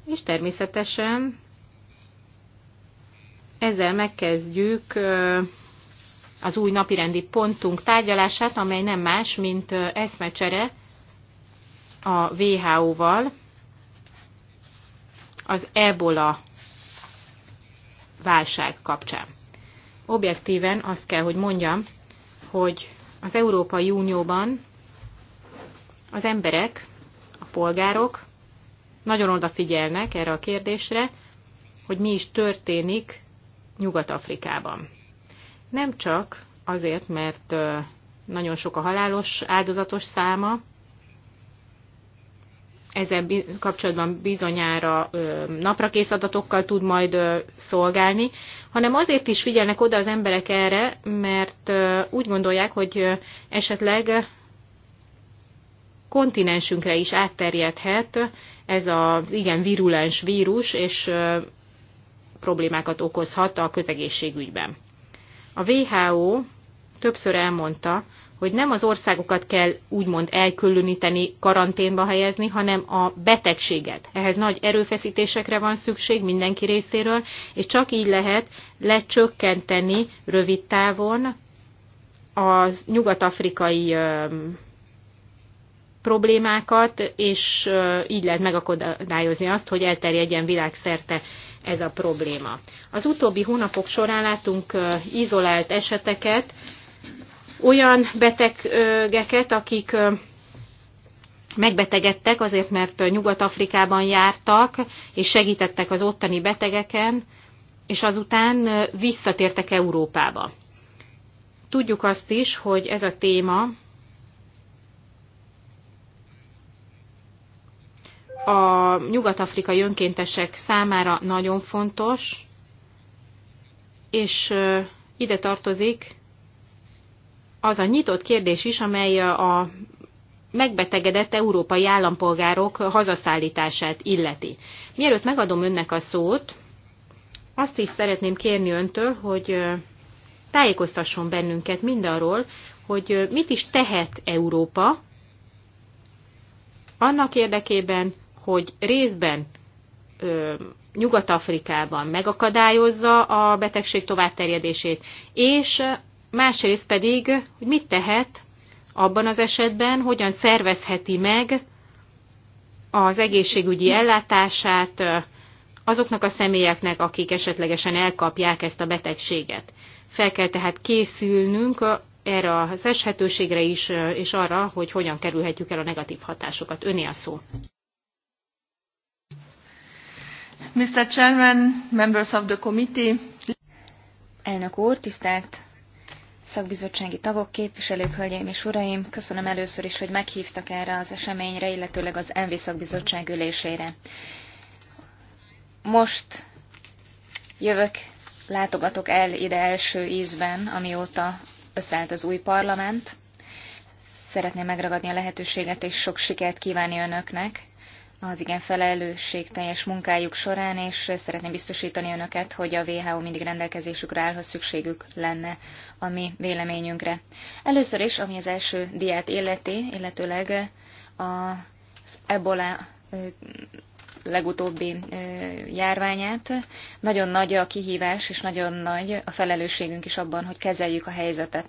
Speaker 2: és természetesen ezzel megkezdjük eh, az új napirendi pontunk tárgyalását, amely nem más, mint eszmecsere a WHO-val az ebola válság kapcsán. Objektíven azt kell, hogy mondjam, hogy az Európai Unióban az emberek, a polgárok nagyon odafigyelnek erre a kérdésre, hogy mi is történik Nyugat-Afrikában. Nem csak azért, mert nagyon sok a halálos áldozatos száma, ezzel kapcsolatban bizonyára naprakész adatokkal tud majd szolgálni, hanem azért is figyelnek oda az emberek erre, mert úgy gondolják, hogy esetleg kontinensünkre is átterjedhet ez az igen virulens vírus, és problémákat okozhat a közegészségügyben. A WHO többször elmondta, hogy nem az országokat kell úgymond elkülöníteni, karanténba helyezni, hanem a betegséget. Ehhez nagy erőfeszítésekre van szükség mindenki részéről, és csak így lehet lecsökkenteni rövid távon az nyugat-afrikai problémákat, és így lehet megakadályozni azt, hogy elterjedjen világszerte ez a probléma. Az utóbbi hónapok során látunk izolált eseteket, olyan betegeket, akik megbetegedtek azért, mert Nyugat-Afrikában jártak, és segítettek az ottani betegeken, és azután visszatértek Európába. Tudjuk azt is, hogy ez a téma a nyugat-afrikai önkéntesek számára nagyon fontos, és ide tartozik az a nyitott kérdés is, amely a megbetegedett európai állampolgárok hazaszállítását illeti. Mielőtt megadom önnek a szót, azt is szeretném kérni öntől, hogy tájékoztasson bennünket mindarról, hogy mit is tehet Európa annak érdekében, hogy részben Nyugat-Afrikában megakadályozza a betegség továbbterjedését, és másrészt pedig, hogy mit tehet abban az esetben, hogyan szervezheti meg az egészségügyi ellátását azoknak a személyeknek, akik esetlegesen elkapják ezt a betegséget. Fel kell tehát készülnünk erre az eshetőségre is, és arra, hogy hogyan kerülhetjük el a negatív hatásokat. Öné a szó.
Speaker 3: Mr. Chairman, members of the committee. Elnök úr, tisztelt szakbizottsági tagok, képviselők, hölgyeim és uraim, köszönöm először is, hogy meghívtak erre az eseményre, illetőleg az MV szakbizottság ülésére. Most jövök, látogatok el ide első ízben, amióta összeállt az új parlament. Szeretném megragadni a lehetőséget, és sok sikert kívánni önöknek az igen felelősségteljes munkájuk során, és szeretném biztosítani önöket, hogy a WHO mindig rendelkezésükre áll, ha szükségük lenne a mi véleményünkre. Először is, ami az első diát illeti, illetőleg az ebola legutóbbi járványát. Nagyon nagy a kihívás, és nagyon nagy a felelősségünk is abban, hogy kezeljük a helyzetet.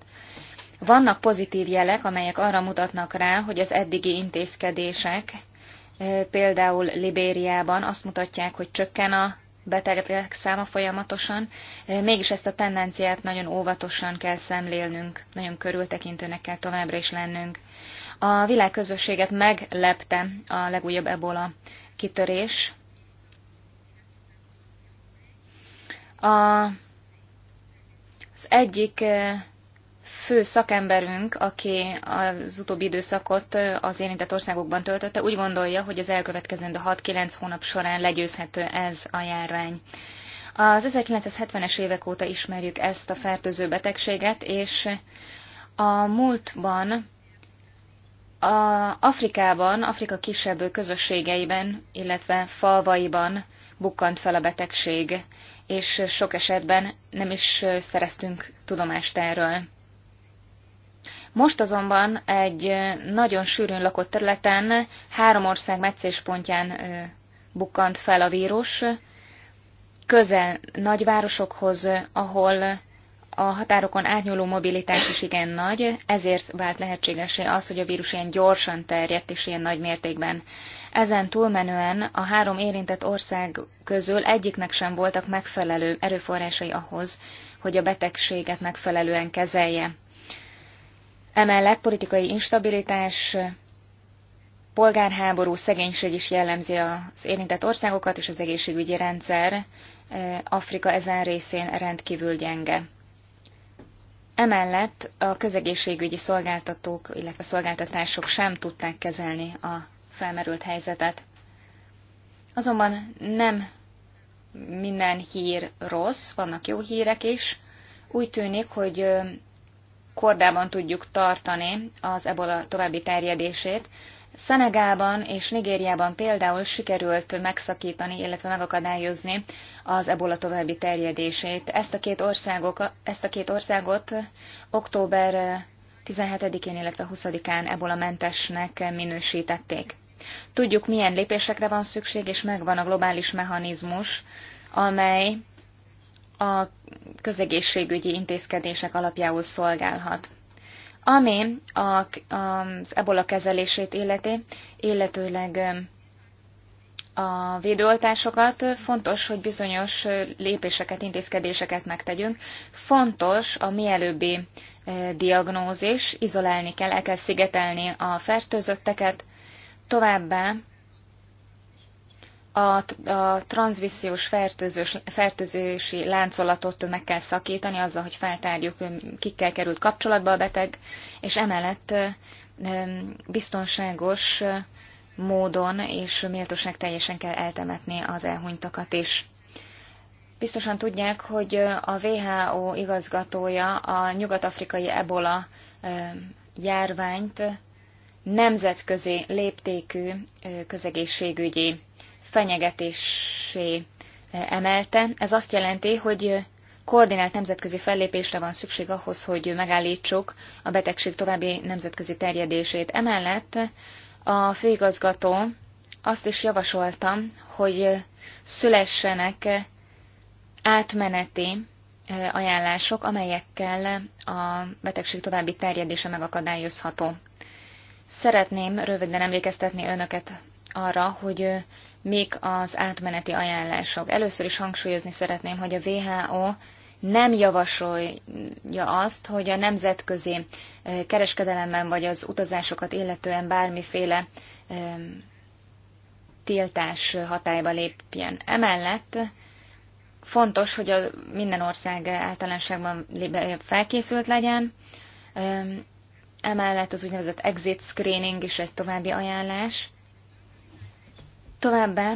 Speaker 3: Vannak pozitív jelek, amelyek arra mutatnak rá, hogy az eddigi intézkedések például Libériában azt mutatják, hogy csökken a betegek száma folyamatosan, mégis ezt a tendenciát nagyon óvatosan kell szemlélnünk, nagyon körültekintőnek kell továbbra is lennünk. A világközösséget meglepte a legújabb ebola kitörés. A, az egyik fő szakemberünk, aki az utóbbi időszakot az érintett országokban töltötte, úgy gondolja, hogy az elkövetkezendő 6-9 hónap során legyőzhető ez a járvány. Az 1970-es évek óta ismerjük ezt a fertőző betegséget, és a múltban a Afrikában, Afrika kisebb közösségeiben, illetve falvaiban bukkant fel a betegség, és sok esetben nem is szereztünk tudomást erről. Most azonban egy nagyon sűrűn lakott területen három ország meccéspontján bukkant fel a vírus, közel nagyvárosokhoz, ahol a határokon átnyúló mobilitás is igen nagy, ezért vált lehetségesé az, hogy a vírus ilyen gyorsan terjedt és ilyen nagy mértékben. Ezen túlmenően a három érintett ország közül egyiknek sem voltak megfelelő erőforrásai ahhoz, hogy a betegséget megfelelően kezelje. Emellett politikai instabilitás, polgárháború, szegénység is jellemzi az érintett országokat, és az egészségügyi rendszer Afrika ezen részén rendkívül gyenge. Emellett a közegészségügyi szolgáltatók, illetve szolgáltatások sem tudták kezelni a felmerült helyzetet. Azonban nem minden hír rossz, vannak jó hírek is. Úgy tűnik, hogy kordában tudjuk tartani az ebola további terjedését. Szenegában és Nigériában például sikerült megszakítani, illetve megakadályozni az ebola további terjedését. Ezt a két, országok, ezt a két országot október 17-én, illetve 20-án ebola mentesnek minősítették. Tudjuk, milyen lépésekre van szükség, és megvan a globális mechanizmus, amely a közegészségügyi intézkedések alapjául szolgálhat. Ami a, az ebola kezelését illeti, illetőleg um, a védőoltásokat, fontos, hogy bizonyos uh, lépéseket, intézkedéseket megtegyünk. Fontos a mielőbbi uh, diagnózis, izolálni kell, el kell szigetelni a fertőzötteket, továbbá a, a transzvissziós fertőzési láncolatot meg kell szakítani azzal, hogy feltárjuk, kikkel került kapcsolatba a beteg, és emellett biztonságos módon és méltóság teljesen kell eltemetni az elhunytakat is. Biztosan tudják, hogy a WHO igazgatója a nyugat-afrikai ebola járványt nemzetközi léptékű közegészségügyi fenyegetésé eh, emelte. Ez azt jelenti, hogy eh, koordinált nemzetközi fellépésre van szükség ahhoz, hogy megállítsuk a betegség további nemzetközi terjedését. Emellett a főigazgató azt is javasoltam, hogy eh, szülessenek átmeneti ajánlások, amelyekkel a betegség további terjedése megakadályozható. Szeretném röviden emlékeztetni önöket arra, hogy mik az átmeneti ajánlások. Először is hangsúlyozni szeretném, hogy a WHO nem javasolja azt, hogy a nemzetközi kereskedelemben vagy az utazásokat illetően bármiféle tiltás hatályba lépjen. Emellett fontos, hogy a minden ország általánosságban felkészült legyen. Emellett az úgynevezett exit screening is egy további ajánlás. Továbbá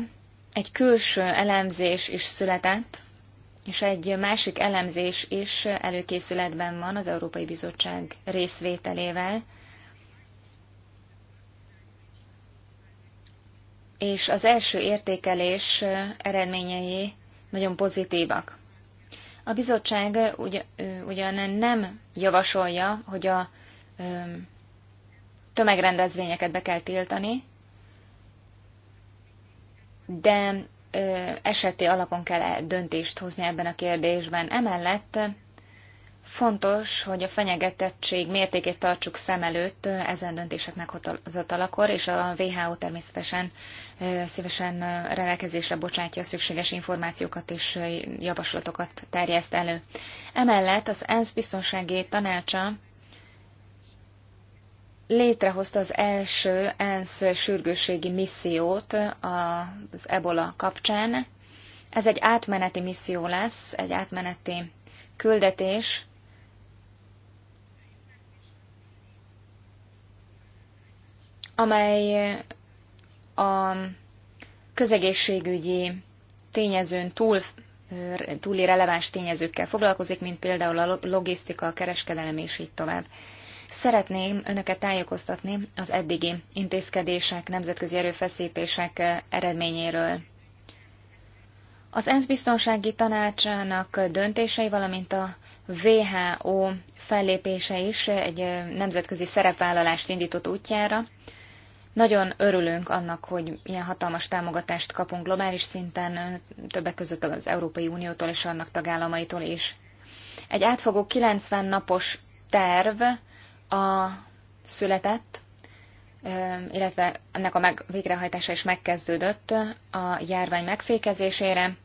Speaker 3: egy külső elemzés is született, és egy másik elemzés is előkészületben van az Európai Bizottság részvételével, és az első értékelés eredményei nagyon pozitívak. A bizottság ugyan nem javasolja, hogy a tömegrendezvényeket be kell tiltani, de eseti alapon kell e döntést hozni ebben a kérdésben. Emellett fontos, hogy a fenyegetettség mértékét tartsuk szem előtt ezen döntések meghozatalakor, és a WHO természetesen szívesen rendelkezésre bocsátja a szükséges információkat és javaslatokat terjeszt elő. Emellett az ENSZ biztonsági tanácsa létrehozta az első ENSZ sürgősségi missziót az ebola kapcsán. Ez egy átmeneti misszió lesz, egy átmeneti küldetés. amely a közegészségügyi tényezőn túl, túli releváns tényezőkkel foglalkozik, mint például a logisztika, a kereskedelem és így tovább. Szeretném önöket tájékoztatni az eddigi intézkedések, nemzetközi erőfeszítések eh, eredményéről. Az ENSZ biztonsági tanácsának döntései, valamint a WHO fellépése is eh, egy eh, nemzetközi szerepvállalást indított útjára. Nagyon örülünk annak, hogy ilyen hatalmas támogatást kapunk globális szinten, többek között az Európai Uniótól és annak tagállamaitól is. Egy átfogó 90 napos terv a született, illetve ennek a meg, végrehajtása is megkezdődött a járvány megfékezésére.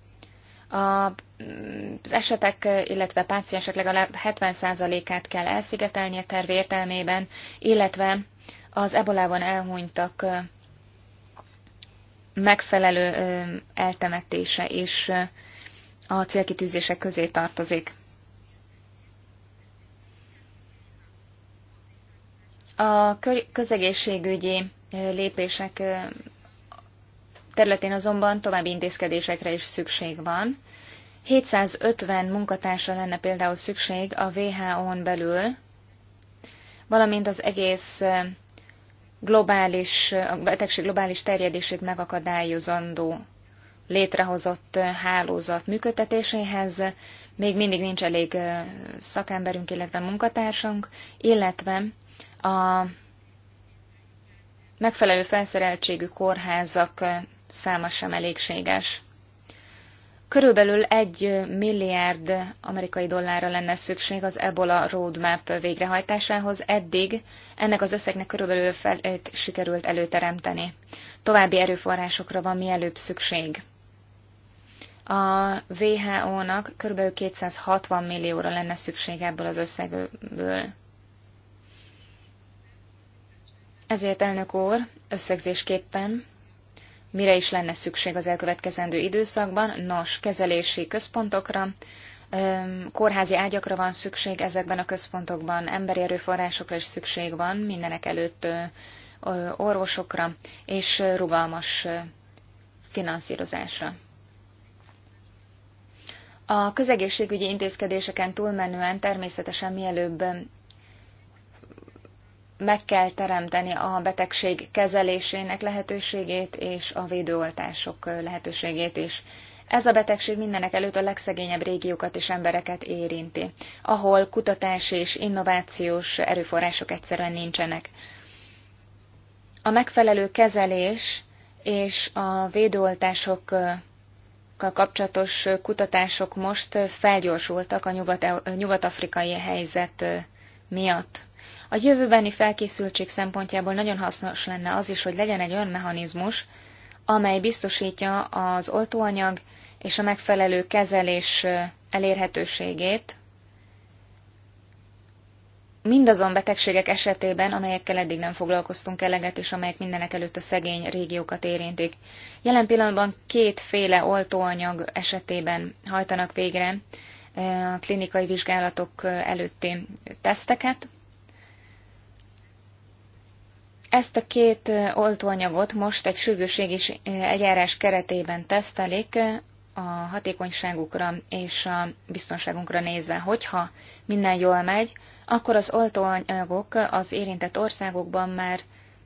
Speaker 3: A, mm, az esetek, illetve páciensek legalább 70%-át kell elszigetelni a terv értelmében, illetve az ebolában elhunytak megfelelő eltemetése is a célkitűzések közé tartozik. A közegészségügyi lépések területén azonban további intézkedésekre is szükség van. 750 munkatársra lenne például szükség a WHO-n belül, valamint az egész globális, a betegség globális terjedését megakadályozandó létrehozott hálózat működtetéséhez. Még mindig nincs elég szakemberünk, illetve munkatársunk, illetve a megfelelő felszereltségű kórházak száma sem elégséges. Körülbelül egy milliárd amerikai dollárra lenne szükség az Ebola Roadmap végrehajtásához, eddig ennek az összegnek körülbelül felét eh, sikerült előteremteni. További erőforrásokra van mielőbb szükség. A WHO-nak kb. 260 millióra lenne szükség ebből az összegből. Ezért, elnök úr, összegzésképpen mire is lenne szükség az elkövetkezendő időszakban. Nos, kezelési központokra, kórházi ágyakra van szükség ezekben a központokban, emberi erőforrásokra is szükség van, mindenek előtt orvosokra, és rugalmas finanszírozásra. A közegészségügyi intézkedéseken túlmenően természetesen mielőbb meg kell teremteni a betegség kezelésének lehetőségét és a védőoltások lehetőségét is. Ez a betegség mindenek előtt a legszegényebb régiókat és embereket érinti, ahol kutatási és innovációs erőforrások egyszerűen nincsenek. A megfelelő kezelés és a védőoltásokkal kapcsolatos kutatások most felgyorsultak a nyugat-afrikai helyzet miatt. A jövőbeni felkészültség szempontjából nagyon hasznos lenne az is, hogy legyen egy olyan mechanizmus, amely biztosítja az oltóanyag és a megfelelő kezelés elérhetőségét mindazon betegségek esetében, amelyekkel eddig nem foglalkoztunk eleget, és amelyek mindenek előtt a szegény régiókat érintik. Jelen pillanatban kétféle oltóanyag esetében hajtanak végre a klinikai vizsgálatok előtti teszteket, ezt a két oltóanyagot most egy sürgősségi eljárás keretében tesztelik, a hatékonyságukra és a biztonságunkra nézve, hogyha minden jól megy, akkor az oltóanyagok az érintett országokban már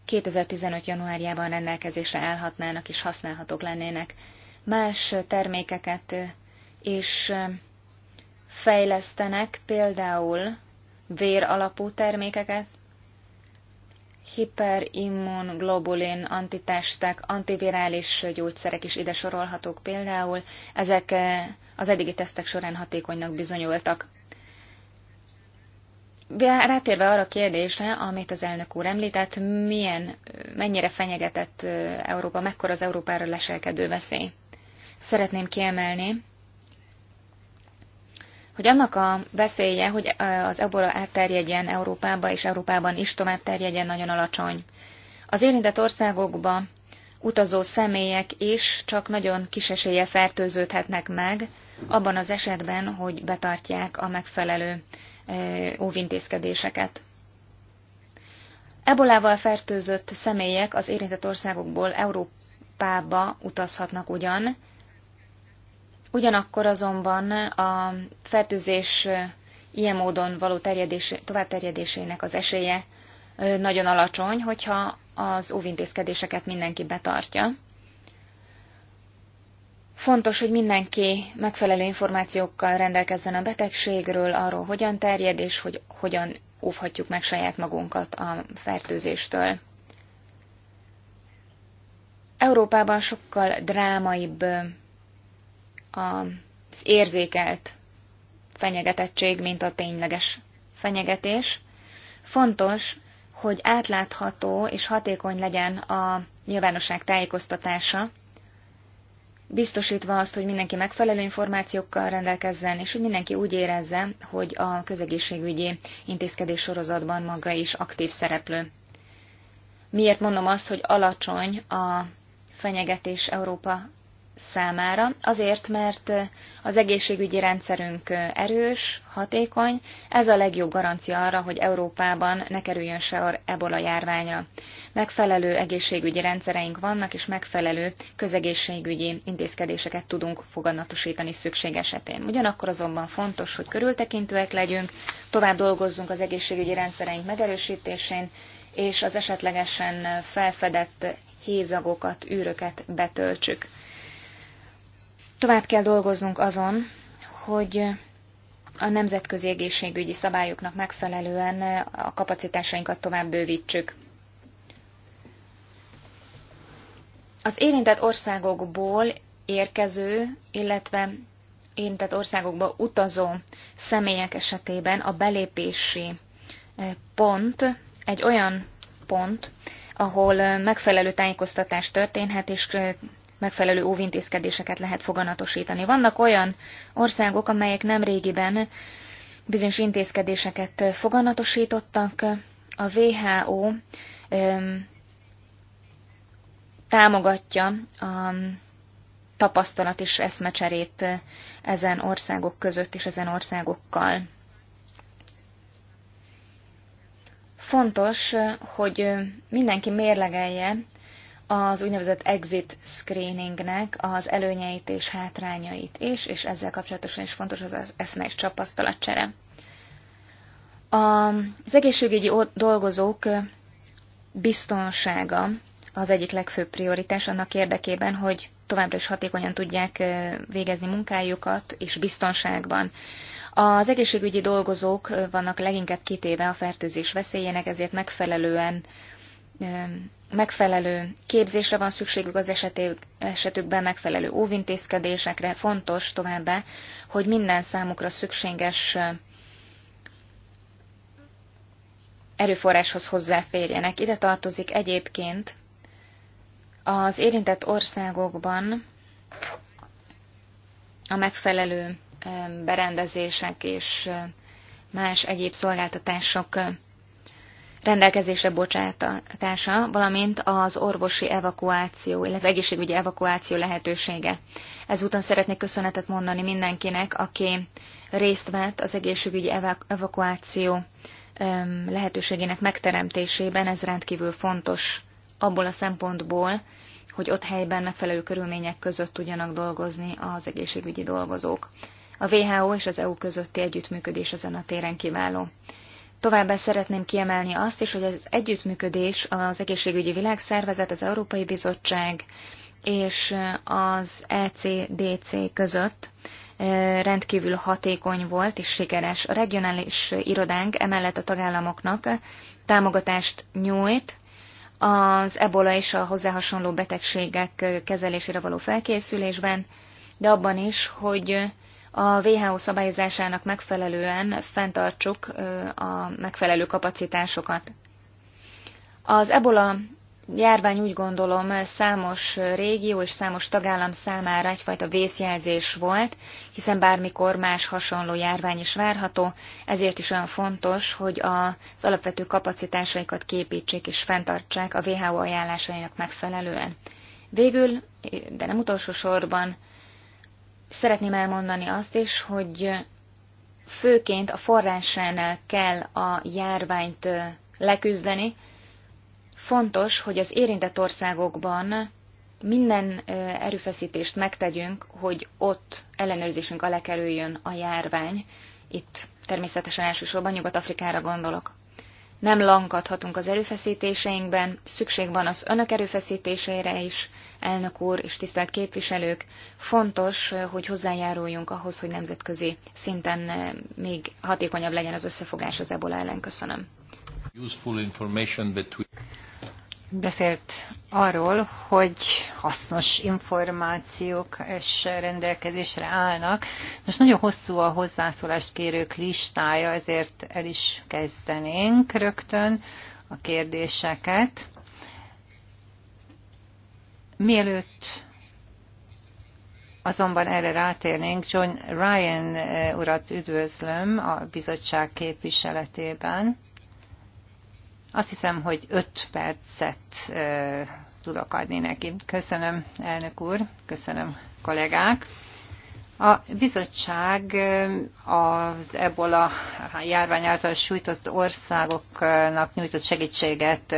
Speaker 3: 2015. januárjában rendelkezésre állhatnának és használhatók lennének. Más termékeket is fejlesztenek, például vér alapú termékeket, Hiperimmunglobulin, antitestek, antivirális gyógyszerek is ide sorolhatók például. Ezek eh, az eddigi tesztek során hatékonynak bizonyultak. Rátérve arra a kérdésre, amit az elnök úr említett, milyen, mennyire fenyegetett eh, Európa, mekkora az Európára leselkedő veszély. Szeretném kiemelni, hogy annak a veszélye, hogy az ebola átterjedjen Európába és Európában is tovább terjedjen, nagyon alacsony. Az érintett országokba utazó személyek is csak nagyon kis esélye fertőződhetnek meg, abban az esetben, hogy betartják a megfelelő óvintézkedéseket. Ebolával fertőzött személyek az érintett országokból Európába utazhatnak ugyan, Ugyanakkor azonban a fertőzés ilyen módon való terjedés, továbbterjedésének az esélye nagyon alacsony, hogyha az óvintézkedéseket mindenki betartja. Fontos, hogy mindenki megfelelő információkkal rendelkezzen a betegségről, arról hogyan terjed, és hogy hogyan óvhatjuk meg saját magunkat a fertőzéstől. Európában sokkal drámaibb az érzékelt fenyegetettség, mint a tényleges fenyegetés. Fontos, hogy átlátható és hatékony legyen a nyilvánosság tájékoztatása, biztosítva azt, hogy mindenki megfelelő információkkal rendelkezzen, és hogy mindenki úgy érezze, hogy a közegészségügyi intézkedés sorozatban maga is aktív szereplő. Miért mondom azt, hogy alacsony a fenyegetés Európa számára, azért, mert az egészségügyi rendszerünk erős, hatékony, ez a legjobb garancia arra, hogy Európában ne kerüljön se ebola járványra. Megfelelő egészségügyi rendszereink vannak, és megfelelő közegészségügyi intézkedéseket tudunk foganatosítani szükség esetén. Ugyanakkor azonban fontos, hogy körültekintőek legyünk, tovább dolgozzunk az egészségügyi rendszereink megerősítésén, és az esetlegesen felfedett hézagokat, űröket betöltsük. Tovább kell dolgoznunk azon, hogy a nemzetközi egészségügyi szabályoknak megfelelően a kapacitásainkat tovább bővítsük. Az érintett országokból érkező, illetve érintett országokba utazó személyek esetében a belépési e, pont egy olyan pont, ahol megfelelő tájékoztatás történhet, és e, megfelelő óvintézkedéseket lehet foganatosítani. Vannak olyan országok, amelyek nem régiben bizonyos intézkedéseket foganatosítottak. A WHO támogatja a tapasztalat és eszmecserét ezen országok között és ezen országokkal. Fontos, hogy mindenki mérlegelje az úgynevezett exit screeningnek az előnyeit és hátrányait is, és ezzel kapcsolatosan is fontos az eszmés tapasztalatcsere. Az egészségügyi dolgozók biztonsága az egyik legfőbb prioritás annak érdekében, hogy továbbra is hatékonyan tudják végezni munkájukat, és biztonságban. Az egészségügyi dolgozók vannak leginkább kitéve a fertőzés veszélyének, ezért megfelelően megfelelő képzésre van szükségük az esetükben, megfelelő óvintézkedésekre. Fontos továbbá, hogy minden számukra szükséges erőforráshoz hozzáférjenek. Ide tartozik egyébként az érintett országokban a megfelelő berendezések és más egyéb szolgáltatások rendelkezésre bocsátása, valamint az orvosi evakuáció, illetve egészségügyi evakuáció lehetősége. Ezúton szeretnék köszönetet mondani mindenkinek, aki részt vett az egészségügyi evakuáció lehetőségének megteremtésében. Ez rendkívül fontos abból a szempontból, hogy ott helyben megfelelő körülmények között tudjanak dolgozni az egészségügyi dolgozók. A WHO és az EU közötti együttműködés ezen a téren kiváló. Továbbá szeretném kiemelni azt is, hogy az együttműködés az Egészségügyi Világszervezet, az Európai Bizottság és az ECDC között rendkívül hatékony volt és sikeres. A regionális irodánk emellett a tagállamoknak támogatást nyújt az ebola és a hozzá hasonló betegségek kezelésére való felkészülésben, de abban is, hogy a WHO szabályozásának megfelelően fenntartsuk a megfelelő kapacitásokat. Az ebola járvány úgy gondolom számos régió és számos tagállam számára egyfajta vészjelzés volt, hiszen bármikor más hasonló járvány is várható, ezért is olyan fontos, hogy az alapvető kapacitásaikat képítsék és fenntartsák a WHO ajánlásainak megfelelően. Végül, de nem utolsó sorban, szeretném elmondani azt is, hogy főként a forrásánál kell a járványt leküzdeni. Fontos, hogy az érintett országokban minden erőfeszítést megtegyünk, hogy ott ellenőrzésünk alá kerüljön a járvány. Itt természetesen elsősorban Nyugat-Afrikára gondolok nem lankadhatunk az erőfeszítéseinkben, szükség van az önök erőfeszítéseire is, elnök úr és tisztelt képviselők. Fontos, hogy hozzájáruljunk ahhoz, hogy nemzetközi szinten eh, még hatékonyabb legyen az összefogás az ebola
Speaker 4: ellen. Köszönöm beszélt arról, hogy hasznos információk és rendelkezésre állnak. Most nagyon hosszú a hozzászólást kérők listája, ezért el is kezdenénk rögtön a kérdéseket. Mielőtt azonban erre rátérnénk, John Ryan eh, urat üdvözlöm a bizottság képviseletében. Azt hiszem, hogy öt percet e, tudok adni neki. Köszönöm, elnök úr, köszönöm, kollégák. A bizottság az ebola járvány által sújtott országoknak nyújtott segítséget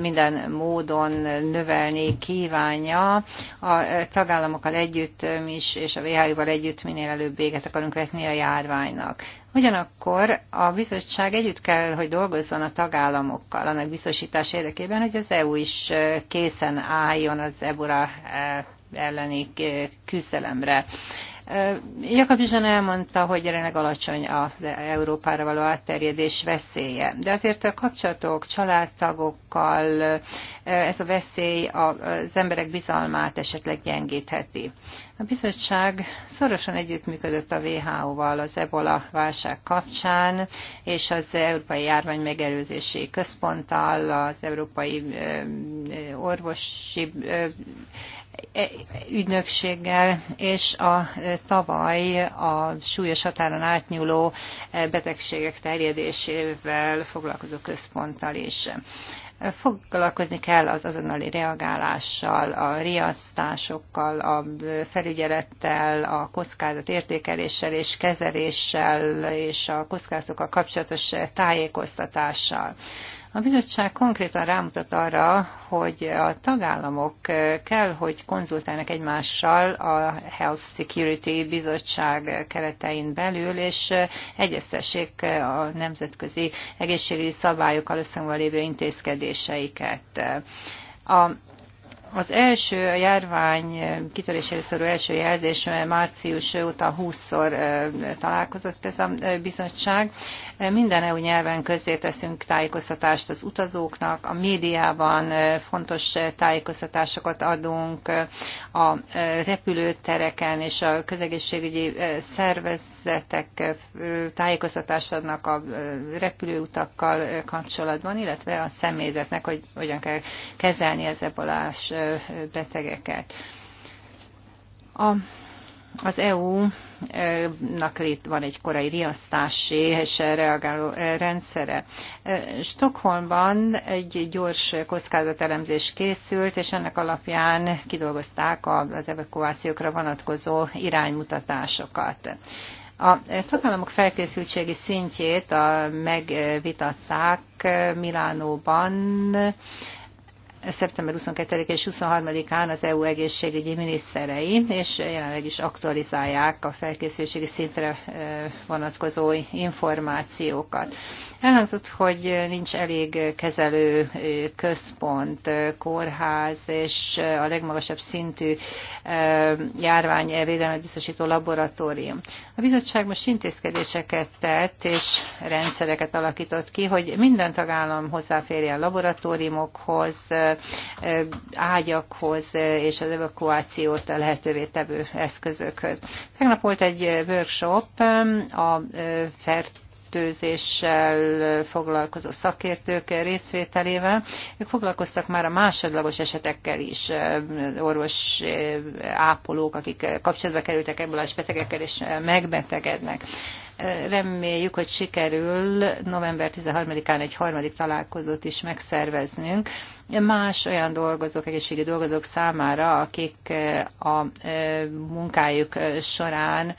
Speaker 4: minden módon növelni kívánja. A tagállamokkal együtt is, és a WHO-val együtt minél előbb véget akarunk vetni a járványnak. Ugyanakkor a bizottság együtt kell, hogy dolgozzon a tagállamokkal, annak biztosítás érdekében, hogy az EU is készen álljon az ebola elleni eh, küzdelemre. Eh, Jakab Zsana elmondta, hogy jelenleg alacsony az Európára való átterjedés veszélye. De azért a kapcsolatok, családtagokkal eh, ez a veszély az emberek bizalmát esetleg gyengítheti. A bizottság szorosan együttműködött a WHO-val az ebola válság kapcsán, és az Európai Járvány Megelőzési Központtal, az Európai Orvosi ügynökséggel, és a tavaly a súlyos határon átnyúló betegségek terjedésével foglalkozó központtal is. Foglalkozni kell az azonnali reagálással, a riasztásokkal, a felügyelettel, a kockázat értékeléssel és kezeléssel, és a kockázatokkal kapcsolatos tájékoztatással. A bizottság konkrétan rámutat arra, hogy a tagállamok eh, kell, hogy konzultálnak egymással a Health Security Bizottság keretein belül, és eh, egyeztessék eh, a nemzetközi egészségügyi szabályokkal összhangban lévő intézkedéseiket. A az első a járvány kitörésére szorú első jelzés március óta 20-szor találkozott ez a bizottság, minden EU nyelven közé teszünk tájékoztatást az utazóknak, a médiában fontos tájékoztatásokat adunk, a repülőtereken és a közegészségügyi szervezetek tájékoztatást adnak a repülőutakkal kapcsolatban, illetve a személyzetnek, hogy hogyan kell kezelni az ebolás betegeket. A az EU-nak e, van egy korai riasztási és reagáló e, rendszere. E, Stockholmban egy gyors kockázatelemzés készült, és ennek alapján kidolgozták az evakuációkra vonatkozó iránymutatásokat. A tagállamok felkészültségi szintjét a, megvitatták Milánóban szeptember 22 és 23-án az EU egészségügyi miniszterei, és jelenleg is aktualizálják a felkészültségi szintre eh, vonatkozó információkat. Elhangzott, hogy nincs elég kezelő központ, kórház és a legmagasabb szintű e, járvány e, biztosító laboratórium. A bizottság most intézkedéseket tett és rendszereket alakított ki, hogy minden tagállam hozzáférjen laboratóriumokhoz, e, ágyakhoz és az evakuációt lehetővé tevő eszközökhöz. Tegnap volt egy workshop a fert fertőzéssel foglalkozó szakértők részvételével. Ők foglalkoztak már a másodlagos esetekkel is, orvos ápolók, akik kapcsolatba kerültek ebből a betegekkel, és megbetegednek. Reméljük, hogy sikerül november 13-án egy harmadik találkozót is megszerveznünk, más olyan dolgozók, egészségi dolgozók számára, akik a munkájuk során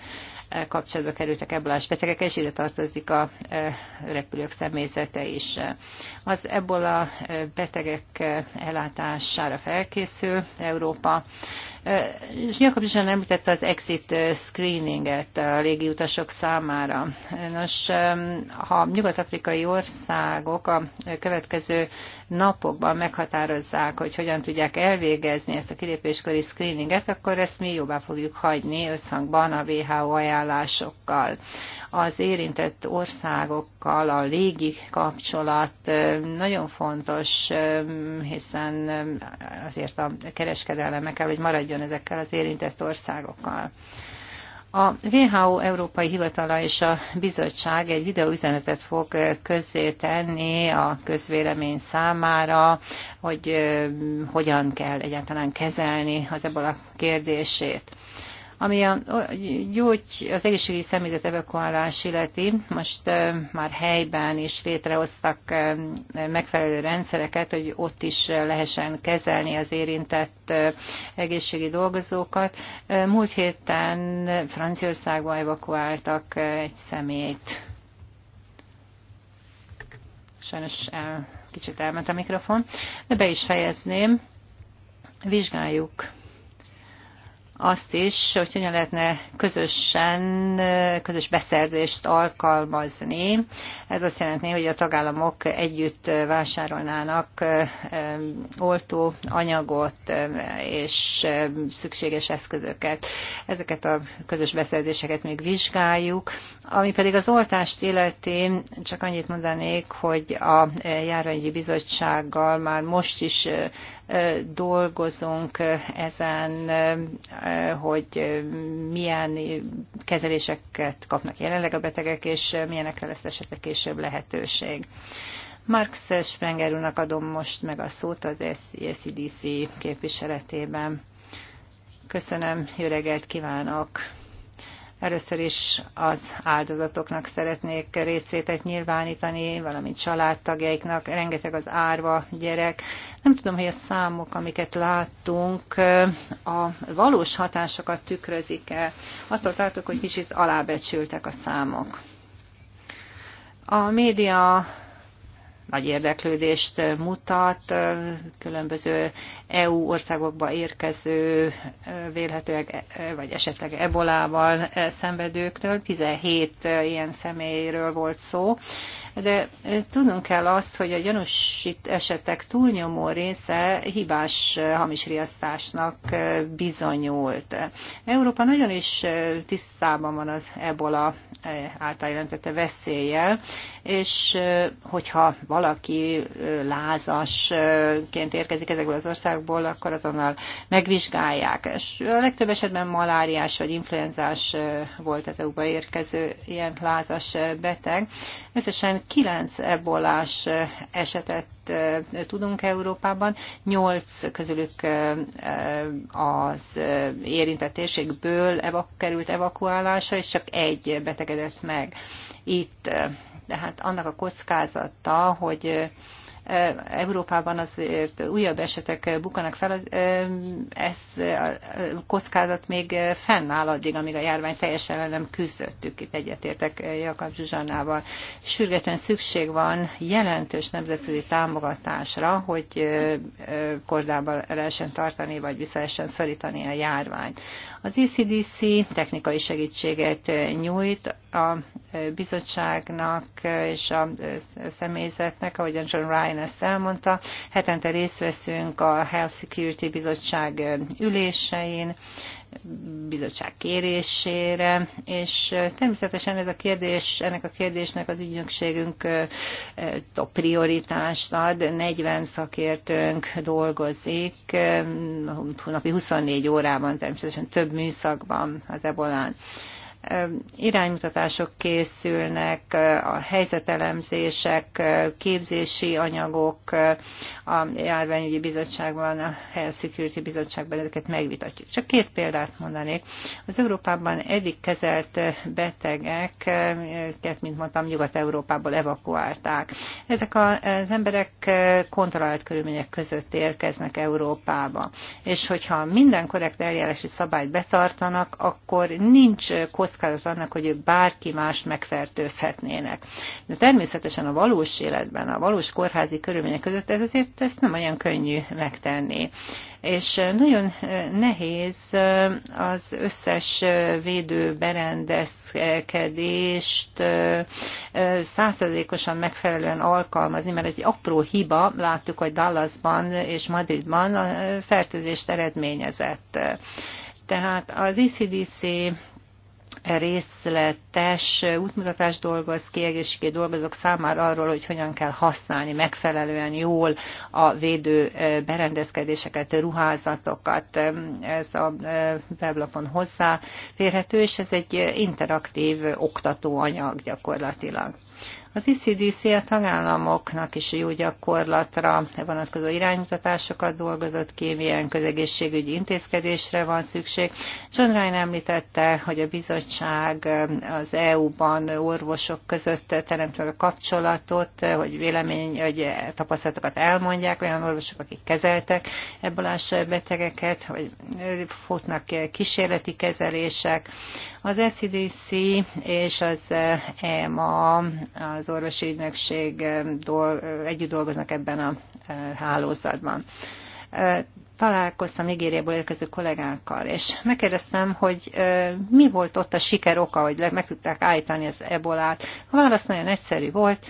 Speaker 4: kapcsolatba kerültek ebből a betegek, és ide tartozik a e, repülők személyzete is. Az ebből a e, betegek e, ellátására felkészül Európa, Jakob is említette az exit screeninget a légiutasok számára. Nos, ha nyugat-afrikai országok a következő napokban meghatározzák, hogy hogyan tudják elvégezni ezt a kilépéskori screeninget, akkor ezt mi jobbá fogjuk hagyni összhangban a WHO ajánlásokkal. Az érintett országokkal a légi kapcsolat nagyon fontos, hiszen azért a kereskedelemek kell, hogy maradjon ezekkel az érintett országokkal. A WHO Európai Hivatala és a Bizottság egy videóüzenetet fog közzétenni a közvélemény számára, hogy hogyan kell egyáltalán kezelni az ebola kérdését. Ami a gyógy, az egészségügyi személyzet evakuálás illeti, most már helyben is létrehoztak megfelelő rendszereket, hogy ott is lehessen kezelni az érintett egészségi dolgozókat. Múlt héten Franciaországba evakuáltak egy szemét. Sajnos kicsit elment a mikrofon, de be is fejezném. Vizsgáljuk azt is, hogy hogyan lehetne közösen, közös beszerzést alkalmazni. Ez azt jelenti, hogy a tagállamok együtt vásárolnának oltó anyagot és szükséges eszközöket. Ezeket a közös beszerzéseket még vizsgáljuk. Ami pedig az oltást illeti, csak annyit mondanék, hogy a eh, járványügyi bizottsággal már most is eh, dolgozunk ezen, hogy milyen kezeléseket kapnak jelenleg a betegek, és milyenekre lesz esetleg később lehetőség. Marx Sprenger úrnak adom most meg a szót az SCDC képviseletében. Köszönöm, jó reggelt kívánok! Először is az áldozatoknak szeretnék részvételt nyilvánítani, valamint családtagjaiknak, rengeteg az árva gyerek. Nem tudom, hogy a számok, amiket láttunk, a valós hatásokat tükrözik-e. Attól tartok, hogy kicsit alábecsültek a számok. A média nagy érdeklődést mutat, különböző EU országokba érkező, vélhetőleg e, e, vagy esetleg ebolával szenvedőktől. 17 ilyen személyről volt szó, de tudnunk kell azt, hogy a gyanúsít esetek túlnyomó része hibás riasztásnak bizonyult. Európa nagyon is tisztában van az ebola által jelentette veszéllyel, és hogyha valaki lázasként érkezik ezekből az országból, akkor azonnal megvizsgálják. És a legtöbb esetben maláriás vagy influenzás volt az EU-ba érkező ilyen lázas beteg. Összesen 19 ebolás esetet tudunk Európában, nyolc közülük az érintett térségből került evakuálásra, és csak egy betegedett meg itt. Tehát annak a kockázata, hogy Európában azért újabb esetek bukanak fel, ez a kockázat még fennáll addig, amíg a járvány teljesen nem küzdöttük. Itt egyetértek Jakab Zsuzsannával. Sürgetően szükség van jelentős nemzetközi támogatásra, hogy kordában lehessen tartani, vagy vissza lehessen szorítani a járványt. Az ECDC technikai segítséget nyújt a bizottságnak és a személyzetnek, ahogyan John Ryan ezt elmondta. Hetente részt veszünk a Health Security Bizottság ülésein, bizottság kérésére, és természetesen ez a kérdés, ennek a kérdésnek az ügynökségünk top prioritást ad, 40 szakértőnk dolgozik, napi 24 órában természetesen több műszakban az ebolán iránymutatások készülnek, a helyzetelemzések, képzési anyagok, a járványügyi bizottságban, a Health Security bizottságban ezeket megvitatjuk. Csak két példát mondanék. Az Európában eddig kezelt betegek, betegeket, mint mondtam, Nyugat-Európából evakuálták. Ezek az emberek kontrollált körülmények között érkeznek Európába. És hogyha minden korrekt eljárási szabályt betartanak, akkor nincs kosz kockázat annak, hogy ők bárki más megfertőzhetnének. De természetesen a valós életben, a valós kórházi körülmények között ez azért ezt nem olyan könnyű megtenni és nagyon nehéz az összes védő berendezkedést százszerzékosan megfelelően alkalmazni, mert ez egy apró hiba, láttuk, hogy Dallasban és Madridban a fertőzést eredményezett. Tehát az ECDC részletes útmutatás dolgoz ki dolgozok dolgozók számára arról, hogy hogyan kell használni megfelelően jól a védő berendezkedéseket, ruházatokat. Ez a weblapon hozzáférhető, és ez egy interaktív oktatóanyag gyakorlatilag. Az ICDC a tagállamoknak is jó gyakorlatra vonatkozó iránymutatásokat dolgozott ki, milyen közegészségügyi intézkedésre van szükség. John Ryan említette, hogy a bizottság az EU-ban orvosok között teremt meg a kapcsolatot, hogy vélemény, hogy tapasztalatokat elmondják, olyan orvosok, akik kezeltek a betegeket, hogy futnak kísérleti kezelések. Az SCDC és az EMA, az az orvosi ügynökség együtt dolgoznak ebben a hálózatban találkoztam Nigériából érkező kollégákkal, és megkérdeztem, hogy mi volt ott a siker oka, hogy meg tudták állítani az ebolát. A válasz nagyon egyszerű volt,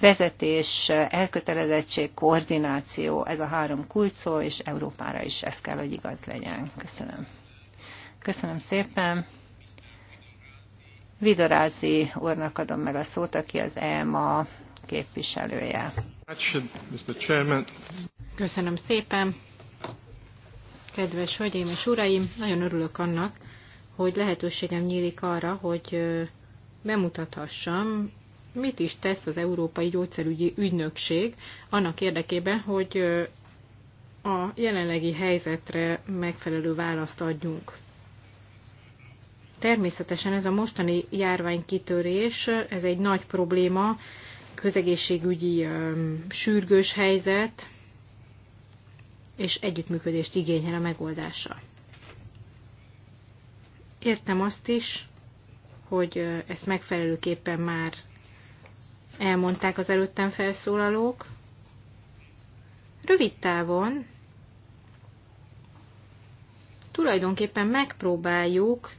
Speaker 4: vezetés, elkötelezettség, koordináció, ez a három kulcsó, és Európára is ez kell, hogy igaz legyen. Köszönöm. Köszönöm szépen. Vidorázi úrnak adom meg a szót, aki az EMA képviselője. Köszönöm
Speaker 2: szépen. Kedves hölgyeim és uraim, nagyon örülök annak, hogy lehetőségem nyílik arra, hogy bemutathassam, mit is tesz az Európai Gyógyszerügyi Ügynökség annak érdekében, hogy a jelenlegi helyzetre megfelelő választ adjunk. Természetesen ez a mostani járványkitörés, ez egy nagy probléma, közegészségügyi sürgős helyzet, és együttműködést igényel a megoldása. Értem azt is, hogy ezt megfelelőképpen már elmondták az előttem felszólalók. Rövid távon tulajdonképpen megpróbáljuk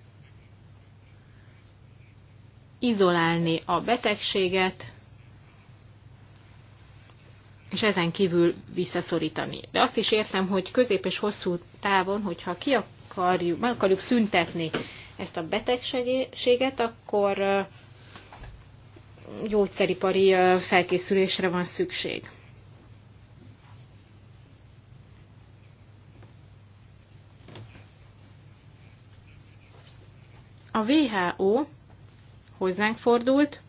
Speaker 2: izolálni a betegséget, és ezen kívül visszaszorítani. De azt is értem, hogy közép és hosszú távon, hogyha ki akarjuk, meg akarjuk szüntetni ezt a betegséget, akkor gyógyszeripari felkészülésre van szükség. A WHO hozzánk fordult,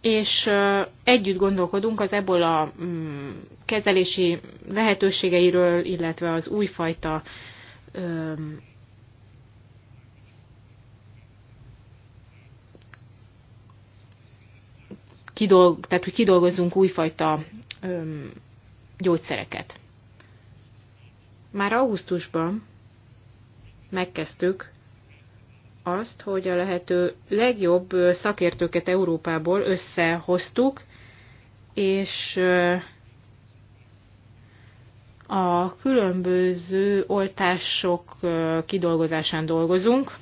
Speaker 2: és együtt gondolkodunk az ebből a mm, kezelési lehetőségeiről, illetve az újfajta kidolg, tehát hogy kidolgozzunk újfajta gyógyszereket. Már augusztusban megkezdtük azt, hogy a lehető legjobb szakértőket Európából összehoztuk, és a különböző oltások kidolgozásán dolgozunk.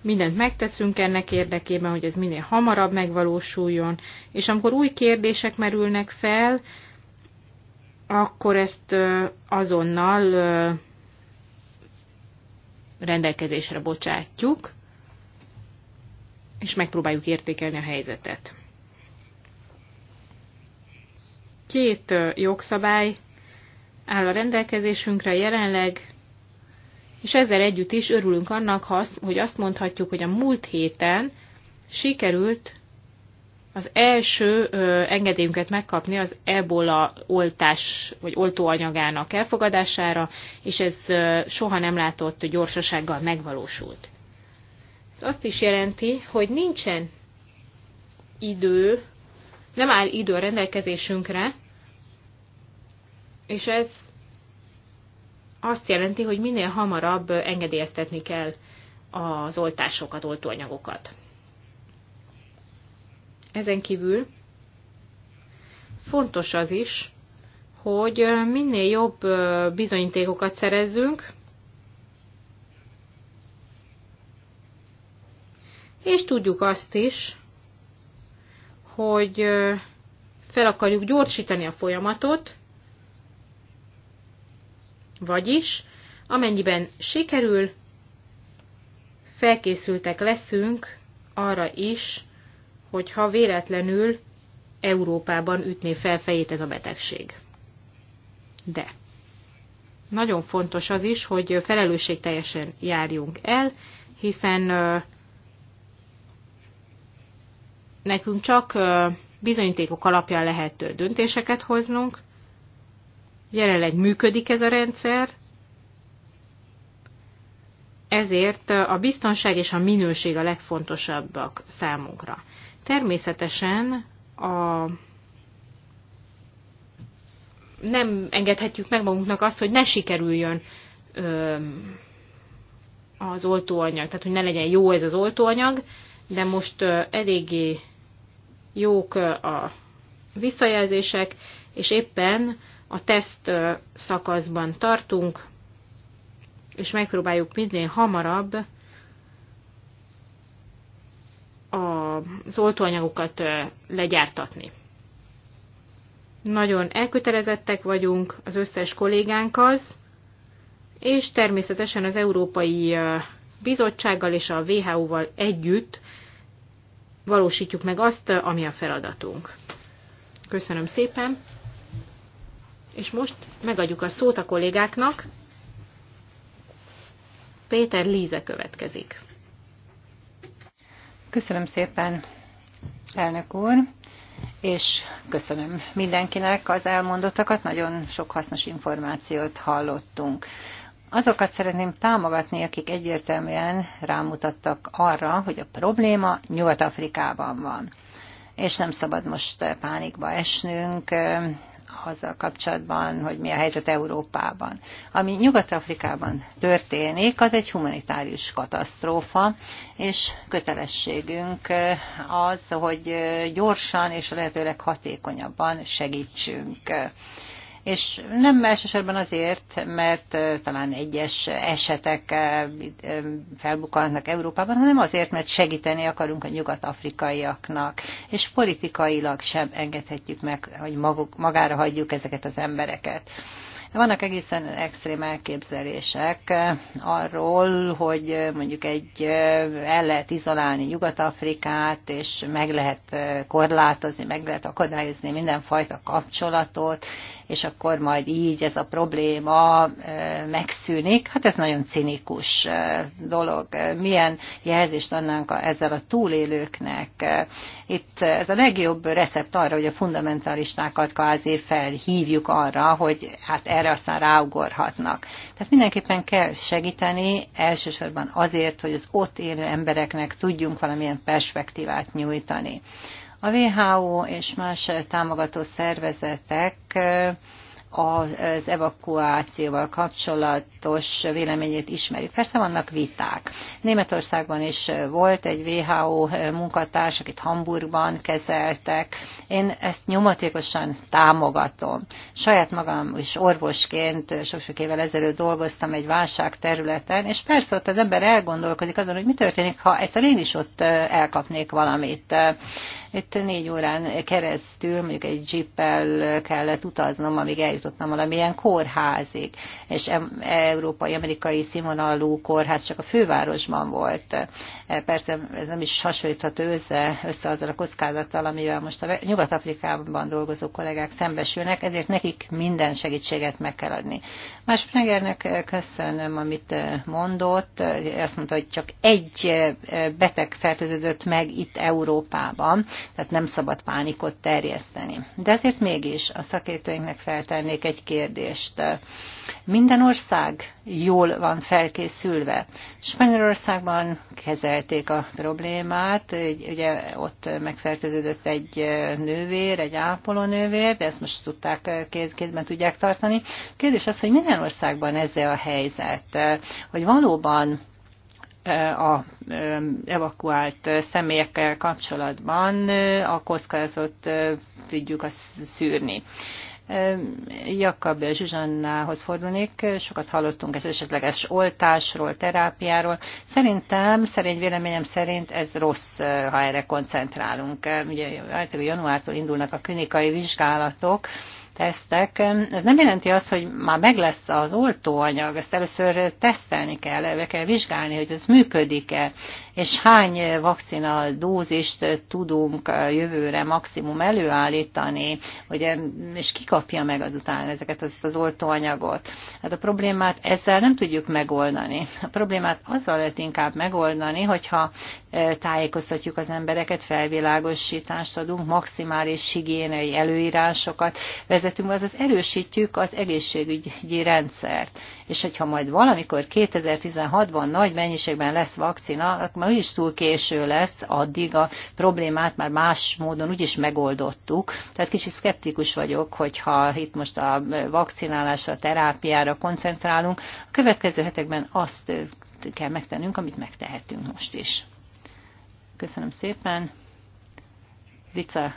Speaker 2: Mindent megteszünk ennek érdekében, hogy ez minél hamarabb megvalósuljon, és amikor új kérdések merülnek fel, akkor ezt azonnal rendelkezésre bocsátjuk, és megpróbáljuk értékelni a helyzetet. Két jogszabály áll a rendelkezésünkre jelenleg, és ezzel együtt is örülünk annak, hogy azt mondhatjuk, hogy a múlt héten sikerült az első ö, engedélyünket megkapni az ebola oltás vagy oltóanyagának elfogadására, és ez ö, soha nem látott gyorsasággal megvalósult. Ez azt is jelenti, hogy nincsen idő, nem áll idő a rendelkezésünkre, és ez azt jelenti, hogy minél hamarabb engedélyeztetni kell az oltásokat, oltóanyagokat. Ezen kívül fontos az is, hogy minél jobb bizonyítékokat szerezzünk, és tudjuk azt is, hogy fel akarjuk gyorsítani a folyamatot, vagyis amennyiben sikerül, felkészültek leszünk arra is, hogyha véletlenül Európában ütné fel fejét ez a betegség. De nagyon fontos az is, hogy felelősségteljesen járjunk el, hiszen nekünk csak bizonyítékok alapján lehet döntéseket hoznunk. Jelenleg működik ez a rendszer, ezért a biztonság és a minőség a legfontosabbak számunkra. Természetesen a nem engedhetjük meg magunknak azt, hogy ne sikerüljön ö, az oltóanyag, tehát hogy ne legyen jó ez az oltóanyag, de most ö, eléggé jók ö, a visszajelzések, és éppen a teszt ö, szakaszban tartunk, és megpróbáljuk minél hamarabb a az oltóanyagokat legyártatni. Nagyon elkötelezettek vagyunk az összes kollégánk az, és természetesen az Európai Bizottsággal és a WHO-val együtt valósítjuk meg azt, ami a feladatunk. Köszönöm szépen, és most megadjuk a szót a kollégáknak.
Speaker 4: Péter Líze következik. Köszönöm szépen, elnök úr, és köszönöm mindenkinek az elmondottakat, nagyon sok hasznos információt hallottunk. Azokat szeretném támogatni, akik egyértelműen rámutattak arra, hogy a probléma Nyugat-Afrikában van és nem szabad most pánikba esnünk, azzal kapcsolatban, hogy mi a helyzet Európában. Ami Nyugat-Afrikában történik, az egy humanitárius katasztrófa, és kötelességünk az, hogy gyorsan és lehetőleg hatékonyabban segítsünk és nem elsősorban azért, mert talán egyes esetek felbukkannak Európában, hanem azért, mert segíteni akarunk a nyugat-afrikaiaknak, és politikailag sem engedhetjük meg, hogy maguk, magára hagyjuk ezeket az embereket. Vannak egészen extrém elképzelések arról, hogy mondjuk egy el lehet izolálni Nyugat-Afrikát, és meg lehet korlátozni, meg lehet akadályozni mindenfajta kapcsolatot, és akkor majd így ez a probléma megszűnik. Hát ez nagyon cinikus dolog. Milyen jelzést adnánk ezzel a túlélőknek? Itt ez a legjobb recept arra, hogy a fundamentalistákat kvázi felhívjuk arra, hogy hát erre aztán ráugorhatnak. Tehát mindenképpen kell segíteni, elsősorban azért, hogy az ott élő embereknek tudjunk valamilyen perspektívát nyújtani. A WHO és más támogató szervezetek az evakuációval kapcsolatos véleményét ismerik. Persze vannak viták. Németországban is volt egy WHO munkatárs, akit Hamburgban kezeltek. Én ezt nyomatékosan támogatom. Saját magam is orvosként sok-sok évvel ezelőtt dolgoztam egy válság területen, és persze ott az ember elgondolkodik azon, hogy mi történik, ha egyszer én is ott elkapnék valamit. Itt négy órán keresztül mondjuk egy jippel kellett utaznom, amíg eljutottam valamilyen kórházig, és európai, amerikai színvonalú kórház csak a fővárosban volt. E, persze ez nem is hasonlítható össze, össze azzal a kockázattal, amivel most a Nyugat-Afrikában dolgozó kollégák szembesülnek, ezért nekik minden segítséget meg kell adni. Más Pregernek e, köszönöm, amit e, mondott. Azt mondta, hogy csak egy beteg fertőződött meg itt Európában tehát nem szabad pánikot terjeszteni. De ezért mégis a szakértőinknek feltennék egy kérdést. Minden ország jól van felkészülve. Spanyolországban kezelték a problémát, ugye ott megfertőződött egy nővér, egy ápolónővér, de ezt most tudták kéz, kézben tudják tartani. Kérdés az, hogy minden országban ez a helyzet, hogy valóban a evakuált személyekkel kapcsolatban a kockázatot tudjuk szűrni. Jakab Zsuzsannához fordulnék, sokat hallottunk ez esetleges oltásról, terápiáról. Szerintem, szerint véleményem szerint ez rossz, ha erre koncentrálunk. Ugye általában januártól indulnak a klinikai vizsgálatok, tesztek. Ez nem jelenti azt, hogy már meg lesz az oltóanyag, ezt először tesztelni kell, be kell vizsgálni, hogy ez működik-e, és hány vakcina dózist tudunk jövőre maximum előállítani, ugye, és ki kapja meg azután ezeket az, az oltóanyagot. Hát a problémát ezzel nem tudjuk megoldani. A problémát azzal lehet inkább megoldani, hogyha e, tájékoztatjuk az embereket, felvilágosítást adunk, maximális higiénei előírásokat vezetünk, tervezetünkben, azaz erősítjük az egészségügyi rendszert. És hogyha majd valamikor 2016-ban nagy mennyiségben lesz vakcina, akkor már úgyis túl késő lesz, addig a problémát már más módon úgyis megoldottuk. Tehát kicsit szkeptikus vagyok, hogyha itt most a vakcinálásra, a terápiára koncentrálunk, a következő hetekben azt kell megtennünk, amit megtehetünk most is. Köszönöm szépen. Rica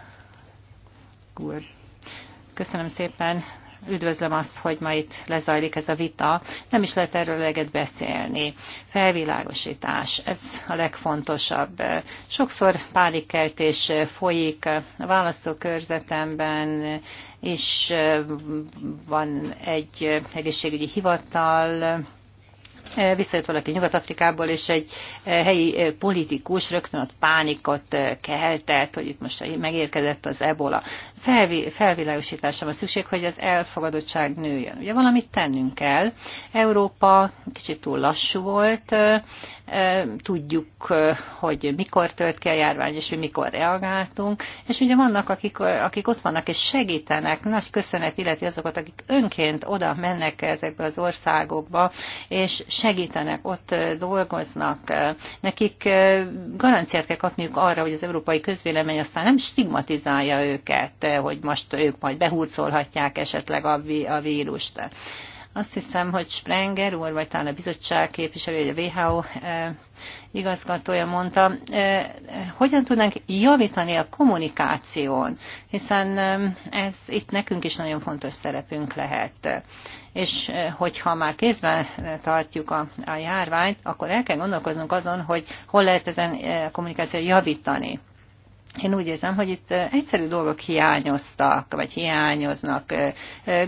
Speaker 4: Good. Köszönöm szépen. Üdvözlöm azt, hogy ma itt lezajlik ez a vita. Nem is lehet erről eleget beszélni. Felvilágosítás, ez a legfontosabb. Sokszor pánikkeltés folyik a választókörzetemben, és van egy egészségügyi hivatal, visszajött valaki Nyugat-Afrikából, és egy eh, helyi eh, politikus rögtön ott pánikot eh, keltett, hogy itt most megérkezett az ebola. Felvi, felvilágosításra van szükség, hogy az elfogadottság nőjön. Ugye valamit tennünk kell. Európa kicsit túl lassú volt, tudjuk, hogy mikor tört ki a járvány, és hogy mikor reagáltunk, és ugye vannak, akik, akik ott vannak és segítenek, nagy köszönet illeti azokat, akik önként oda mennek ezekbe az országokba, és segítenek, ott dolgoznak. Nekik garanciát kell kapniuk arra, hogy az európai közvélemény aztán nem stigmatizálja őket, hogy most ők majd behúzolhatják esetleg a vírust. Azt hiszem, hogy Sprenger úr, vagy talán a bizottság vagy a WHO eh, igazgatója mondta, eh, hogyan tudnánk javítani a kommunikáción, hiszen eh, ez itt nekünk is nagyon fontos szerepünk lehet. És hogyha már kézben tartjuk a, a járványt, akkor el kell gondolkoznunk azon, hogy hol lehet ezen a kommunikációt javítani. Én úgy érzem, hogy itt egyszerű dolgok hiányoztak, vagy hiányoznak.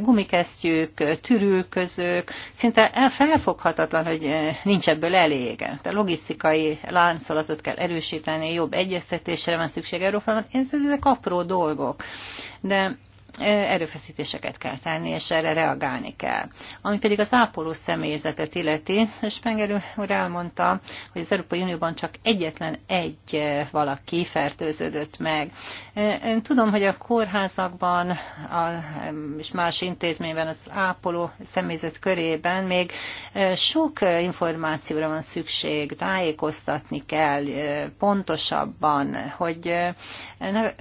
Speaker 4: Gumikesztyűk, tűrőközök, szinte felfoghatatlan, hogy nincs ebből elég. a logisztikai láncolatot kell erősíteni, jobb egyeztetésre van szükség Európában. Ezek apró dolgok. De erőfeszítéseket kell tenni, és erre reagálni kell. Ami pedig az ápoló személyzetet illeti, Spenger úr elmondta, hogy az Európai Unióban csak egyetlen egy valaki fertőződött meg. Én tudom, hogy a kórházakban a, és más intézményben az ápoló személyzet körében még sok információra van szükség, tájékoztatni kell pontosabban, hogy ne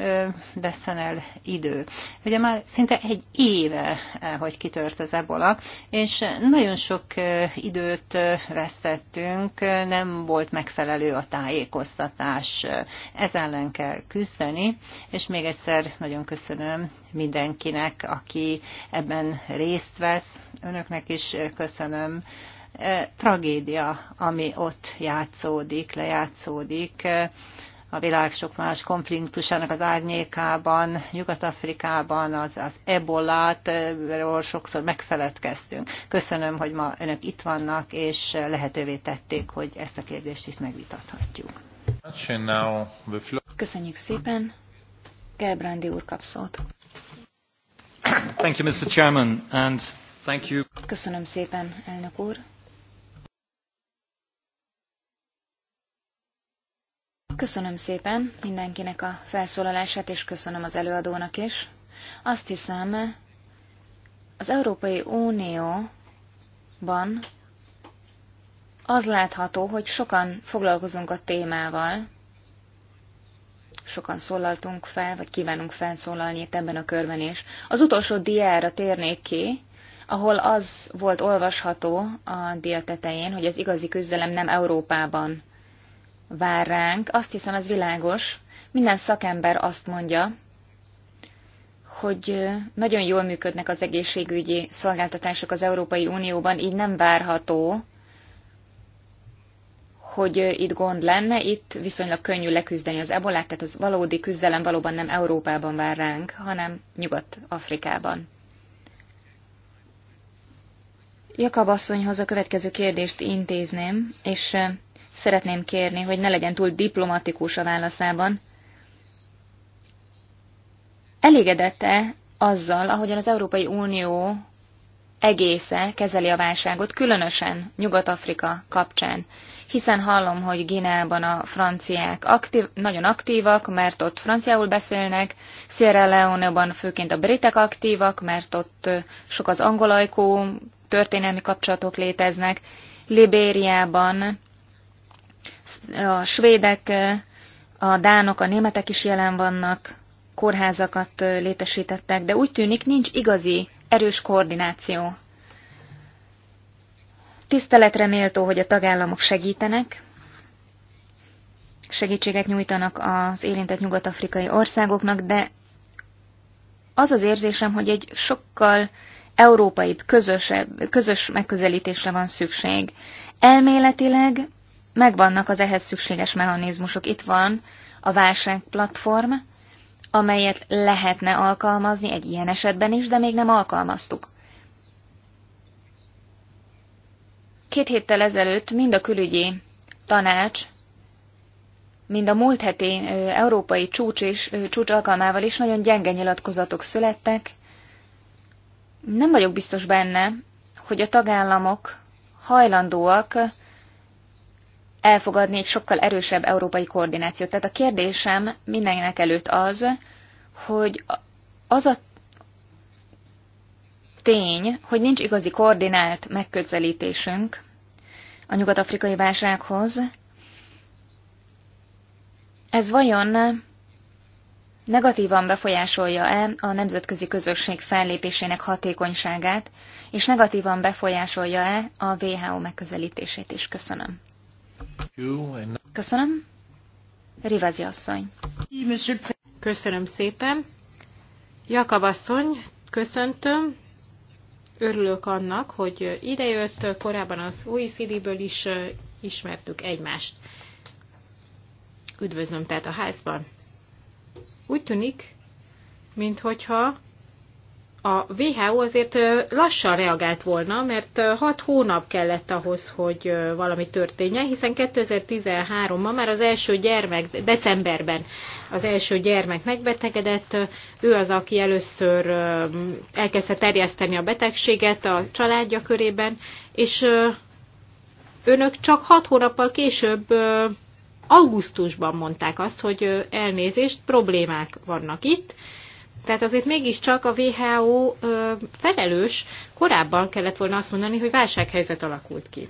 Speaker 4: veszten el idő. Ugye már szinte egy éve, eh, hogy kitört az ebola, és nagyon sok eh, időt eh, vesztettünk, nem volt megfelelő a tájékoztatás. Ez ellen kell küzdeni, és még egyszer nagyon köszönöm mindenkinek, aki ebben részt vesz. Önöknek is köszönöm tragédia, ami ott játszódik, lejátszódik a világ sok más konfliktusának az árnyékában, Nyugat-Afrikában az, az ebolát, ról sokszor megfeledkeztünk. Köszönöm, hogy ma önök itt vannak, és lehetővé tették, hogy ezt a kérdést is megvitathatjuk.
Speaker 3: Köszönjük szépen.
Speaker 4: Gelbrandi úr kap szót.
Speaker 1: Thank you, Mr. Chairman, and thank you.
Speaker 3: Köszönöm szépen, elnök úr. Köszönöm szépen mindenkinek a felszólalását, és köszönöm az előadónak is. Azt hiszem, az Európai Unióban az látható, hogy sokan foglalkozunk a témával, sokan szólaltunk fel, vagy kívánunk felszólalni itt ebben a körben is. Az utolsó diára térnék ki, ahol az volt olvasható a dia tetején, hogy az igazi küzdelem nem Európában vár ránk. Azt hiszem, ez világos. Minden szakember azt mondja, hogy nagyon jól működnek az egészségügyi szolgáltatások az Európai Unióban, így nem várható, hogy itt gond lenne, itt viszonylag könnyű leküzdeni az ebolát, tehát az valódi küzdelem valóban nem Európában vár ránk, hanem Nyugat-Afrikában. Jakab asszonyhoz a következő kérdést intézném, és Szeretném kérni, hogy ne legyen túl diplomatikus a válaszában. Elégedette azzal, ahogyan az Európai Unió egésze kezeli a válságot, különösen Nyugat-Afrika kapcsán. Hiszen hallom, hogy Gineában a franciák aktív, nagyon aktívak, mert ott franciául beszélnek, Sierra Leone-ban főként a britek aktívak, mert ott sok az angolajkó, történelmi kapcsolatok léteznek, Libériában a svédek, a dánok, a németek is jelen vannak, kórházakat létesítettek, de úgy tűnik nincs igazi, erős koordináció. Tiszteletre méltó, hogy a tagállamok segítenek, segítséget nyújtanak az érintett nyugat-afrikai országoknak, de az az érzésem, hogy egy sokkal európaibb, közösebb, közös megközelítésre van szükség. Elméletileg megvannak az ehhez szükséges mechanizmusok. Itt van a válságplatform, amelyet lehetne alkalmazni egy ilyen esetben is, de még nem alkalmaztuk. Két héttel ezelőtt mind a külügyi tanács, mind a múlt heti európai csúcs, is, csúcs alkalmával is nagyon gyenge nyilatkozatok születtek. Nem vagyok biztos benne, hogy a tagállamok hajlandóak elfogadni egy sokkal erősebb európai koordinációt. Tehát a kérdésem mindenkinek előtt az, hogy az a tény, hogy nincs igazi koordinált megközelítésünk a nyugat-afrikai válsághoz, ez vajon negatívan befolyásolja-e a nemzetközi közösség fellépésének hatékonyságát, és negatívan befolyásolja-e a WHO megközelítését
Speaker 2: is? Köszönöm. Köszönöm. Rivazi asszony. Köszönöm szépen. Jakab asszony, köszöntöm. Örülök annak, hogy idejött, korábban az OECD-ből is ismertük egymást. Üdvözlöm tehát a házban. Úgy tűnik, minthogyha a WHO azért lassan reagált volna, mert 6 hónap kellett ahhoz, hogy valami történjen, hiszen 2013-ban már az első gyermek, decemberben az első gyermek megbetegedett, ő az, aki először elkezdte terjeszteni a betegséget a családja körében, és önök csak 6 hónappal később augusztusban mondták azt, hogy elnézést, problémák vannak itt, tehát azért mégiscsak a WHO felelős, korábban kellett volna azt mondani, hogy válsághelyzet alakult ki.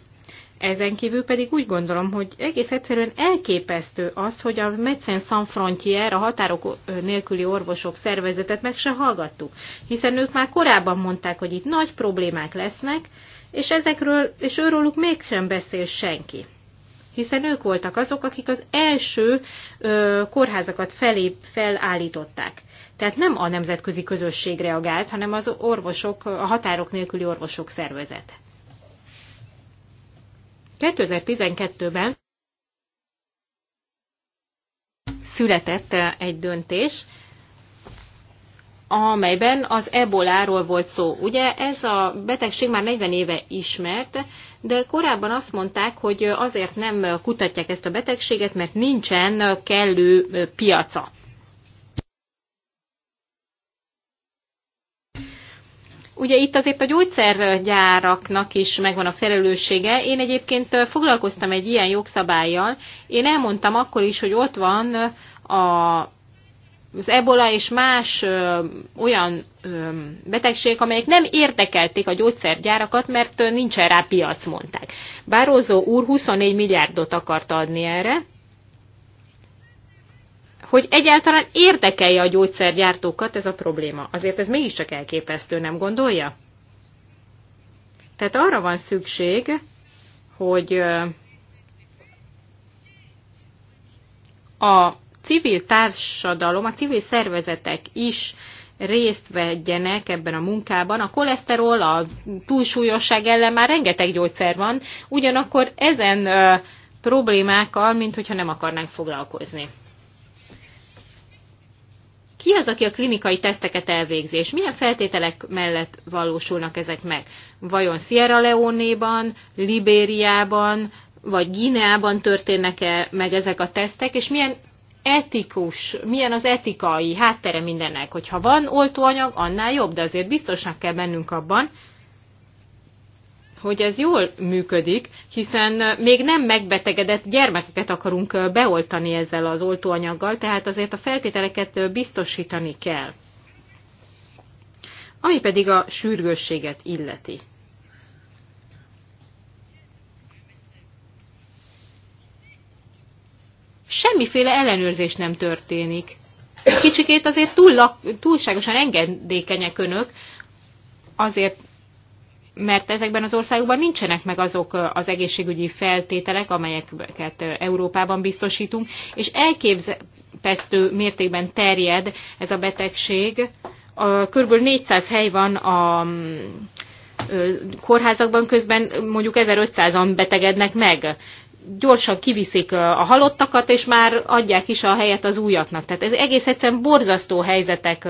Speaker 2: Ezen kívül pedig úgy gondolom, hogy egész egyszerűen elképesztő az, hogy a Medicine Sans Frontier, a határok nélküli orvosok szervezetet meg se hallgattuk, hiszen ők már korábban mondták, hogy itt nagy problémák lesznek, és ezekről, és őróluk mégsem beszél senki hiszen ők voltak azok, akik az első ö, kórházakat felé felállították. Tehát nem a nemzetközi közösség reagált, hanem az orvosok, a határok nélküli orvosok szervezete. 2012-ben született egy döntés, amelyben az eboláról volt szó. Ugye ez a betegség már 40 éve ismert, de korábban azt mondták, hogy azért nem kutatják ezt a betegséget, mert nincsen kellő piaca. Ugye itt azért a gyógyszergyáraknak is megvan a felelőssége. Én egyébként foglalkoztam egy ilyen jogszabályjal. Én elmondtam akkor is, hogy ott van a az ebola és más ö, olyan ö, betegségek, amelyek nem érdekelték a gyógyszergyárakat, mert nincs rá piac, mondták. Bározó úr 24 milliárdot akart adni erre, hogy egyáltalán érdekelje a gyógyszergyártókat ez a probléma. Azért ez mégiscsak elképesztő, nem gondolja? Tehát arra van szükség, hogy a civil társadalom, a civil szervezetek is részt vegyenek ebben a munkában. A koleszterol, a túlsúlyosság ellen már rengeteg gyógyszer van, ugyanakkor ezen ö, problémákkal, mint hogyha nem akarnánk foglalkozni. Ki az, aki a klinikai teszteket elvégzi, és milyen feltételek mellett valósulnak ezek meg? Vajon Sierra Leone-ban, Libériában, vagy Gineában történnek-e meg ezek a tesztek, és milyen etikus, milyen az etikai háttere mindennek. Hogyha van oltóanyag, annál jobb, de azért biztosnak kell bennünk abban, hogy ez jól működik, hiszen még nem megbetegedett gyermekeket akarunk beoltani ezzel az oltóanyaggal, tehát azért a feltételeket biztosítani kell. Ami pedig a sürgősséget illeti. semmiféle ellenőrzés nem történik. Kicsikét azért túl lak, túlságosan engedékenyek önök, azért, mert ezekben az országokban nincsenek meg azok az egészségügyi feltételek, amelyeket Európában biztosítunk, és elképzelhető mértékben terjed ez a betegség. Körülbelül 400 hely van a mm, kórházakban, közben mondjuk 1500-an betegednek meg gyorsan kiviszik a halottakat, és már adják is a helyet az újaknak. Tehát ez egész egyszerűen borzasztó helyzetek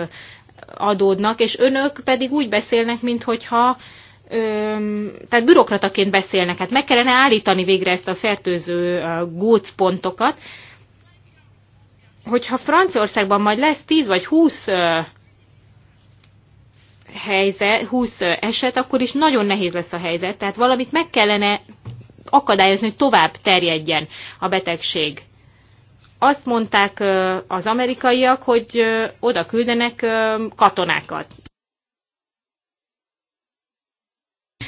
Speaker 2: adódnak, és önök pedig úgy beszélnek, mintha tehát bürokrataként beszélnek. Hát meg kellene állítani végre ezt a fertőző gócpontokat, hogyha Franciaországban majd lesz 10 vagy 20 helyzet, 20 eset, akkor is nagyon nehéz lesz a helyzet, tehát valamit meg kellene akadályozni, hogy tovább terjedjen a betegség. Azt mondták az amerikaiak, hogy oda küldenek katonákat.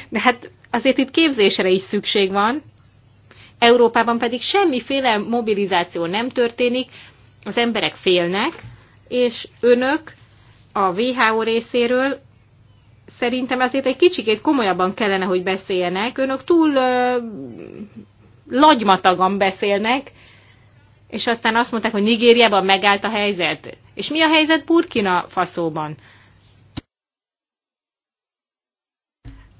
Speaker 2: De hát azért itt képzésre is szükség van, Európában pedig semmiféle mobilizáció nem történik, az emberek félnek, és önök a WHO részéről szerintem azért egy kicsikét komolyabban kellene, hogy beszéljenek. Önök túl ö, lagymatagan beszélnek, és aztán azt mondták, hogy Nigériában megállt a helyzet. És mi a helyzet Burkina faszóban?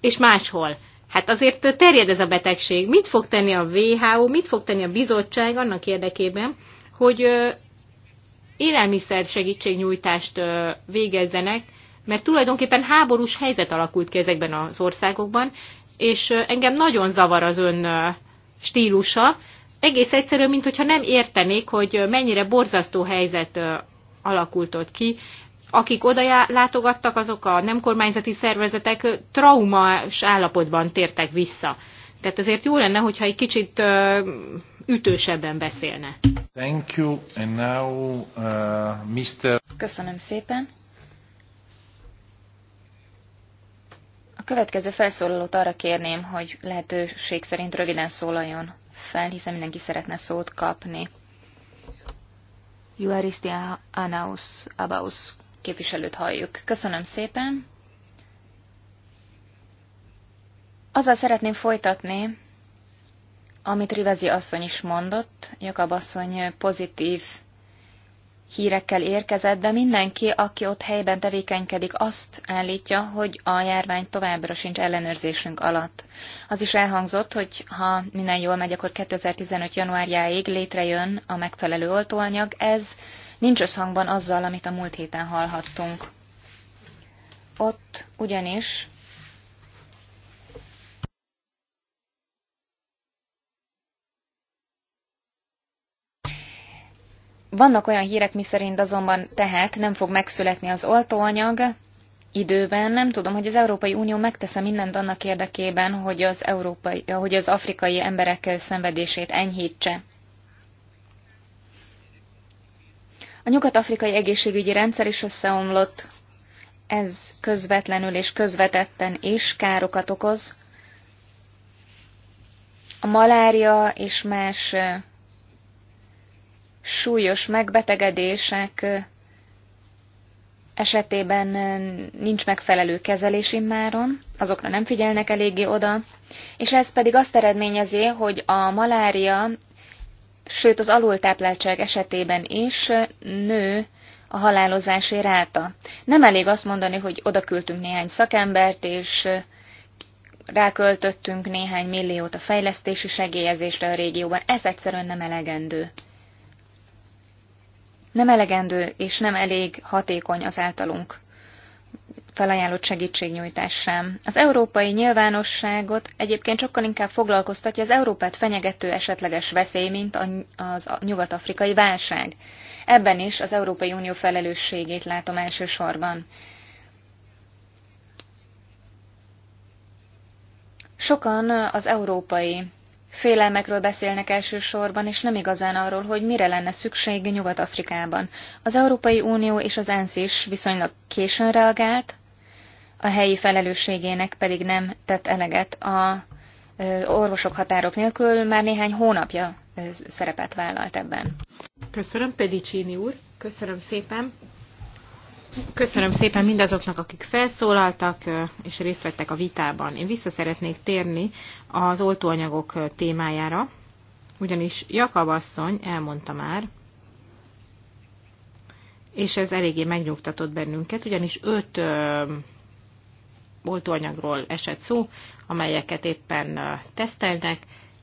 Speaker 2: És máshol. Hát azért terjed ez a betegség. Mit fog tenni a WHO, mit fog tenni a bizottság annak érdekében, hogy élelmiszer segítségnyújtást végezzenek mert tulajdonképpen háborús helyzet alakult ki ezekben az országokban, és engem nagyon zavar az ön stílusa, egész egyszerűen, mint hogyha nem értenék, hogy mennyire borzasztó helyzet alakult ott ki. Akik oda látogattak, azok a nem kormányzati szervezetek traumás állapotban tértek vissza. Tehát azért jó lenne, hogyha egy kicsit ütősebben beszélne.
Speaker 1: Thank you. And now, uh, Mr.
Speaker 2: Köszönöm szépen.
Speaker 3: következő felszólalót arra kérném, hogy lehetőség szerint röviden szólaljon fel, hiszen mindenki szeretne szót kapni. Juaristia Anaus Abaus képviselőt halljuk. Köszönöm szépen. Azzal szeretném folytatni, amit Rivezi asszony is mondott, Jakab asszony pozitív hírekkel érkezett, de mindenki, aki ott helyben tevékenykedik, azt állítja, hogy a járvány továbbra sincs ellenőrzésünk alatt. Az is elhangzott, hogy ha minden jól megy, akkor 2015. januárjáig létrejön a megfelelő oltóanyag. Ez nincs összhangban azzal, amit a múlt héten hallhattunk. Ott ugyanis Vannak olyan hírek, miszerint azonban tehát nem fog megszületni az oltóanyag időben. Nem tudom, hogy az Európai Unió megtesz mindent annak érdekében, hogy az, európai, hogy az afrikai emberek szenvedését enyhítse. A nyugat-afrikai egészségügyi rendszer is összeomlott, ez közvetlenül és közvetetten is károkat okoz. A malária és más súlyos megbetegedések esetében nincs megfelelő kezelés immáron, azokra nem figyelnek eléggé oda, és ez pedig azt eredményezi, hogy a malária, sőt az alultápláltság esetében is nő a halálozási ráta. Nem elég azt mondani, hogy oda küldtünk néhány szakembert, és ráköltöttünk néhány milliót a fejlesztési segélyezésre a régióban. Ez egyszerűen nem elegendő nem elegendő és nem elég hatékony az általunk felajánlott segítségnyújtás sem. Az európai nyilvánosságot egyébként sokkal inkább foglalkoztatja az Európát fenyegető esetleges veszély, mint az nyugat-afrikai válság. Ebben is az Európai Unió felelősségét látom elsősorban. Sokan az európai Félelmekről beszélnek elsősorban, és nem igazán arról, hogy mire lenne szükség Nyugat-Afrikában. Az Európai Unió és az ENSZ is viszonylag későn reagált, a helyi felelősségének pedig nem tett eleget a orvosok határok nélkül, már néhány hónapja szerepet vállalt ebben. Köszönöm, Pedicsini úr,
Speaker 2: köszönöm szépen. Köszönöm szépen mindazoknak, akik felszólaltak és részt vettek a vitában. Én vissza szeretnék térni az oltóanyagok témájára, ugyanis Jakab asszony elmondta már, és ez eléggé megnyugtatott bennünket, ugyanis öt ö, oltóanyagról esett szó, amelyeket éppen ö, tesztelnek,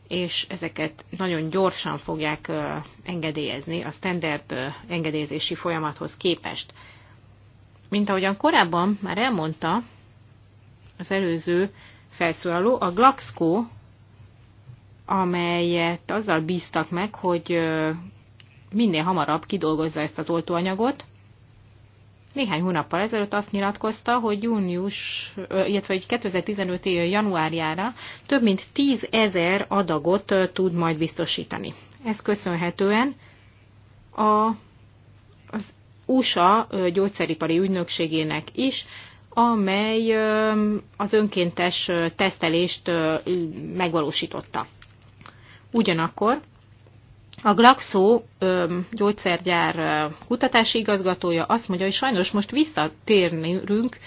Speaker 2: és ezeket nagyon gyorsan fogják ö, engedélyezni a standard ö, engedélyezési folyamathoz képest mint ahogyan korábban már elmondta az előző felszólaló, a Glaxco, amelyet azzal bíztak meg, hogy minél hamarabb kidolgozza ezt az oltóanyagot, néhány hónappal ezelőtt azt nyilatkozta, hogy június, illetve hogy 2015 januárjára több mint 10 ezer adagot tud majd biztosítani. Ez köszönhetően a USA gyógyszeripari ügynökségének is, amely az önkéntes tesztelést megvalósította. Ugyanakkor a Glaxo gyógyszergyár kutatási igazgatója azt mondja, hogy sajnos most visszatérnünk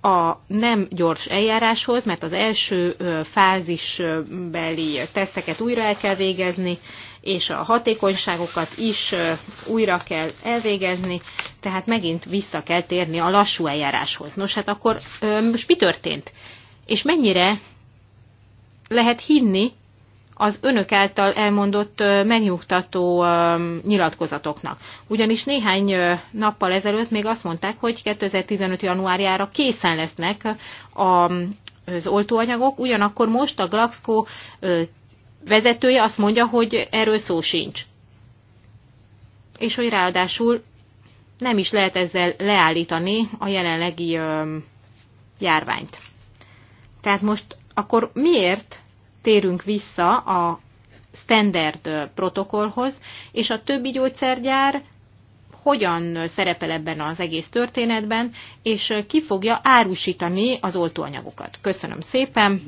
Speaker 2: a nem gyors eljáráshoz, mert az első fázisbeli teszteket újra el kell végezni, és a hatékonyságokat is újra kell elvégezni, tehát megint vissza kell térni a lassú eljáráshoz. Nos, hát akkor most mi történt? És mennyire lehet hinni az önök által elmondott megnyugtató nyilatkozatoknak. Ugyanis néhány nappal ezelőtt még azt mondták, hogy 2015. januárjára készen lesznek a az oltóanyagok, ugyanakkor most a Glaxco vezetője azt mondja, hogy erről szó sincs. És hogy ráadásul nem is lehet ezzel leállítani a jelenlegi járványt. Tehát most akkor miért térünk vissza a standard protokollhoz, és a többi gyógyszergyár hogyan szerepel ebben az egész történetben, és ki fogja árusítani az oltóanyagokat. Köszönöm szépen!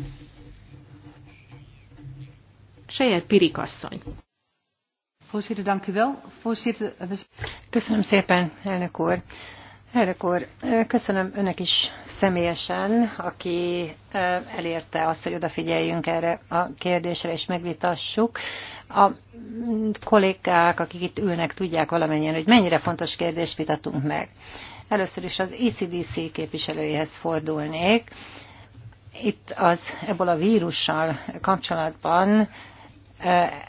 Speaker 2: Sejer
Speaker 4: Pirik asszony. Köszönöm szépen, elnök úr. Elnök úr, köszönöm önnek is személyesen, aki elérte azt, hogy odafigyeljünk erre a kérdésre és megvitassuk. A kollégák, akik itt ülnek, tudják valamennyien, hogy mennyire fontos kérdést vitatunk meg. Először is az ECDC képviselőjéhez fordulnék. Itt az ebből a vírussal kapcsolatban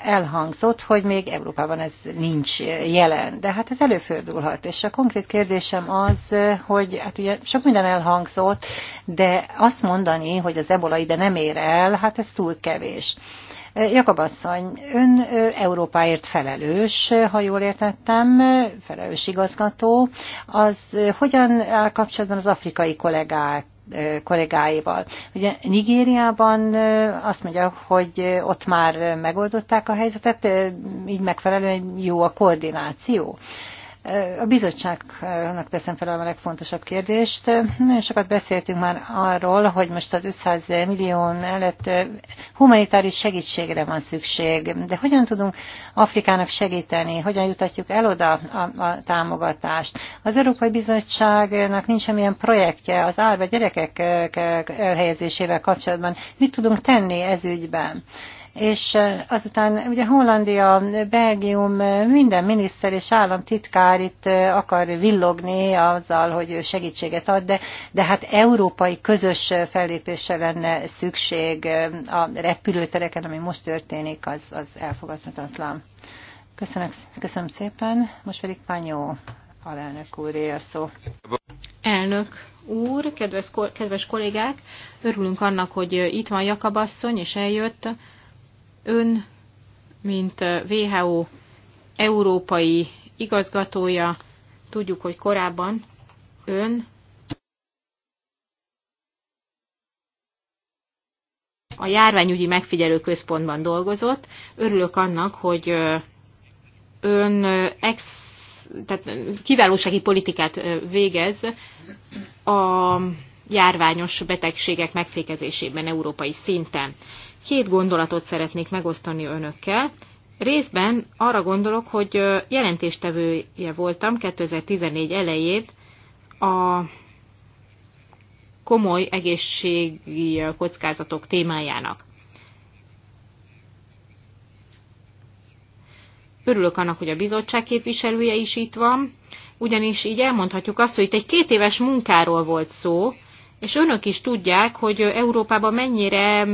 Speaker 4: elhangzott, hogy még Európában ez nincs jelen. De hát ez előfordulhat. És a konkrét kérdésem az, hogy hát ugye sok minden elhangzott, de azt mondani, hogy az ebola ide nem ér el, hát ez túl kevés. Jakab asszony, ön Európáért felelős, ha jól értettem, felelős igazgató. Az hogyan áll kapcsolatban az afrikai kollégák kollégáival. Ugye Nigériában azt mondja, hogy ott már megoldották a helyzetet, így megfelelően jó a koordináció. A bizottságnak teszem fel a legfontosabb kérdést. Nagyon sokat beszéltünk már arról, hogy most az 500 millió mellett humanitárius segítségre van szükség. De hogyan tudunk Afrikának segíteni? Hogyan jutatjuk el oda a, a támogatást? Az Európai Bizottságnak nincs semmilyen projektje az árva gyerekek elhelyezésével kapcsolatban. Mit tudunk tenni ez ügyben? és azután ugye Hollandia, Belgium, minden miniszter és államtitkár itt akar villogni azzal, hogy segítséget ad, de, de hát európai közös fellépésre lenne szükség a repülőtereken, ami most történik, az, az elfogadhatatlan. Köszönök, köszönöm szépen, most pedig Pányó alelnök úré a szó. Elnök úr, kedves, kedves
Speaker 2: kollégák, örülünk annak, hogy itt van Jakab asszony, és eljött. Ön, mint WHO európai igazgatója, tudjuk, hogy korábban ön a járványügyi megfigyelő központban dolgozott. Örülök annak, hogy ön ex, tehát kiválósági politikát végez a járványos betegségek megfékezésében európai szinten. Két gondolatot szeretnék megosztani önökkel. Részben arra gondolok, hogy jelentéstevője voltam 2014 elejét a komoly egészségi kockázatok témájának. Örülök annak, hogy a bizottság képviselője is itt van, ugyanis így elmondhatjuk azt, hogy itt egy két éves munkáról volt szó, és önök is tudják, hogy Európában mennyire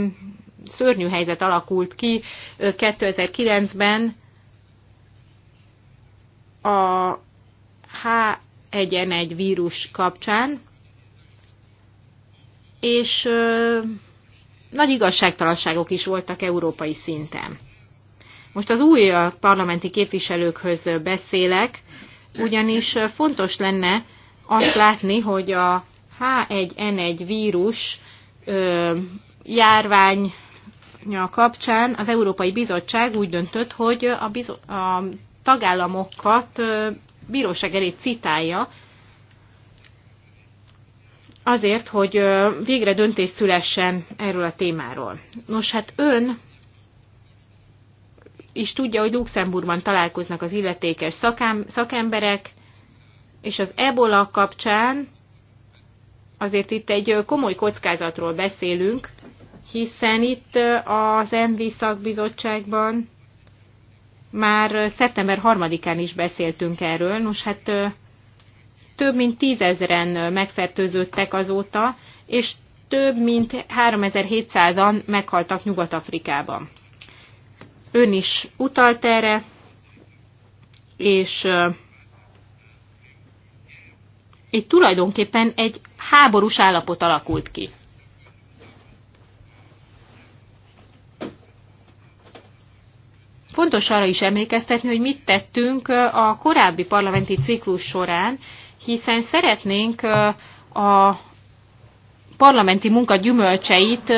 Speaker 2: szörnyű helyzet alakult ki 2009-ben a H1N1 vírus kapcsán, és nagy igazságtalanságok is voltak európai szinten. Most az új parlamenti képviselőkhöz beszélek, ugyanis fontos lenne azt látni, hogy a H1N1 vírus ö, járvány kapcsán az Európai Bizottság úgy döntött, hogy a, bizo- a tagállamokat bíróság elé citálja, azért, hogy végre döntés szülessen erről a témáról. Nos, hát ön is tudja, hogy Luxemburgban találkoznak az illetékes szakám, szakemberek, és az ebola kapcsán azért itt egy komoly kockázatról beszélünk, hiszen itt az MV szakbizottságban már szeptember 3-án is beszéltünk erről. Nos, hát több mint tízezeren megfertőződtek azóta, és több mint 3700-an meghaltak Nyugat-Afrikában. Ön is utalt erre, és itt tulajdonképpen egy háborús állapot alakult ki. Fontos arra is emlékeztetni, hogy mit tettünk a korábbi parlamenti ciklus során, hiszen szeretnénk a parlamenti munka gyümölcseit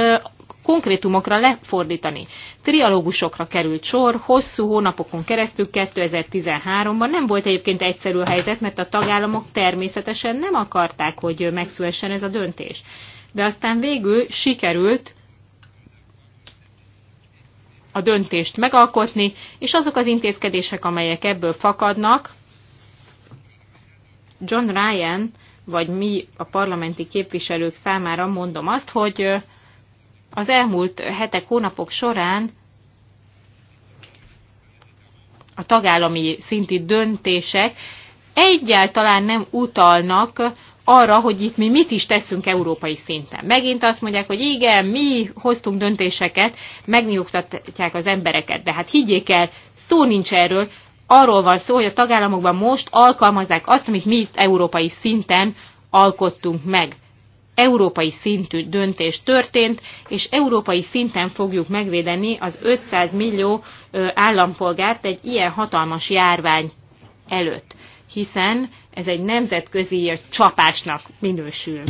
Speaker 2: konkrétumokra lefordítani. Trialógusokra került sor, hosszú hónapokon keresztül 2013-ban nem volt egyébként egyszerű a helyzet, mert a tagállamok természetesen nem akarták, hogy megszülessen ez a döntés. De aztán végül sikerült a döntést megalkotni, és azok az intézkedések, amelyek ebből fakadnak, John Ryan, vagy mi a parlamenti képviselők számára mondom azt, hogy az elmúlt hetek, hónapok során a tagállami szinti döntések egyáltalán nem utalnak arra, hogy itt mi mit is teszünk európai szinten. Megint azt mondják, hogy igen, mi hoztunk döntéseket, megnyugtatják az embereket, de hát higgyék el, szó nincs erről, arról van szó, hogy a tagállamokban most alkalmazzák azt, amit mi itt európai szinten alkottunk meg. Európai szintű döntés történt, és európai szinten fogjuk megvédeni az 500 millió állampolgárt egy ilyen hatalmas járvány előtt. Hiszen ez egy nemzetközi csapásnak minősül.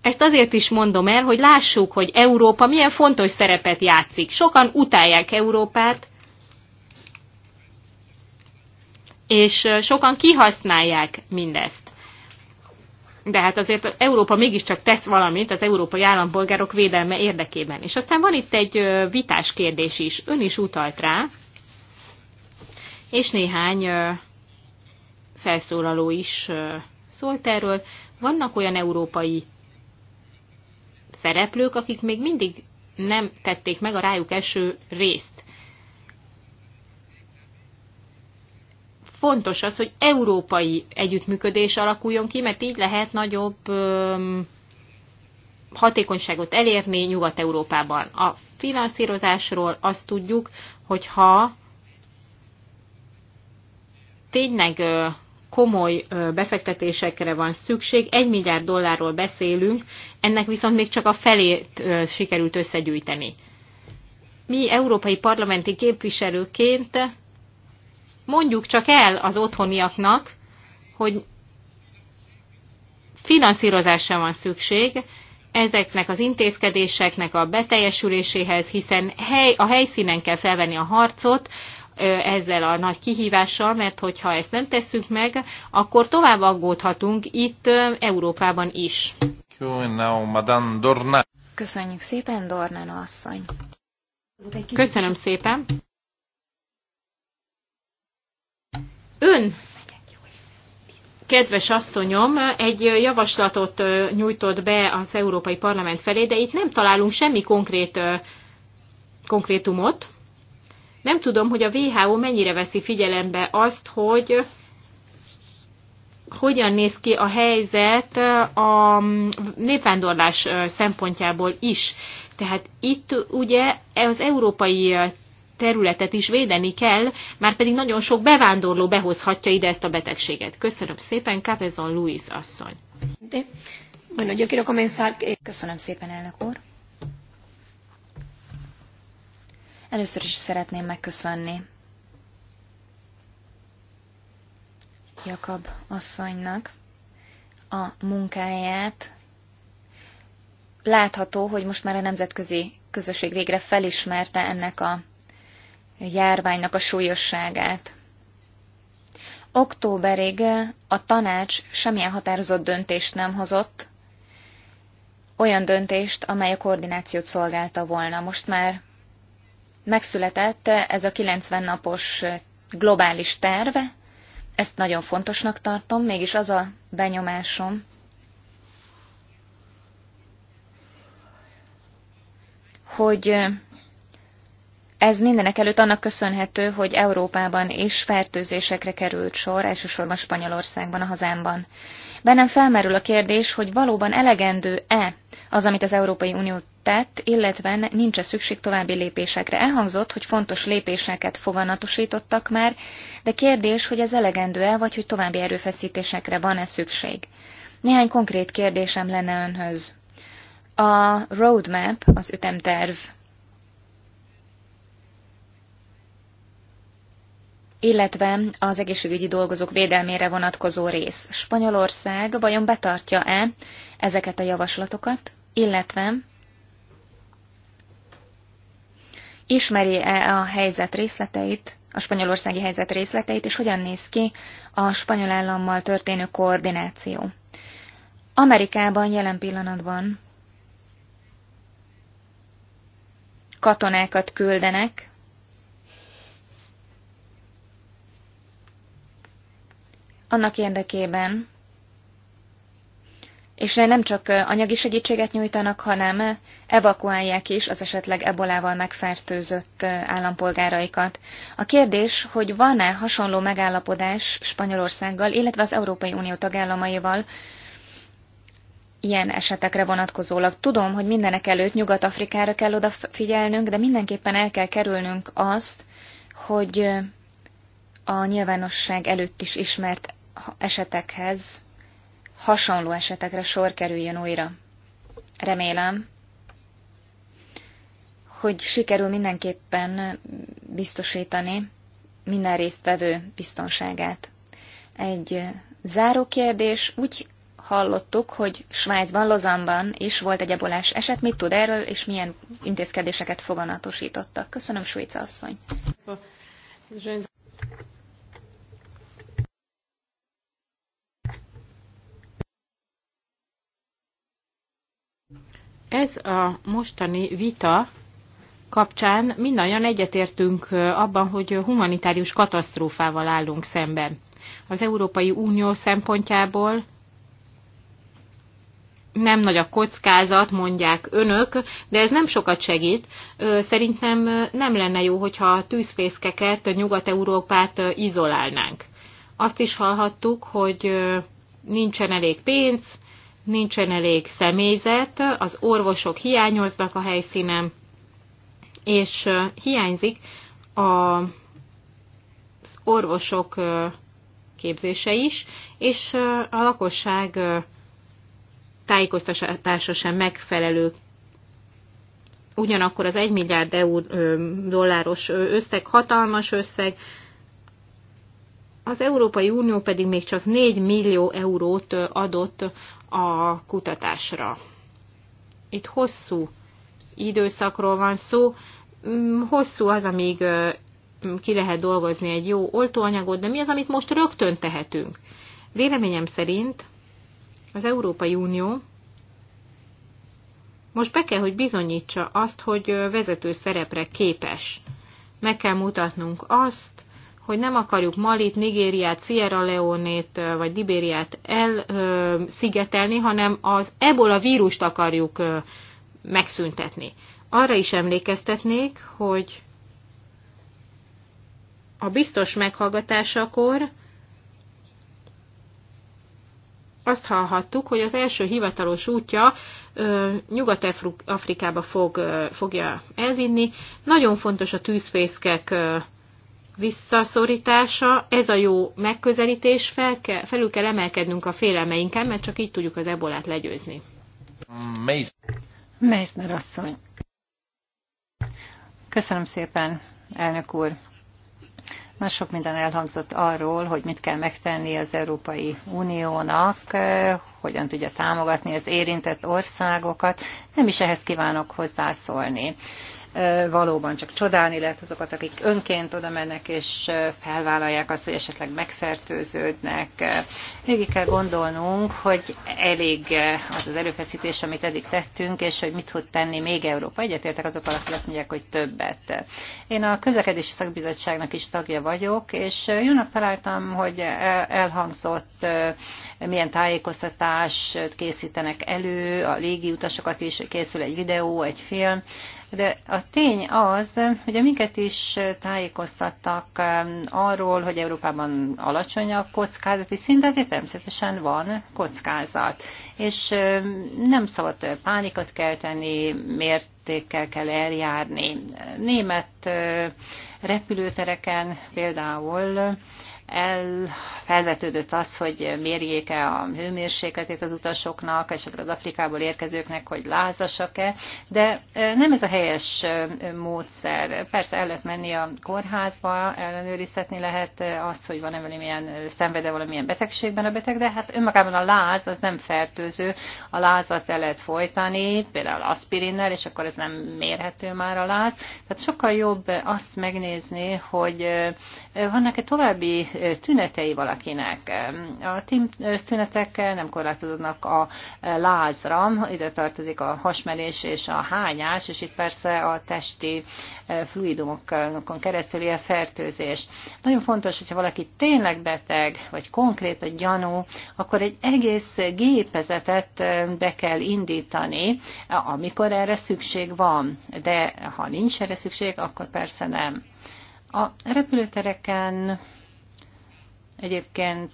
Speaker 2: Ezt azért is mondom el, hogy lássuk, hogy Európa milyen fontos szerepet játszik. Sokan utálják Európát, és sokan kihasználják mindezt. De hát azért Európa mégiscsak tesz valamit az európai állampolgárok védelme érdekében. És aztán van itt egy vitás kérdés is. Ön is utalt rá, és néhány felszólaló is szólt erről. Vannak olyan európai szereplők, akik még mindig nem tették meg a rájuk eső részt. Fontos az, hogy európai együttműködés alakuljon ki, mert így lehet nagyobb hatékonyságot elérni Nyugat-Európában. A finanszírozásról azt tudjuk, hogy ha tényleg komoly befektetésekre van szükség, egy milliárd dollárról beszélünk, ennek viszont még csak a felét sikerült összegyűjteni. Mi európai parlamenti képviselőként mondjuk csak el az otthoniaknak, hogy finanszírozásra van szükség ezeknek az intézkedéseknek a beteljesüléséhez, hiszen hely, a helyszínen kell felvenni a harcot, ezzel a nagy kihívással, mert hogyha ezt nem tesszük meg, akkor tovább aggódhatunk itt Európában is. Köszönjük szépen, Dornán asszony! Köszönöm szépen! Ön, kedves asszonyom, egy javaslatot nyújtott be az Európai Parlament felé, de itt nem találunk semmi konkrét konkrétumot, nem tudom, hogy a WHO mennyire veszi figyelembe azt, hogy hogyan néz ki a helyzet a népvándorlás szempontjából is. Tehát itt ugye az európai területet is védeni kell, már pedig nagyon sok bevándorló behozhatja ide ezt a betegséget. Köszönöm szépen, Capezon Luis asszony.
Speaker 3: bueno, yo quiero comenzar. Köszönöm szépen, elnök úr. Először is szeretném megköszönni Jakab asszonynak a munkáját. Látható, hogy most már a nemzetközi közösség végre felismerte ennek a járványnak a súlyosságát. Októberig a tanács semmilyen határozott döntést nem hozott, olyan döntést, amely a koordinációt szolgálta volna. Most már megszületett ez a 90 napos globális terv, ezt nagyon fontosnak tartom, mégis az a benyomásom, hogy ez mindenek előtt annak köszönhető, hogy Európában is fertőzésekre került sor, elsősorban Spanyolországban, a hazámban. Bennem felmerül a kérdés, hogy valóban elegendő-e az, amit az Európai Unió tett, illetve nincs-e szükség további lépésekre. Elhangzott, hogy fontos lépéseket foganatosítottak már, de kérdés, hogy ez elegendő-e, vagy hogy további erőfeszítésekre van-e szükség. Néhány konkrét kérdésem lenne önhöz. A roadmap, az ütemterv illetve az egészségügyi dolgozók védelmére vonatkozó rész. Spanyolország vajon betartja-e ezeket a javaslatokat, illetve ismeri-e a helyzet részleteit, a spanyolországi helyzet részleteit, és hogyan néz ki a spanyol állammal történő koordináció. Amerikában jelen pillanatban katonákat küldenek annak érdekében, és nem csak anyagi segítséget nyújtanak, hanem evakuálják is az esetleg ebolával megfertőzött állampolgáraikat. A kérdés, hogy van-e hasonló megállapodás Spanyolországgal, illetve az Európai Unió tagállamaival ilyen esetekre vonatkozólag. Tudom, hogy mindenek előtt Nyugat-Afrikára kell odafigyelnünk, de mindenképpen el kell kerülnünk azt, hogy a nyilvánosság előtt is ismert esetekhez, hasonló esetekre sor kerüljön újra. Remélem, hogy sikerül mindenképpen biztosítani minden résztvevő biztonságát. Egy záró kérdés. Úgy hallottuk, hogy Svájcban, Lozanban is volt egy ebolás eset. Mit tud erről, és milyen intézkedéseket foganatosítottak? Köszönöm, Svájc asszony.
Speaker 2: Ez a mostani vita kapcsán mindannyian egyetértünk abban, hogy humanitárius katasztrófával állunk szemben. Az Európai Unió szempontjából nem nagy a kockázat, mondják önök, de ez nem sokat segít. Szerintem nem lenne jó, hogyha a tűzfészkeket, Nyugat-Európát izolálnánk. Azt is hallhattuk, hogy nincsen elég pénz, nincsen elég személyzet, az orvosok hiányoznak a helyszínen, és hiányzik a, az orvosok képzése is, és a lakosság tájékoztatása sem megfelelő. Ugyanakkor az 1 milliárd eur, dolláros összeg hatalmas összeg, az Európai Unió pedig még csak 4 millió eurót adott a kutatásra. Itt hosszú időszakról van szó. Mm, hosszú az, amíg mm, ki lehet dolgozni egy jó oltóanyagot, de mi az, amit most rögtön tehetünk? Véleményem szerint az Európai Unió most be kell, hogy bizonyítsa azt, hogy vezető szerepre képes. Meg kell mutatnunk azt, hogy nem akarjuk Malit, Nigériát, Sierra Leone-t vagy Libériát elszigetelni, hanem az ebola vírust akarjuk ö, megszüntetni. Arra is emlékeztetnék, hogy a biztos meghallgatásakor azt hallhattuk, hogy az első hivatalos útja Nyugat-Afrikába fog, ö, fogja elvinni. Nagyon fontos a tűzfészkek visszaszorítása, ez a jó megközelítés, fel kell, felül kell emelkednünk a félelmeinken, mert csak így tudjuk az ebolát legyőzni.
Speaker 4: Meisner asszony. Köszönöm szépen, elnök úr. Már sok minden elhangzott arról, hogy mit kell megtenni az Európai Uniónak, hogyan tudja támogatni az érintett országokat. Nem is ehhez kívánok hozzászólni valóban csak csodálni lehet azokat, akik önként oda mennek és felvállalják azt, hogy esetleg megfertőződnek. Végig kell gondolnunk, hogy elég az az erőfeszítés, amit eddig tettünk, és hogy mit tud tenni még Európa. Egyetértek azokkal, akik azt mondják, hogy többet. Én a közlekedési szakbizottságnak is tagja vagyok, és jónak találtam, hogy elhangzott milyen tájékoztatást készítenek elő, a utasokat is készül egy videó, egy film, de a tény az, hogy a minket is tájékoztattak um, arról, hogy Európában alacsony a kockázati szint, azért természetesen van kockázat. És um, nem szabad pánikot kell tenni, mértékkel kell eljárni. Német uh, repülőtereken például el, felvetődött az, hogy mérjék-e a hőmérsékletét az utasoknak, esetleg az Afrikából érkezőknek, hogy lázasak-e, de e, nem ez a helyes e, módszer. Persze el lehet menni a kórházba, ellenőrizhetni lehet azt, hogy van-e valamilyen, szenvede valamilyen betegségben a beteg, de hát önmagában a láz az nem fertőző, a lázat el lehet folytani, például aspirinnel, és akkor ez nem mérhető már a láz. Tehát sokkal jobb azt megnézni, hogy e, vannak-e további tünetei valakinek. A TIM tünetek nem korlátozódnak a lázra, ide tartozik a hasmerés és a hányás, és itt persze a testi eh, fluidumokon keresztüli a fertőzés. Nagyon fontos, hogyha valaki tényleg beteg, vagy konkrét a gyanú, akkor egy egész gépezetet eh, be kell indítani, amikor erre szükség van. De ha nincs erre szükség, akkor persze nem. A repülőtereken Egyébként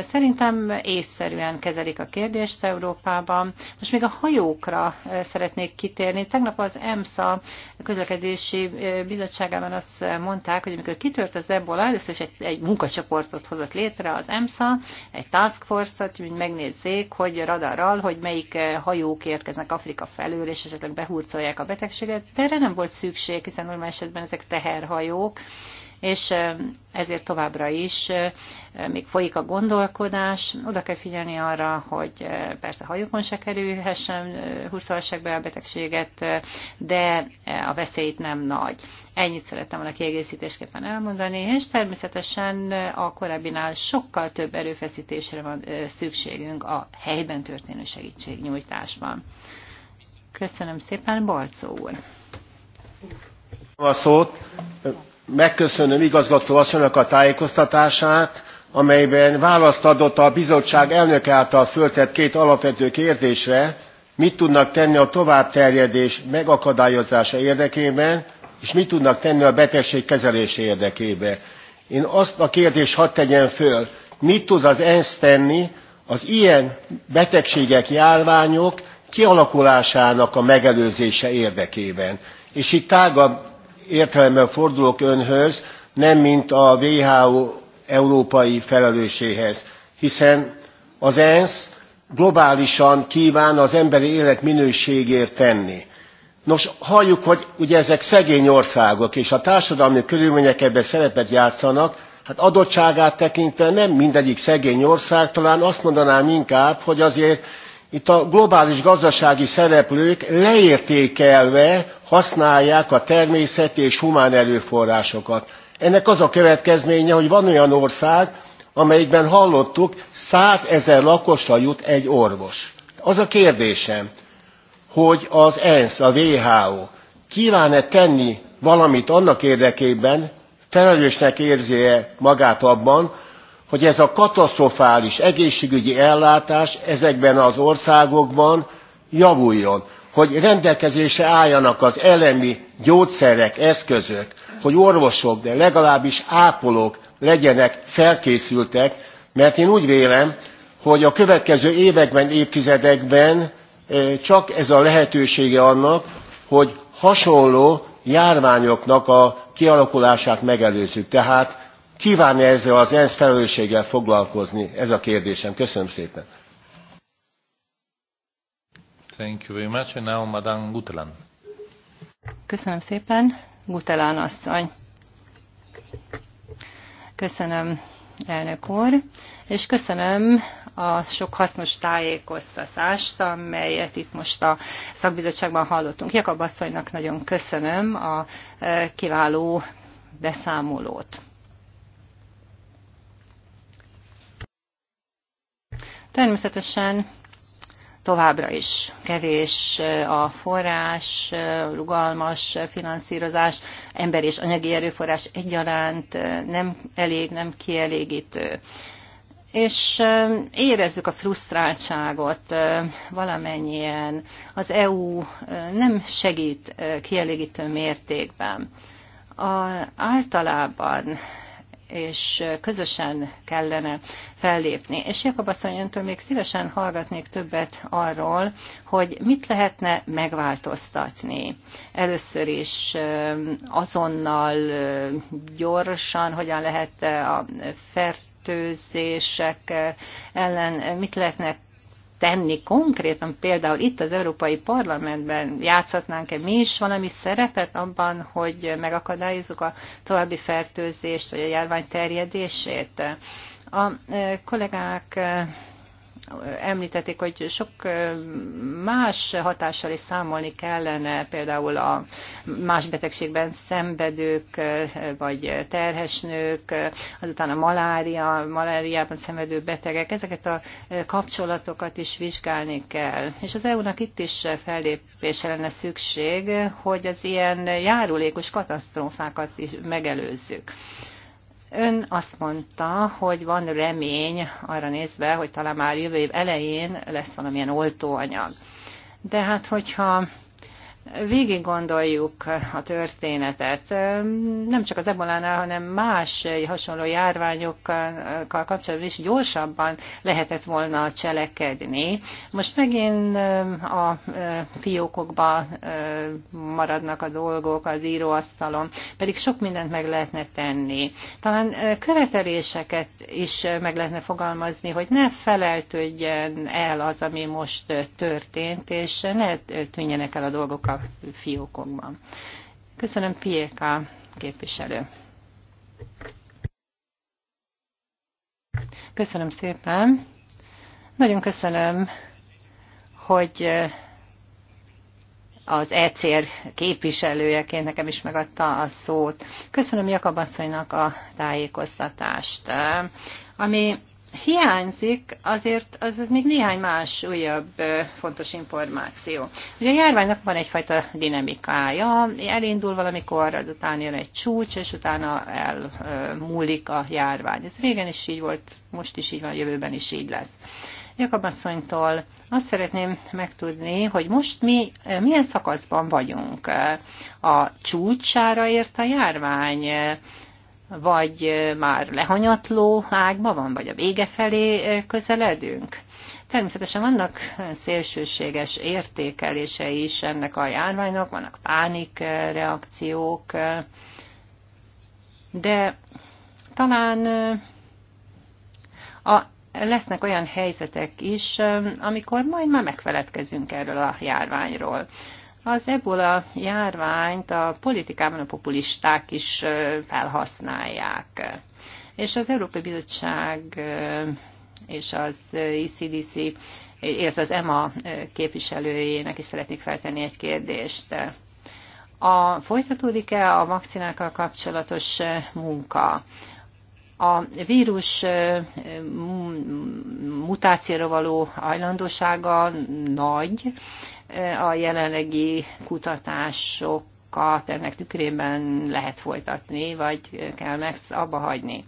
Speaker 4: Szerintem észszerűen kezelik a kérdést Európában. Most még a hajókra szeretnék kitérni. Tegnap az EMSA közlekedési bizottságában azt mondták, hogy amikor kitört az ebola, először is egy, egy munkacsoportot hozott létre az EMSA egy task force-ot, hogy megnézzék, hogy radarral, hogy melyik hajók érkeznek Afrika felől, és esetleg behurcolják a betegséget. De erre nem volt szükség, hiszen normális esetben ezek teherhajók és ezért továbbra is még folyik a gondolkodás. Oda kell figyelni arra, hogy persze hajókon se kerülhessen, hurcolhassák a betegséget, de a veszélyt nem nagy. Ennyit szerettem volna kiegészítésképpen elmondani, és természetesen a korábbinál sokkal több erőfeszítésre van szükségünk a helyben történő segítségnyújtásban. Köszönöm szépen, Balcó úr!
Speaker 5: A szót megköszönöm igazgató asszonynak a tájékoztatását amelyben választ adott a bizottság elnöke által föltett két alapvető kérdésre mit tudnak tenni a továbbterjedés megakadályozása érdekében és mit tudnak tenni a betegség kezelése érdekében. én azt a kérdést hadd tegyen föl mit tud az ensz tenni az ilyen betegségek járványok kialakulásának a megelőzése érdekében és itt tágabb értelemben fordulok önhöz, nem mint a WHO európai felelőséhez. Hiszen az ENSZ globálisan kíván az emberi élet minőségért tenni. Nos, halljuk, hogy ugye ezek szegény országok, és a társadalmi körülmények ebben szerepet játszanak, hát adottságát tekintve nem mindegyik szegény ország, talán azt mondanám inkább, hogy azért itt a globális gazdasági szereplők leértékelve használják a természeti és humán erőforrásokat. Ennek az a következménye, hogy van olyan ország, amelyikben hallottuk, százezer lakosra jut egy orvos. Az a kérdésem, hogy az ENSZ, a WHO kíván-e tenni valamit annak érdekében, felelősnek érzi -e magát abban, hogy ez a katasztrofális egészségügyi ellátás ezekben az országokban javuljon hogy rendelkezésre álljanak az elemi gyógyszerek, eszközök, hogy orvosok, de legalábbis ápolók legyenek felkészültek, mert én úgy vélem, hogy a következő években, évtizedekben csak ez a lehetősége annak, hogy hasonló járványoknak a kialakulását megelőzzük. Tehát kíván -e ezzel az ENSZ felelősséggel foglalkozni? Ez a kérdésem. Köszönöm szépen.
Speaker 1: Thank you very much.
Speaker 5: And now Madame Gutelan.
Speaker 4: Köszönöm szépen. Gutelan asszony. Köszönöm, elnök úr, és köszönöm a sok hasznos tájékoztatást, amelyet itt most a szakbizottságban hallottunk. Jakab asszonynak nagyon köszönöm a e, kiváló beszámolót. Természetesen továbbra is kevés a forrás, rugalmas finanszírozás, ember és anyagi erőforrás egyaránt nem elég, nem kielégítő és eh, érezzük a frusztráltságot eh, valamennyien. Az EU eh, nem segít kielégítő mértékben. A, általában és közösen kellene fellépni. És Jakab asszony, öntől még szívesen hallgatnék többet arról, hogy mit lehetne megváltoztatni. Először is azonnal, gyorsan, hogyan lehet a fertőzések ellen mit lehetne tenni konkrétan, például itt az Európai Parlamentben játszhatnánk-e mi is valami szerepet abban, hogy megakadályozzuk a további fertőzést vagy a járvány terjedését? A eh, kollégák eh, említették, hogy sok más hatással is számolni kellene, például a más betegségben szenvedők, vagy terhesnők, azután a malária, maláriában szenvedő betegek, ezeket a kapcsolatokat is vizsgálni kell. És az EU-nak itt is fellépésre lenne szükség, hogy az ilyen járulékos katasztrófákat is megelőzzük. Ön azt mondta, hogy van remény arra nézve, hogy talán már jövő év elején lesz valamilyen oltóanyag. De hát, hogyha végig gondoljuk a történetet. Nem csak az ebolánál, hanem más hasonló járványokkal kapcsolatban is gyorsabban lehetett volna cselekedni. Most megint a fiókokba maradnak a dolgok az íróasztalon, pedig sok mindent meg lehetne tenni. Talán követeléseket is meg lehetne fogalmazni, hogy ne feleltődjön el az, ami most történt, és ne tűnjenek el a dolgok a fiókokban. Köszönöm, Pieka képviselő. Köszönöm szépen. Nagyon köszönöm, hogy eh, az ECR képviselőjeként nekem is megadta a szót. Köszönöm Jakab asszonynak a tájékoztatást, eh, ami hiányzik, azért az még néhány más újabb fontos információ. Ugye a járványnak van egyfajta dinamikája, elindul valamikor, azután jön egy csúcs, és utána elmúlik a járvány. Ez régen is így volt, most is így van, jövőben is így lesz. Jakab asszonytól azt szeretném megtudni, hogy most mi milyen szakaszban vagyunk. A csúcsára ért a járvány, vagy már lehanyatló ágba van, vagy a vége felé közeledünk. Természetesen vannak szélsőséges értékelése is ennek a járványnak, vannak pánikreakciók, de talán a, lesznek olyan helyzetek is, amikor majd már megfeledkezünk erről a járványról. Az ebola járványt a politikában a populisták is felhasználják. És az Európai Bizottság és az ECDC, illetve az EMA képviselőjének is szeretnék feltenni egy kérdést. A, folytatódik-e a vakcinákkal kapcsolatos munka? a vírus mutációra való hajlandósága nagy, a jelenlegi kutatások ennek tükrében lehet folytatni, vagy kell meg abba hagyni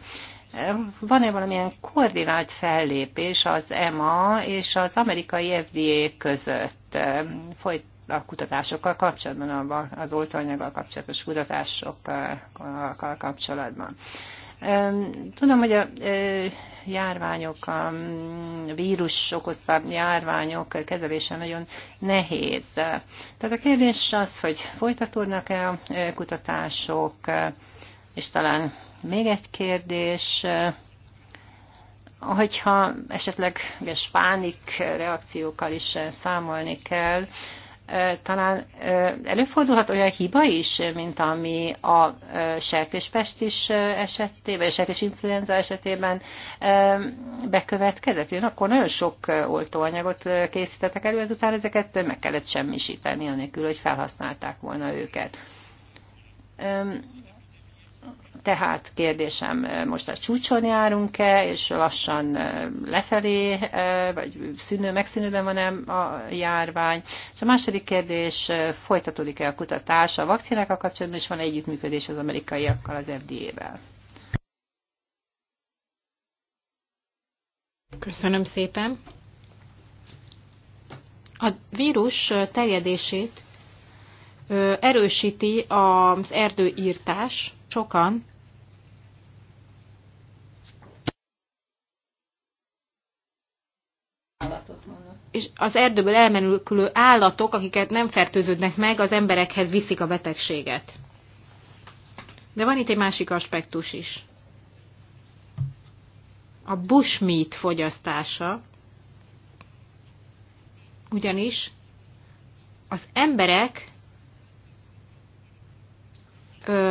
Speaker 4: van-e valamilyen koordinált fellépés az EMA és az amerikai FDA között folyt a kutatásokkal kapcsolatban, az oltóanyaggal kapcsolatos kutatásokkal kapcsolatban. Tudom, hogy a járványok, a vírus okozta járványok kezelése nagyon nehéz. Tehát a kérdés az, hogy folytatódnak-e a kutatások, és talán még egy kérdés, hogyha esetleg pánik reakciókkal is számolni kell, talán előfordulhat olyan hiba is, mint ami a sertéspest is esetében, vagy a sertés influenza esetében bekövetkezett. Jön, akkor nagyon sok oltóanyagot készítettek elő, ezután ezeket meg kellett semmisíteni, anélkül, hogy felhasználták volna őket. Tehát kérdésem, most a csúcson járunk-e, és lassan lefelé, vagy szűnő, megszűnőben van-e a járvány? És a második kérdés, folytatódik-e a kutatás a vakcinákkal kapcsolatban, és van -e együttműködés az amerikaiakkal, az FDA-vel?
Speaker 2: Köszönöm szépen. A vírus terjedését erősíti az erdőírtás. Sokan és az erdőből elmenülkülő állatok, akiket nem fertőződnek meg, az emberekhez viszik a betegséget. De van itt egy másik aspektus is. A bushmeat fogyasztása, ugyanis az emberek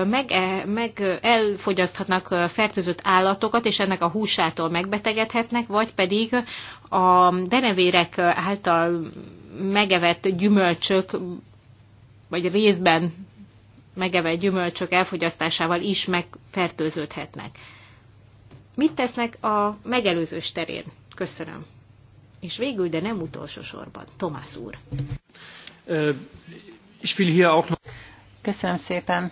Speaker 2: meg, e, meg elfogyaszthatnak fertőzött állatokat, és ennek a húsától megbetegedhetnek, vagy pedig a denevérek által megevett gyümölcsök, vagy részben megevett gyümölcsök elfogyasztásával is megfertőződhetnek. Mit tesznek a megelőzős terén? Köszönöm. És végül, de nem utolsó sorban, Tomás úr.
Speaker 4: Köszönöm szépen.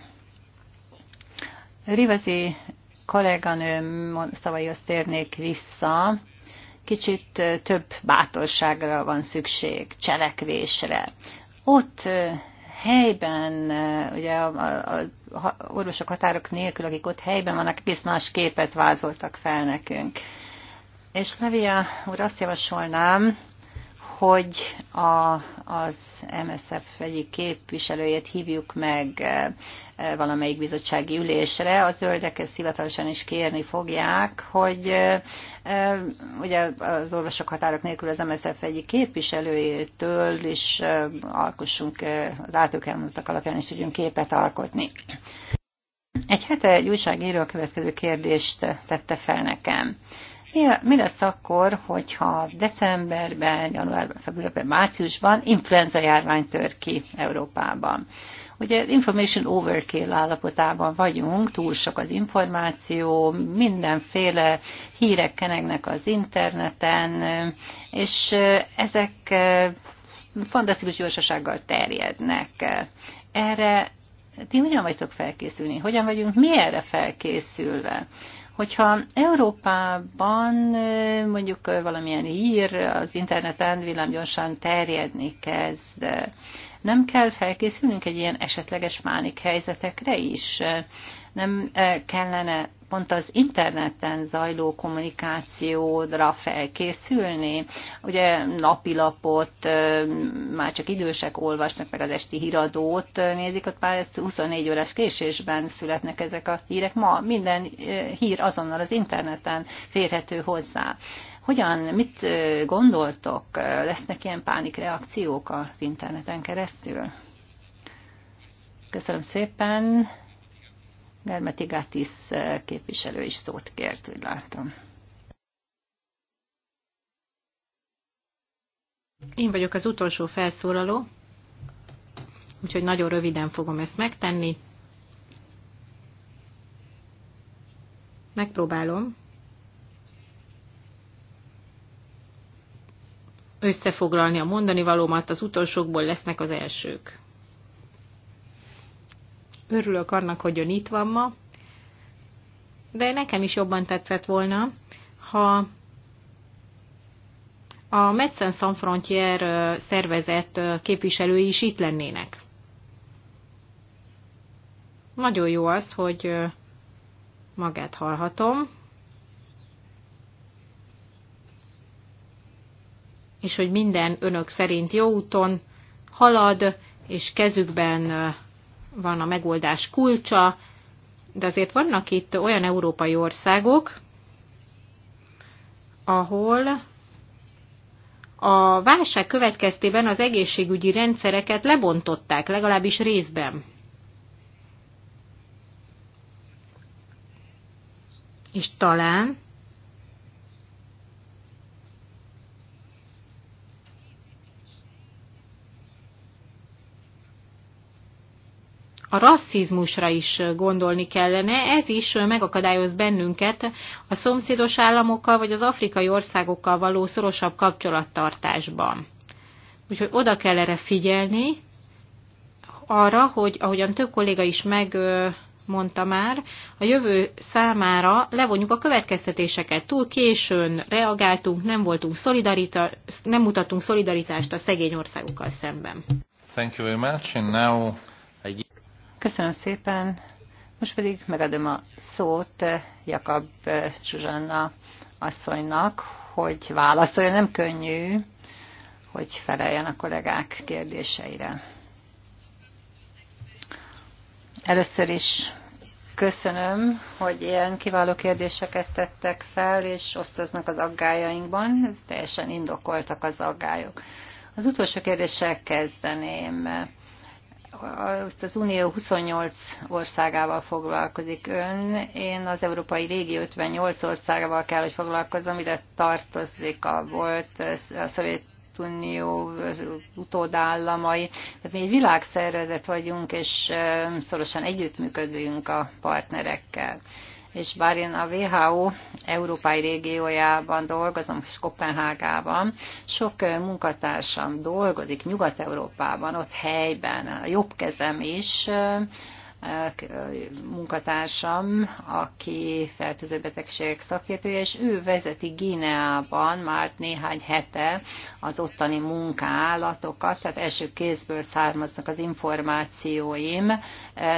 Speaker 4: Rivazi kolléganőm szavaihoz térnék vissza. Kicsit több bátorságra van szükség, cselekvésre. Ott helyben, ugye a, a, a orvosok határok nélkül, akik ott helyben vannak, egész más képet vázoltak fel nekünk. És Levia úr, azt javasolnám, hogy a, az MSZF egyik képviselőjét hívjuk meg e, e, valamelyik bizottsági ülésre. A zöldek ezt hivatalosan is kérni fogják, hogy e, ugye az orvosok határok nélkül az MSZF egyik képviselőjétől is alkossunk, az általuk elmondottak alapján is tudjunk képet alkotni. Egy hete egy újságíró a következő kérdést tette fel nekem. Mi, mi lesz akkor, hogyha decemberben, januárban, februárban, márciusban influenza járvány tör ki Európában? Ugye information overkill állapotában vagyunk, túl sok az információ, mindenféle hírek kenegnek az interneten, és eh, ezek eh, fantasztikus gyorsasággal terjednek. Erre ti hogyan vagytok felkészülni? Hogyan vagyunk mi erre felkészülve? Hogyha Európában mondjuk valamilyen hír az interneten villámgyorsan terjedni kezd, nem kell felkészülnünk egy ilyen esetleges mánik helyzetekre is nem eh, kellene pont az interneten zajló kommunikációra felkészülni. Ugye napilapot eh, már csak idősek olvasnak, meg az esti híradót eh, nézik, ott már 24 órás késésben születnek ezek a hírek. Ma minden hír azonnal az interneten férhető hozzá. Hogyan, mit gondoltok, lesznek ilyen pánikreakciók az interneten keresztül? Köszönöm szépen. Germeti Gatis eh, képviselő is szót kért, úgy látom. Én vagyok az utolsó felszólaló,
Speaker 2: úgyhogy nagyon röviden fogom ezt megtenni. Megpróbálom összefoglalni a mondani valómat, az utolsókból lesznek az elsők. Örülök annak, hogy ön itt van ma, de nekem is jobban tetszett volna, ha a Médecins Sans Frontier szervezet képviselői is itt lennének. Nagyon jó az, hogy magát hallhatom, és hogy minden önök szerint jó úton halad, és kezükben van a megoldás kulcsa, de azért vannak itt olyan európai országok, ahol a válság következtében az egészségügyi rendszereket lebontották, legalábbis részben. És talán a rasszizmusra is gondolni kellene, ez is megakadályoz bennünket a szomszédos államokkal vagy az afrikai országokkal való szorosabb kapcsolattartásban. Úgyhogy oda kell erre figyelni, arra, hogy ahogyan több kolléga is megmondta már, a jövő számára levonjuk a következtetéseket. Túl későn reagáltunk, nem, voltunk nem mutattunk szolidaritást a szegény országokkal szemben.
Speaker 1: Thank you very much, and now I...
Speaker 4: Köszönöm szépen. Most pedig megadom a szót eh, Jakab eh, Zsuzsanna asszonynak, hogy válaszolja. Nem könnyű, hogy feleljen a kollégák kérdéseire. Először is köszönöm, hogy ilyen kiváló kérdéseket tettek fel, és osztoznak az aggájainkban. teljesen indokoltak az aggályok. Az utolsó kérdéssel kezdeném azt az Unió 28 országával foglalkozik ön, én az Európai Régi 58 országával kell, hogy foglalkozom, ide tartozik a volt a Szovjet Unió utódállamai. Tehát mi egy világszervezet vagyunk, és szorosan együttműködünk a partnerekkel és bár én a WHO európai régiójában dolgozom, és Kopenhágában, sok munkatársam dolgozik Nyugat-Európában, ott helyben, a jobb kezem is munkatársam, aki fertőző betegségek szakértője, és ő vezeti Gineában már néhány hete az ottani munkálatokat, tehát első kézből származnak az információim.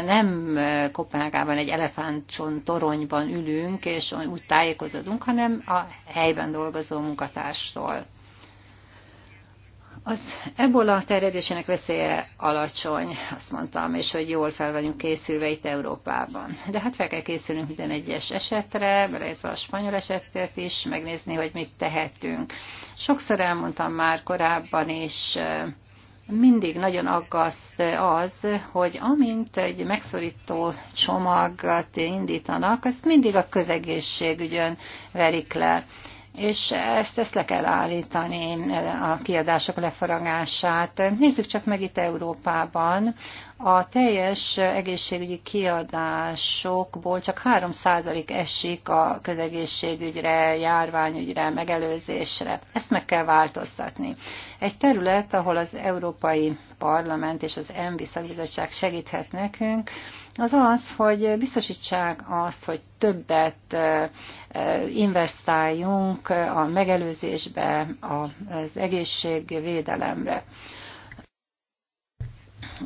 Speaker 4: Nem Kopenhágában egy elefántcsont toronyban ülünk, és úgy tájékozódunk, hanem a helyben dolgozó munkatárstól. Az ebola terjedésének veszélye alacsony, azt mondtam, és hogy jól fel vagyunk készülve itt Európában. De hát fel kell készülnünk minden egyes esetre, beleértve a spanyol esetet is, megnézni, hogy mit tehetünk. Sokszor elmondtam már korábban és mindig nagyon aggaszt az, hogy amint egy megszorító csomagot indítanak, azt mindig a közegészségügyön verik le és ezt, ezt le kell állítani, a kiadások lefaragását. Nézzük csak meg itt Európában, a teljes egészségügyi kiadásokból csak 3% esik a közegészségügyre, járványügyre, megelőzésre. Ezt meg kell változtatni. Egy terület, ahol az Európai Parlament és az ENVI szakbizottság segíthet nekünk, az az, hogy biztosítsák azt, hogy többet investáljunk a megelőzésbe, az egészségvédelemre.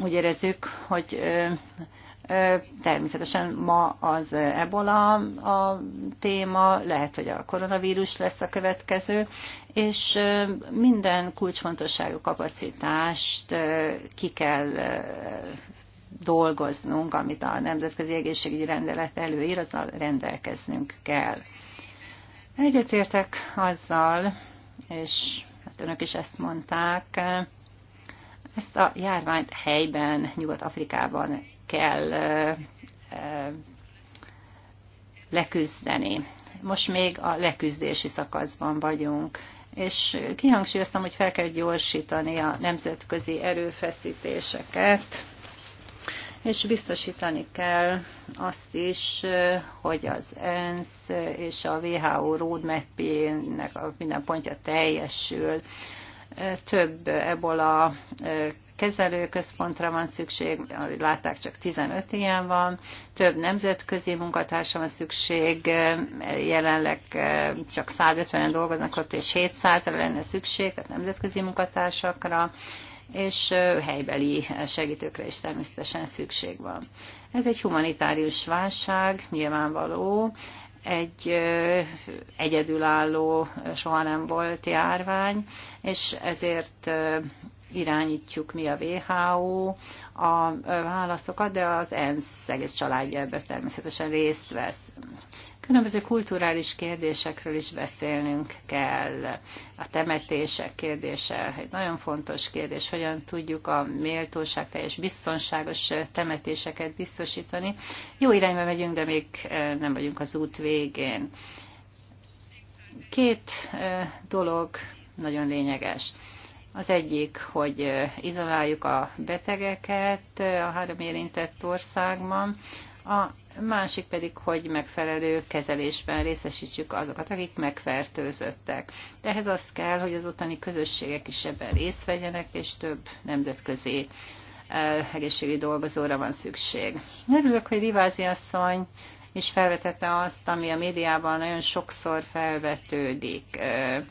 Speaker 4: Úgy érezzük, hogy Természetesen ma az ebola a téma, lehet, hogy a koronavírus lesz a következő, és minden kulcsfontosságú kapacitást ki kell dolgoznunk, amit a Nemzetközi Egészségügyi Rendelet előír, azzal rendelkeznünk kell. Egyetértek azzal, és hát önök is ezt mondták, ezt a járványt helyben, Nyugat-Afrikában kell leküzdeni. Most még a leküzdési szakaszban vagyunk, és kihangsúlyoztam, hogy fel kell gyorsítani a nemzetközi erőfeszítéseket és biztosítani kell azt is, hogy az ENSZ és a WHO roadmap a minden pontja teljesül. Több ebola kezelőközpontra van szükség, ahogy látták, csak 15 ilyen van, több nemzetközi munkatársa van szükség, jelenleg csak 150-en dolgoznak ott, és 700-ra lenne szükség, tehát nemzetközi munkatársakra, és helybeli segítőkre is természetesen szükség van. Ez egy humanitárius válság, nyilvánvaló, egy egyedülálló, soha nem volt járvány, és ezért irányítjuk mi a WHO a válaszokat, de az ENSZ egész családja ebben természetesen részt vesz. Különböző kulturális kérdésekről is beszélnünk kell. A temetések kérdése egy nagyon fontos kérdés, hogyan tudjuk a méltóság teljes biztonságos temetéseket biztosítani. Jó irányba megyünk, de még eh, nem vagyunk az út végén. Két eh, dolog nagyon lényeges. Az egyik, hogy eh, izoláljuk a betegeket a három érintett országban, a másik pedig, hogy megfelelő kezelésben részesítsük azokat, akik megfertőzöttek. De ehhez az kell, hogy az utáni közösségek is ebben részt vegyenek, és több nemzetközi eh, egészségügyi dolgozóra van szükség. Örülök, hogy Rivázi asszony is felvetette azt, ami a médiában nagyon sokszor felvetődik. Eh,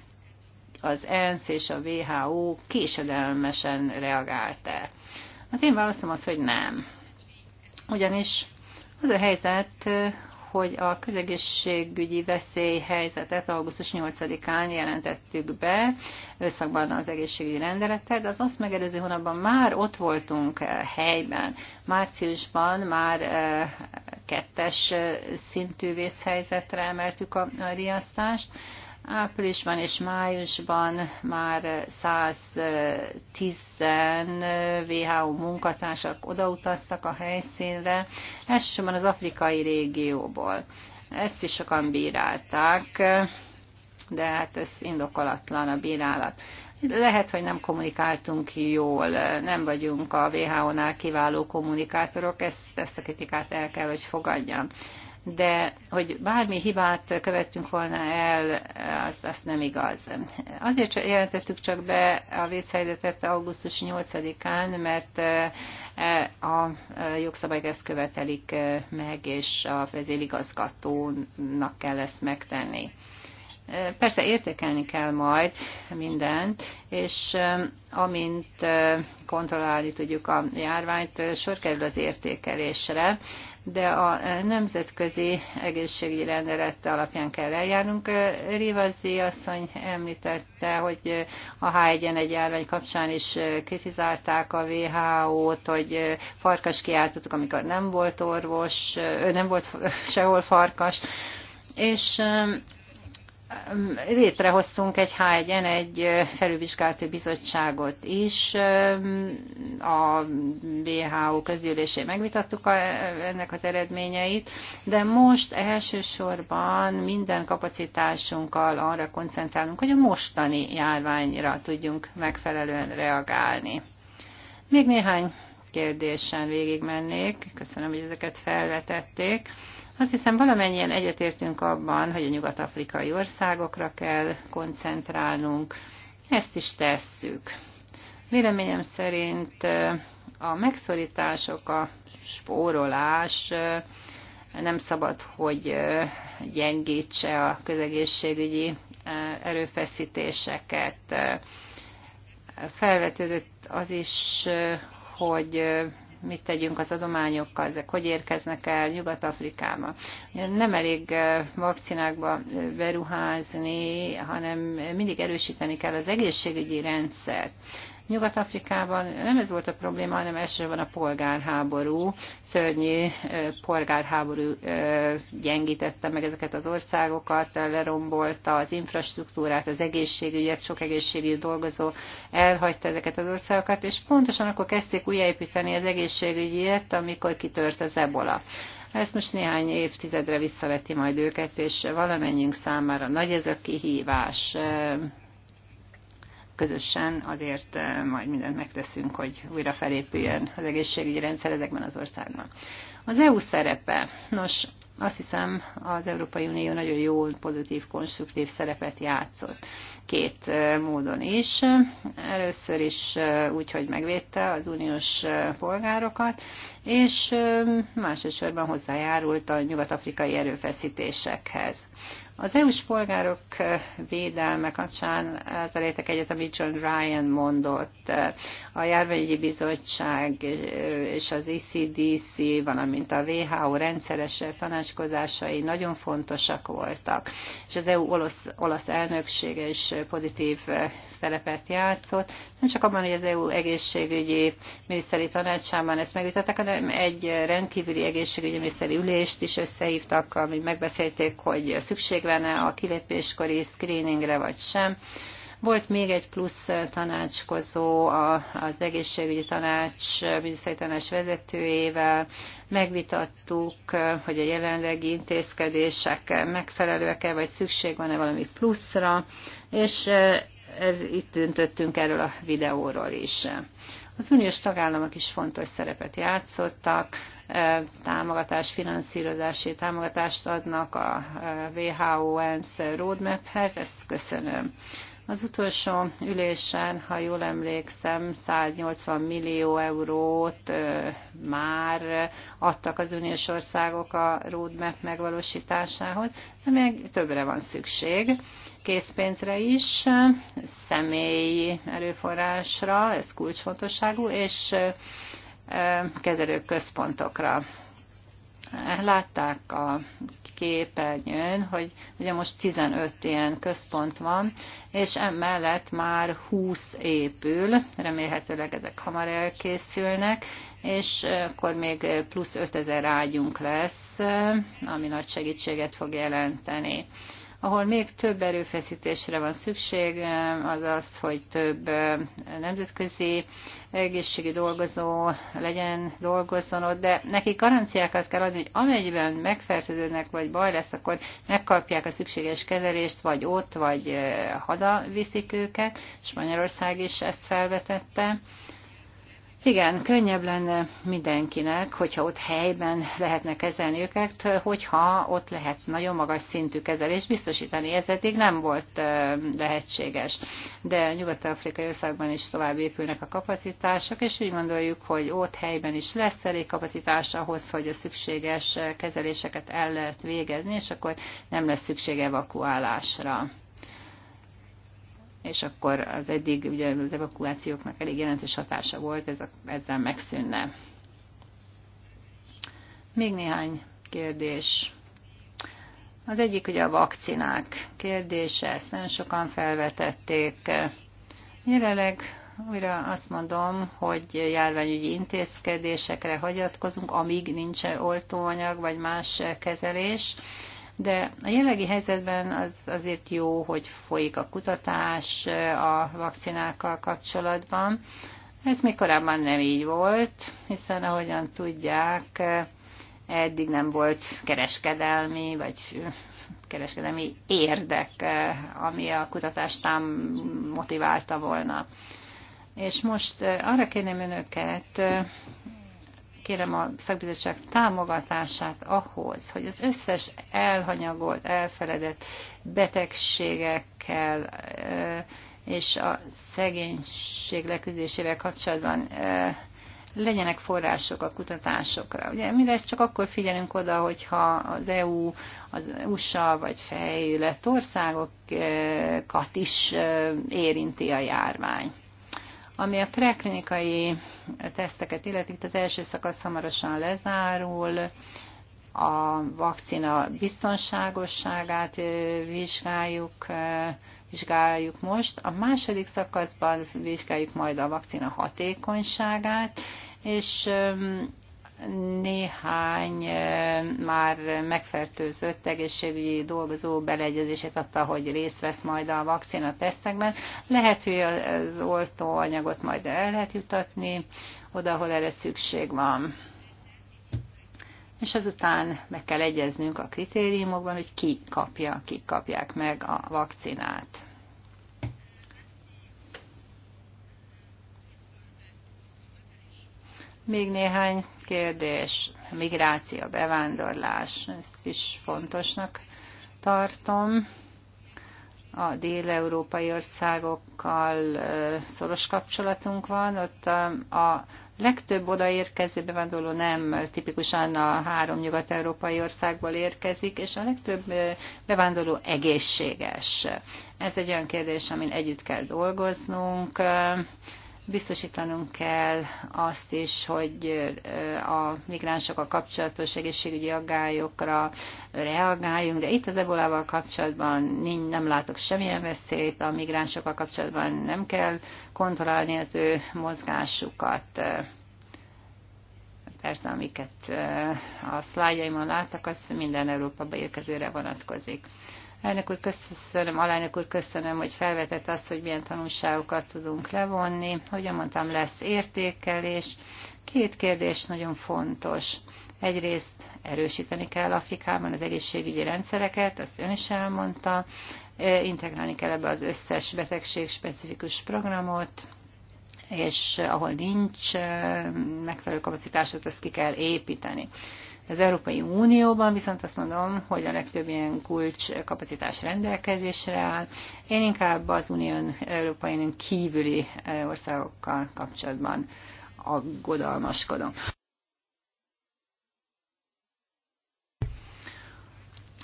Speaker 4: az ENSZ és a WHO késedelmesen reagált-e? Az én válaszom az, hogy nem. Ugyanis az a helyzet, hogy a közegészségügyi veszélyhelyzetet augusztus 8-án jelentettük be összhangban az egészségügyi rendelettel, de az azt megelőző hónapban már ott voltunk eh, helyben. Márciusban már eh, kettes eh, szintű vészhelyzetre emeltük a riasztást, áprilisban és májusban már 110 WHO munkatársak odautaztak a helyszínre, elsősorban az afrikai régióból. Ezt is sokan bírálták, de hát ez indokolatlan a bírálat. Lehet, hogy nem kommunikáltunk jól, nem vagyunk a WHO-nál kiváló kommunikátorok, ezt, ezt a kritikát el kell, hogy fogadjam de hogy bármi hibát követtünk volna el, az, az nem igaz. Azért jelentettük csak be a vészhelyzetet augusztus 8-án, mert eh, a eh, jogszabályok ezt követelik eh, meg, és a vezéligazgatónak kell ezt megtenni. Persze értékelni kell majd mindent, és amint kontrollálni tudjuk a járványt, sor kerül az értékelésre, de a eh, nemzetközi egészségügyi rendelet alapján kell eljárnunk. Eh, Rivazi asszony említette, hogy eh, a H1N1 járvány kapcsán is kritizálták a WHO-t, hogy farkas kiáltottuk, amikor nem volt orvos, nem volt sehol farkas, és létrehoztunk egy h 1 egy felülvizsgálati bizottságot is. A WHO közülésé megvitattuk a, ennek az eredményeit, de most elsősorban minden kapacitásunkkal arra koncentrálunk, hogy a mostani járványra tudjunk megfelelően reagálni. Még néhány kérdésen végigmennék. Köszönöm, hogy ezeket felvetették. Azt hiszem valamennyien egyetértünk abban, hogy a nyugat-afrikai országokra kell koncentrálnunk. Ezt is tesszük. Véleményem szerint a megszorítások, a spórolás nem szabad, hogy gyengítse a közegészségügyi erőfeszítéseket. Felvetődött az is, hogy mit tegyünk az adományokkal, ezek hogy érkeznek el Nyugat-Afrikába. Nem elég eh, vakcinákba eh, beruházni, hanem mindig erősíteni kell az egészségügyi rendszert. Nyugat-Afrikában nem ez volt a probléma, hanem elsősorban a polgárháború, szörnyű polgárháború gyengítette meg ezeket az országokat, lerombolta az infrastruktúrát, az egészségügyet, sok egészségügyi dolgozó elhagyta ezeket az országokat, és pontosan akkor kezdték újjáépíteni az egészségügyet, amikor kitört az ebola. Ezt most néhány évtizedre visszaveti majd őket, és valamennyünk számára nagy ez a kihívás, közösen azért eh, majd mindent megteszünk, hogy újra felépüljön az egészségügyi rendszer ezekben az országban. Az EU szerepe. Nos, azt hiszem az Európai Unió nagyon jó, pozitív, konstruktív szerepet játszott két eh, módon is. Először is eh, úgy, hogy megvédte az uniós polgárokat, és másodszorban hozzájárult a nyugat-afrikai erőfeszítésekhez. Az EU-s polgárok védelme kapcsán az elétek egyet, amit John Ryan mondott. A Járványügyi Bizottság és az ECDC, valamint a WHO rendszeres tanácskozásai nagyon fontosak voltak, és az EU olasz, olasz elnöksége is pozitív szerepet játszott. Nem csak abban, hogy az EU egészségügyi miniszteri tanácsában ezt megütöttek, hanem egy rendkívüli egészségügyi miniszteri ülést is összehívtak, amit megbeszélték, hogy szükség lenne a kilépéskori screeningre vagy sem. Volt még egy plusz tanácskozó az egészségügyi tanács, miniszteri tanács vezetőjével. Megvitattuk, hogy a jelenlegi intézkedések megfelelőek-e, vagy szükség van-e valami pluszra, és ez itt döntöttünk erről a videóról is. Az uniós tagállamok is fontos szerepet játszottak, támogatás, finanszírozási támogatást adnak a WHO ENSZ roadmaphez, ezt köszönöm. Az utolsó ülésen, ha jól emlékszem, 180 millió eurót már adtak az uniós országok a roadmap megvalósításához, de még többre van szükség. Készpénzre is, személyi erőforrásra, ez kulcsfontosságú, és kezelőközpontokra. Látták a képernyőn, hogy ugye most 15 ilyen központ van, és emellett már 20 épül, remélhetőleg ezek hamar elkészülnek, és akkor még plusz 5000 ágyunk lesz, ami nagy segítséget fog jelenteni. Ahol még több erőfeszítésre van szükség, eh, az az, hogy több eh, nemzetközi egészségi dolgozó legyen, dolgozzon ott, de neki garanciákat kell adni, hogy amennyiben megfertőződnek, vagy baj lesz, akkor megkapják a szükséges kezelést, vagy ott, vagy eh, haza viszik őket, és Magyarország is ezt felvetette. Igen, könnyebb lenne mindenkinek, hogyha ott helyben lehetne kezelni őket, hogyha ott lehet nagyon magas szintű kezelés biztosítani. Ez eddig nem volt lehetséges. De nyugat-afrikai országban is tovább épülnek a kapacitások, és úgy gondoljuk, hogy ott helyben is lesz elég kapacitás ahhoz, hogy a szükséges kezeléseket el lehet végezni, és akkor nem lesz szükség evakuálásra és akkor az eddig ugye az evakuációknak elég jelentős hatása volt, ez a, ezzel megszűnne. Még néhány kérdés. Az egyik ugye a vakcinák kérdése, ezt nagyon sokan felvetették. Jelenleg újra azt mondom, hogy járványügyi intézkedésekre hagyatkozunk, amíg nincs oltóanyag vagy más kezelés de a jelenlegi helyzetben az azért jó, hogy folyik a kutatás eh, a vakcinákkal kapcsolatban. Ez még korábban nem így volt, hiszen ahogyan tudják, eh, eddig nem volt kereskedelmi vagy eh, kereskedelmi érdek, ami a kutatást motiválta volna. És most arra kérném önöket, kérem a szakbizottság támogatását ahhoz, hogy az összes elhanyagolt, elfeledett betegségekkel eh, és a szegénység leküzdésével kapcsolatban eh, legyenek források a kutatásokra. Ugye Mi lesz csak akkor figyelünk oda, hogyha az EU, az USA vagy fejlett országokat is eh, érinti a járvány. Ami a preklinikai teszteket illeti, itt az első szakasz hamarosan lezárul, a vakcina biztonságosságát vizsgáljuk, vizsgáljuk most, a második szakaszban vizsgáljuk majd a vakcina hatékonyságát, és néhány már megfertőzött egészségügyi dolgozó beleegyezését adta, hogy részt vesz majd a vakcina tesztekben. Lehet, hogy az oltóanyagot majd el lehet jutatni oda, ahol erre szükség van. És azután meg kell egyeznünk a kritériumokban, hogy ki kapja, kik kapják meg a vakcinát. Még néhány kérdés. Migráció, bevándorlás, ezt is fontosnak tartom. A dél-európai országokkal szoros kapcsolatunk van, ott a legtöbb odaérkező bevándorló nem tipikusan a három nyugat-európai országból érkezik, és a legtöbb bevándorló egészséges. Ez egy olyan kérdés, amin együtt kell dolgoznunk biztosítanunk kell azt is, hogy a migránsokkal kapcsolatos egészségügyi aggályokra reagáljunk, de itt az ebolával kapcsolatban nem látok semmilyen veszélyt, a migránsokkal kapcsolatban nem kell kontrollálni az ő mozgásukat. Persze, amiket a szlájjaimon láttak, az minden Európába érkezőre vonatkozik. Elnök úr, köszönöm, alelnök úr, köszönöm, hogy felvetett azt, hogy milyen tanulságokat tudunk levonni. Hogyan mondtam, lesz értékelés. Két kérdés nagyon fontos. Egyrészt erősíteni kell Afrikában az egészségügyi rendszereket, azt ön is elmondta, e, integrálni kell ebbe az összes betegség specifikus programot, és ahol nincs e, megfelelő kapacitásot, azt ki kell építeni. Az Európai Unióban viszont azt mondom, hogy a legtöbb ilyen kulcs kapacitás rendelkezésre áll. Én inkább az Unión Európai Unión kívüli országokkal kapcsolatban aggodalmaskodom.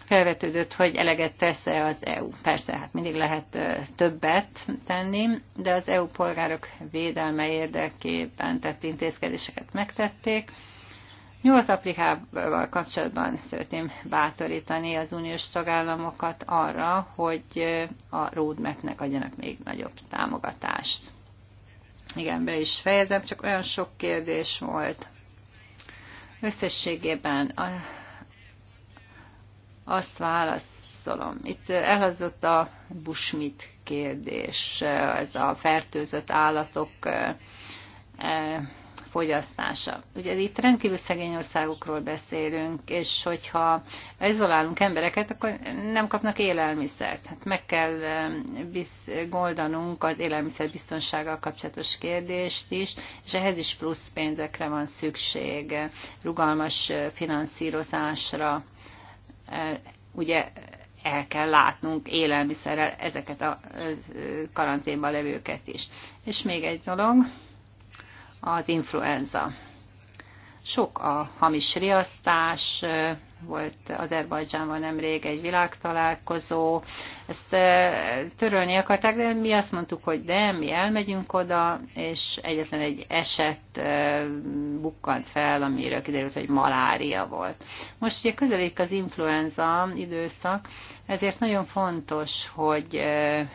Speaker 4: felvetődött, hogy eleget tesz-e az EU. Persze, hát mindig lehet többet tenni, de az EU polgárok védelme érdekében tett intézkedéseket megtették. Nyugat-Afrikával kapcsolatban szeretném bátorítani az uniós tagállamokat arra, hogy a roadmapnek adjanak még nagyobb támogatást. Igen, be is fejezem, csak olyan sok kérdés volt. Összességében a, azt válaszolom. Itt elhazott a busmit kérdés, ez a fertőzött állatok eh, fogyasztása. Ugye itt rendkívül szegény országokról beszélünk, és hogyha izolálunk embereket, akkor nem kapnak élelmiszert. Hát meg kell goldanunk az élelmiszerbiztonsággal kapcsolatos kérdést is, és ehhez is plusz pénzekre van szükség, rugalmas finanszírozásra. E, ugye el kell látnunk élelmiszerrel ezeket a karanténban levőket is. És még egy dolog, az influenza. Sok a hamis riasztás, volt Azerbajdzsánban nemrég egy világtalálkozó, ezt e, törölni akarták, de mi azt mondtuk, hogy de, mi elmegyünk oda, és egyetlen egy eset e, bukkant fel, amiről kiderült, hogy malária volt. Most ugye közelik az influenza időszak, ezért nagyon fontos, hogy e,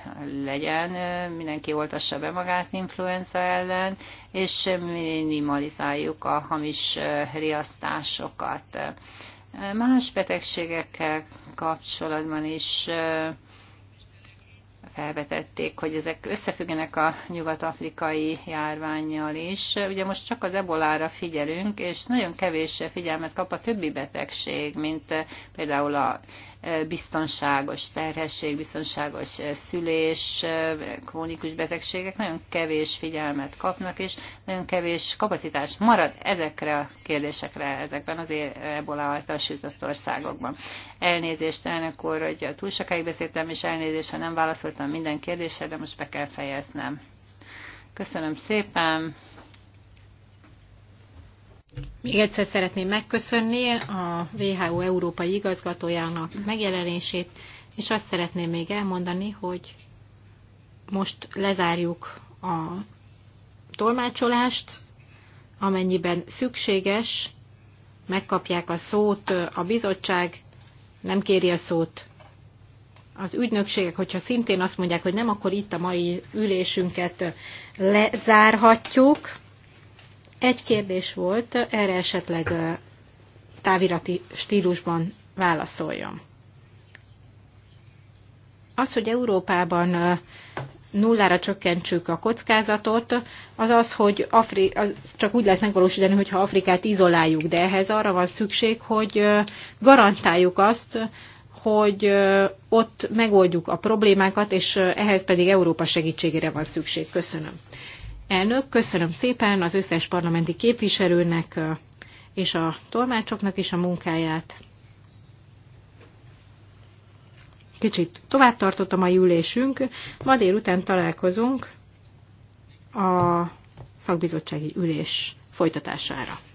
Speaker 4: legyen, mindenki oltassa be magát influenza ellen, és minimalizáljuk a hamis riasztásokat. Más betegségekkel kapcsolatban is felvetették, hogy ezek összefüggenek a nyugat-afrikai járványjal is. Ugye most csak az ebolára figyelünk, és nagyon kevés figyelmet kap a többi betegség, mint például a biztonságos terhesség, biztonságos eh, szülés, eh, krónikus betegségek nagyon kevés figyelmet kapnak, és nagyon kevés kapacitás marad ezekre a kérdésekre ezekben az ebola által sütött országokban. Elnézést, elnök úr, hogy túl sokáig beszéltem, és elnézést, ha nem válaszoltam minden kérdésre, de most be kell fejeznem. Köszönöm szépen!
Speaker 2: Még egyszer szeretném megköszönni a WHO európai igazgatójának megjelenését, és azt szeretném még elmondani, hogy most lezárjuk a tolmácsolást, amennyiben szükséges, megkapják a szót a bizottság, nem kéri a szót az ügynökségek, hogyha szintén azt mondják, hogy nem, akkor itt a mai ülésünket lezárhatjuk. Egy kérdés volt, erre esetleg távirati stílusban válaszoljon. Az, hogy Európában nullára csökkentsük a kockázatot, az az, hogy Afri- az csak úgy lehet megvalósítani, hogyha Afrikát izoláljuk, de ehhez arra van szükség, hogy garantáljuk azt, hogy ott megoldjuk a problémákat, és ehhez pedig Európa segítségére van szükség. Köszönöm. Elnök, köszönöm szépen az összes parlamenti képviselőnek és a tolmácsoknak is a munkáját. Kicsit tovább tartott a mai ülésünk. Ma délután találkozunk a szakbizottsági ülés folytatására.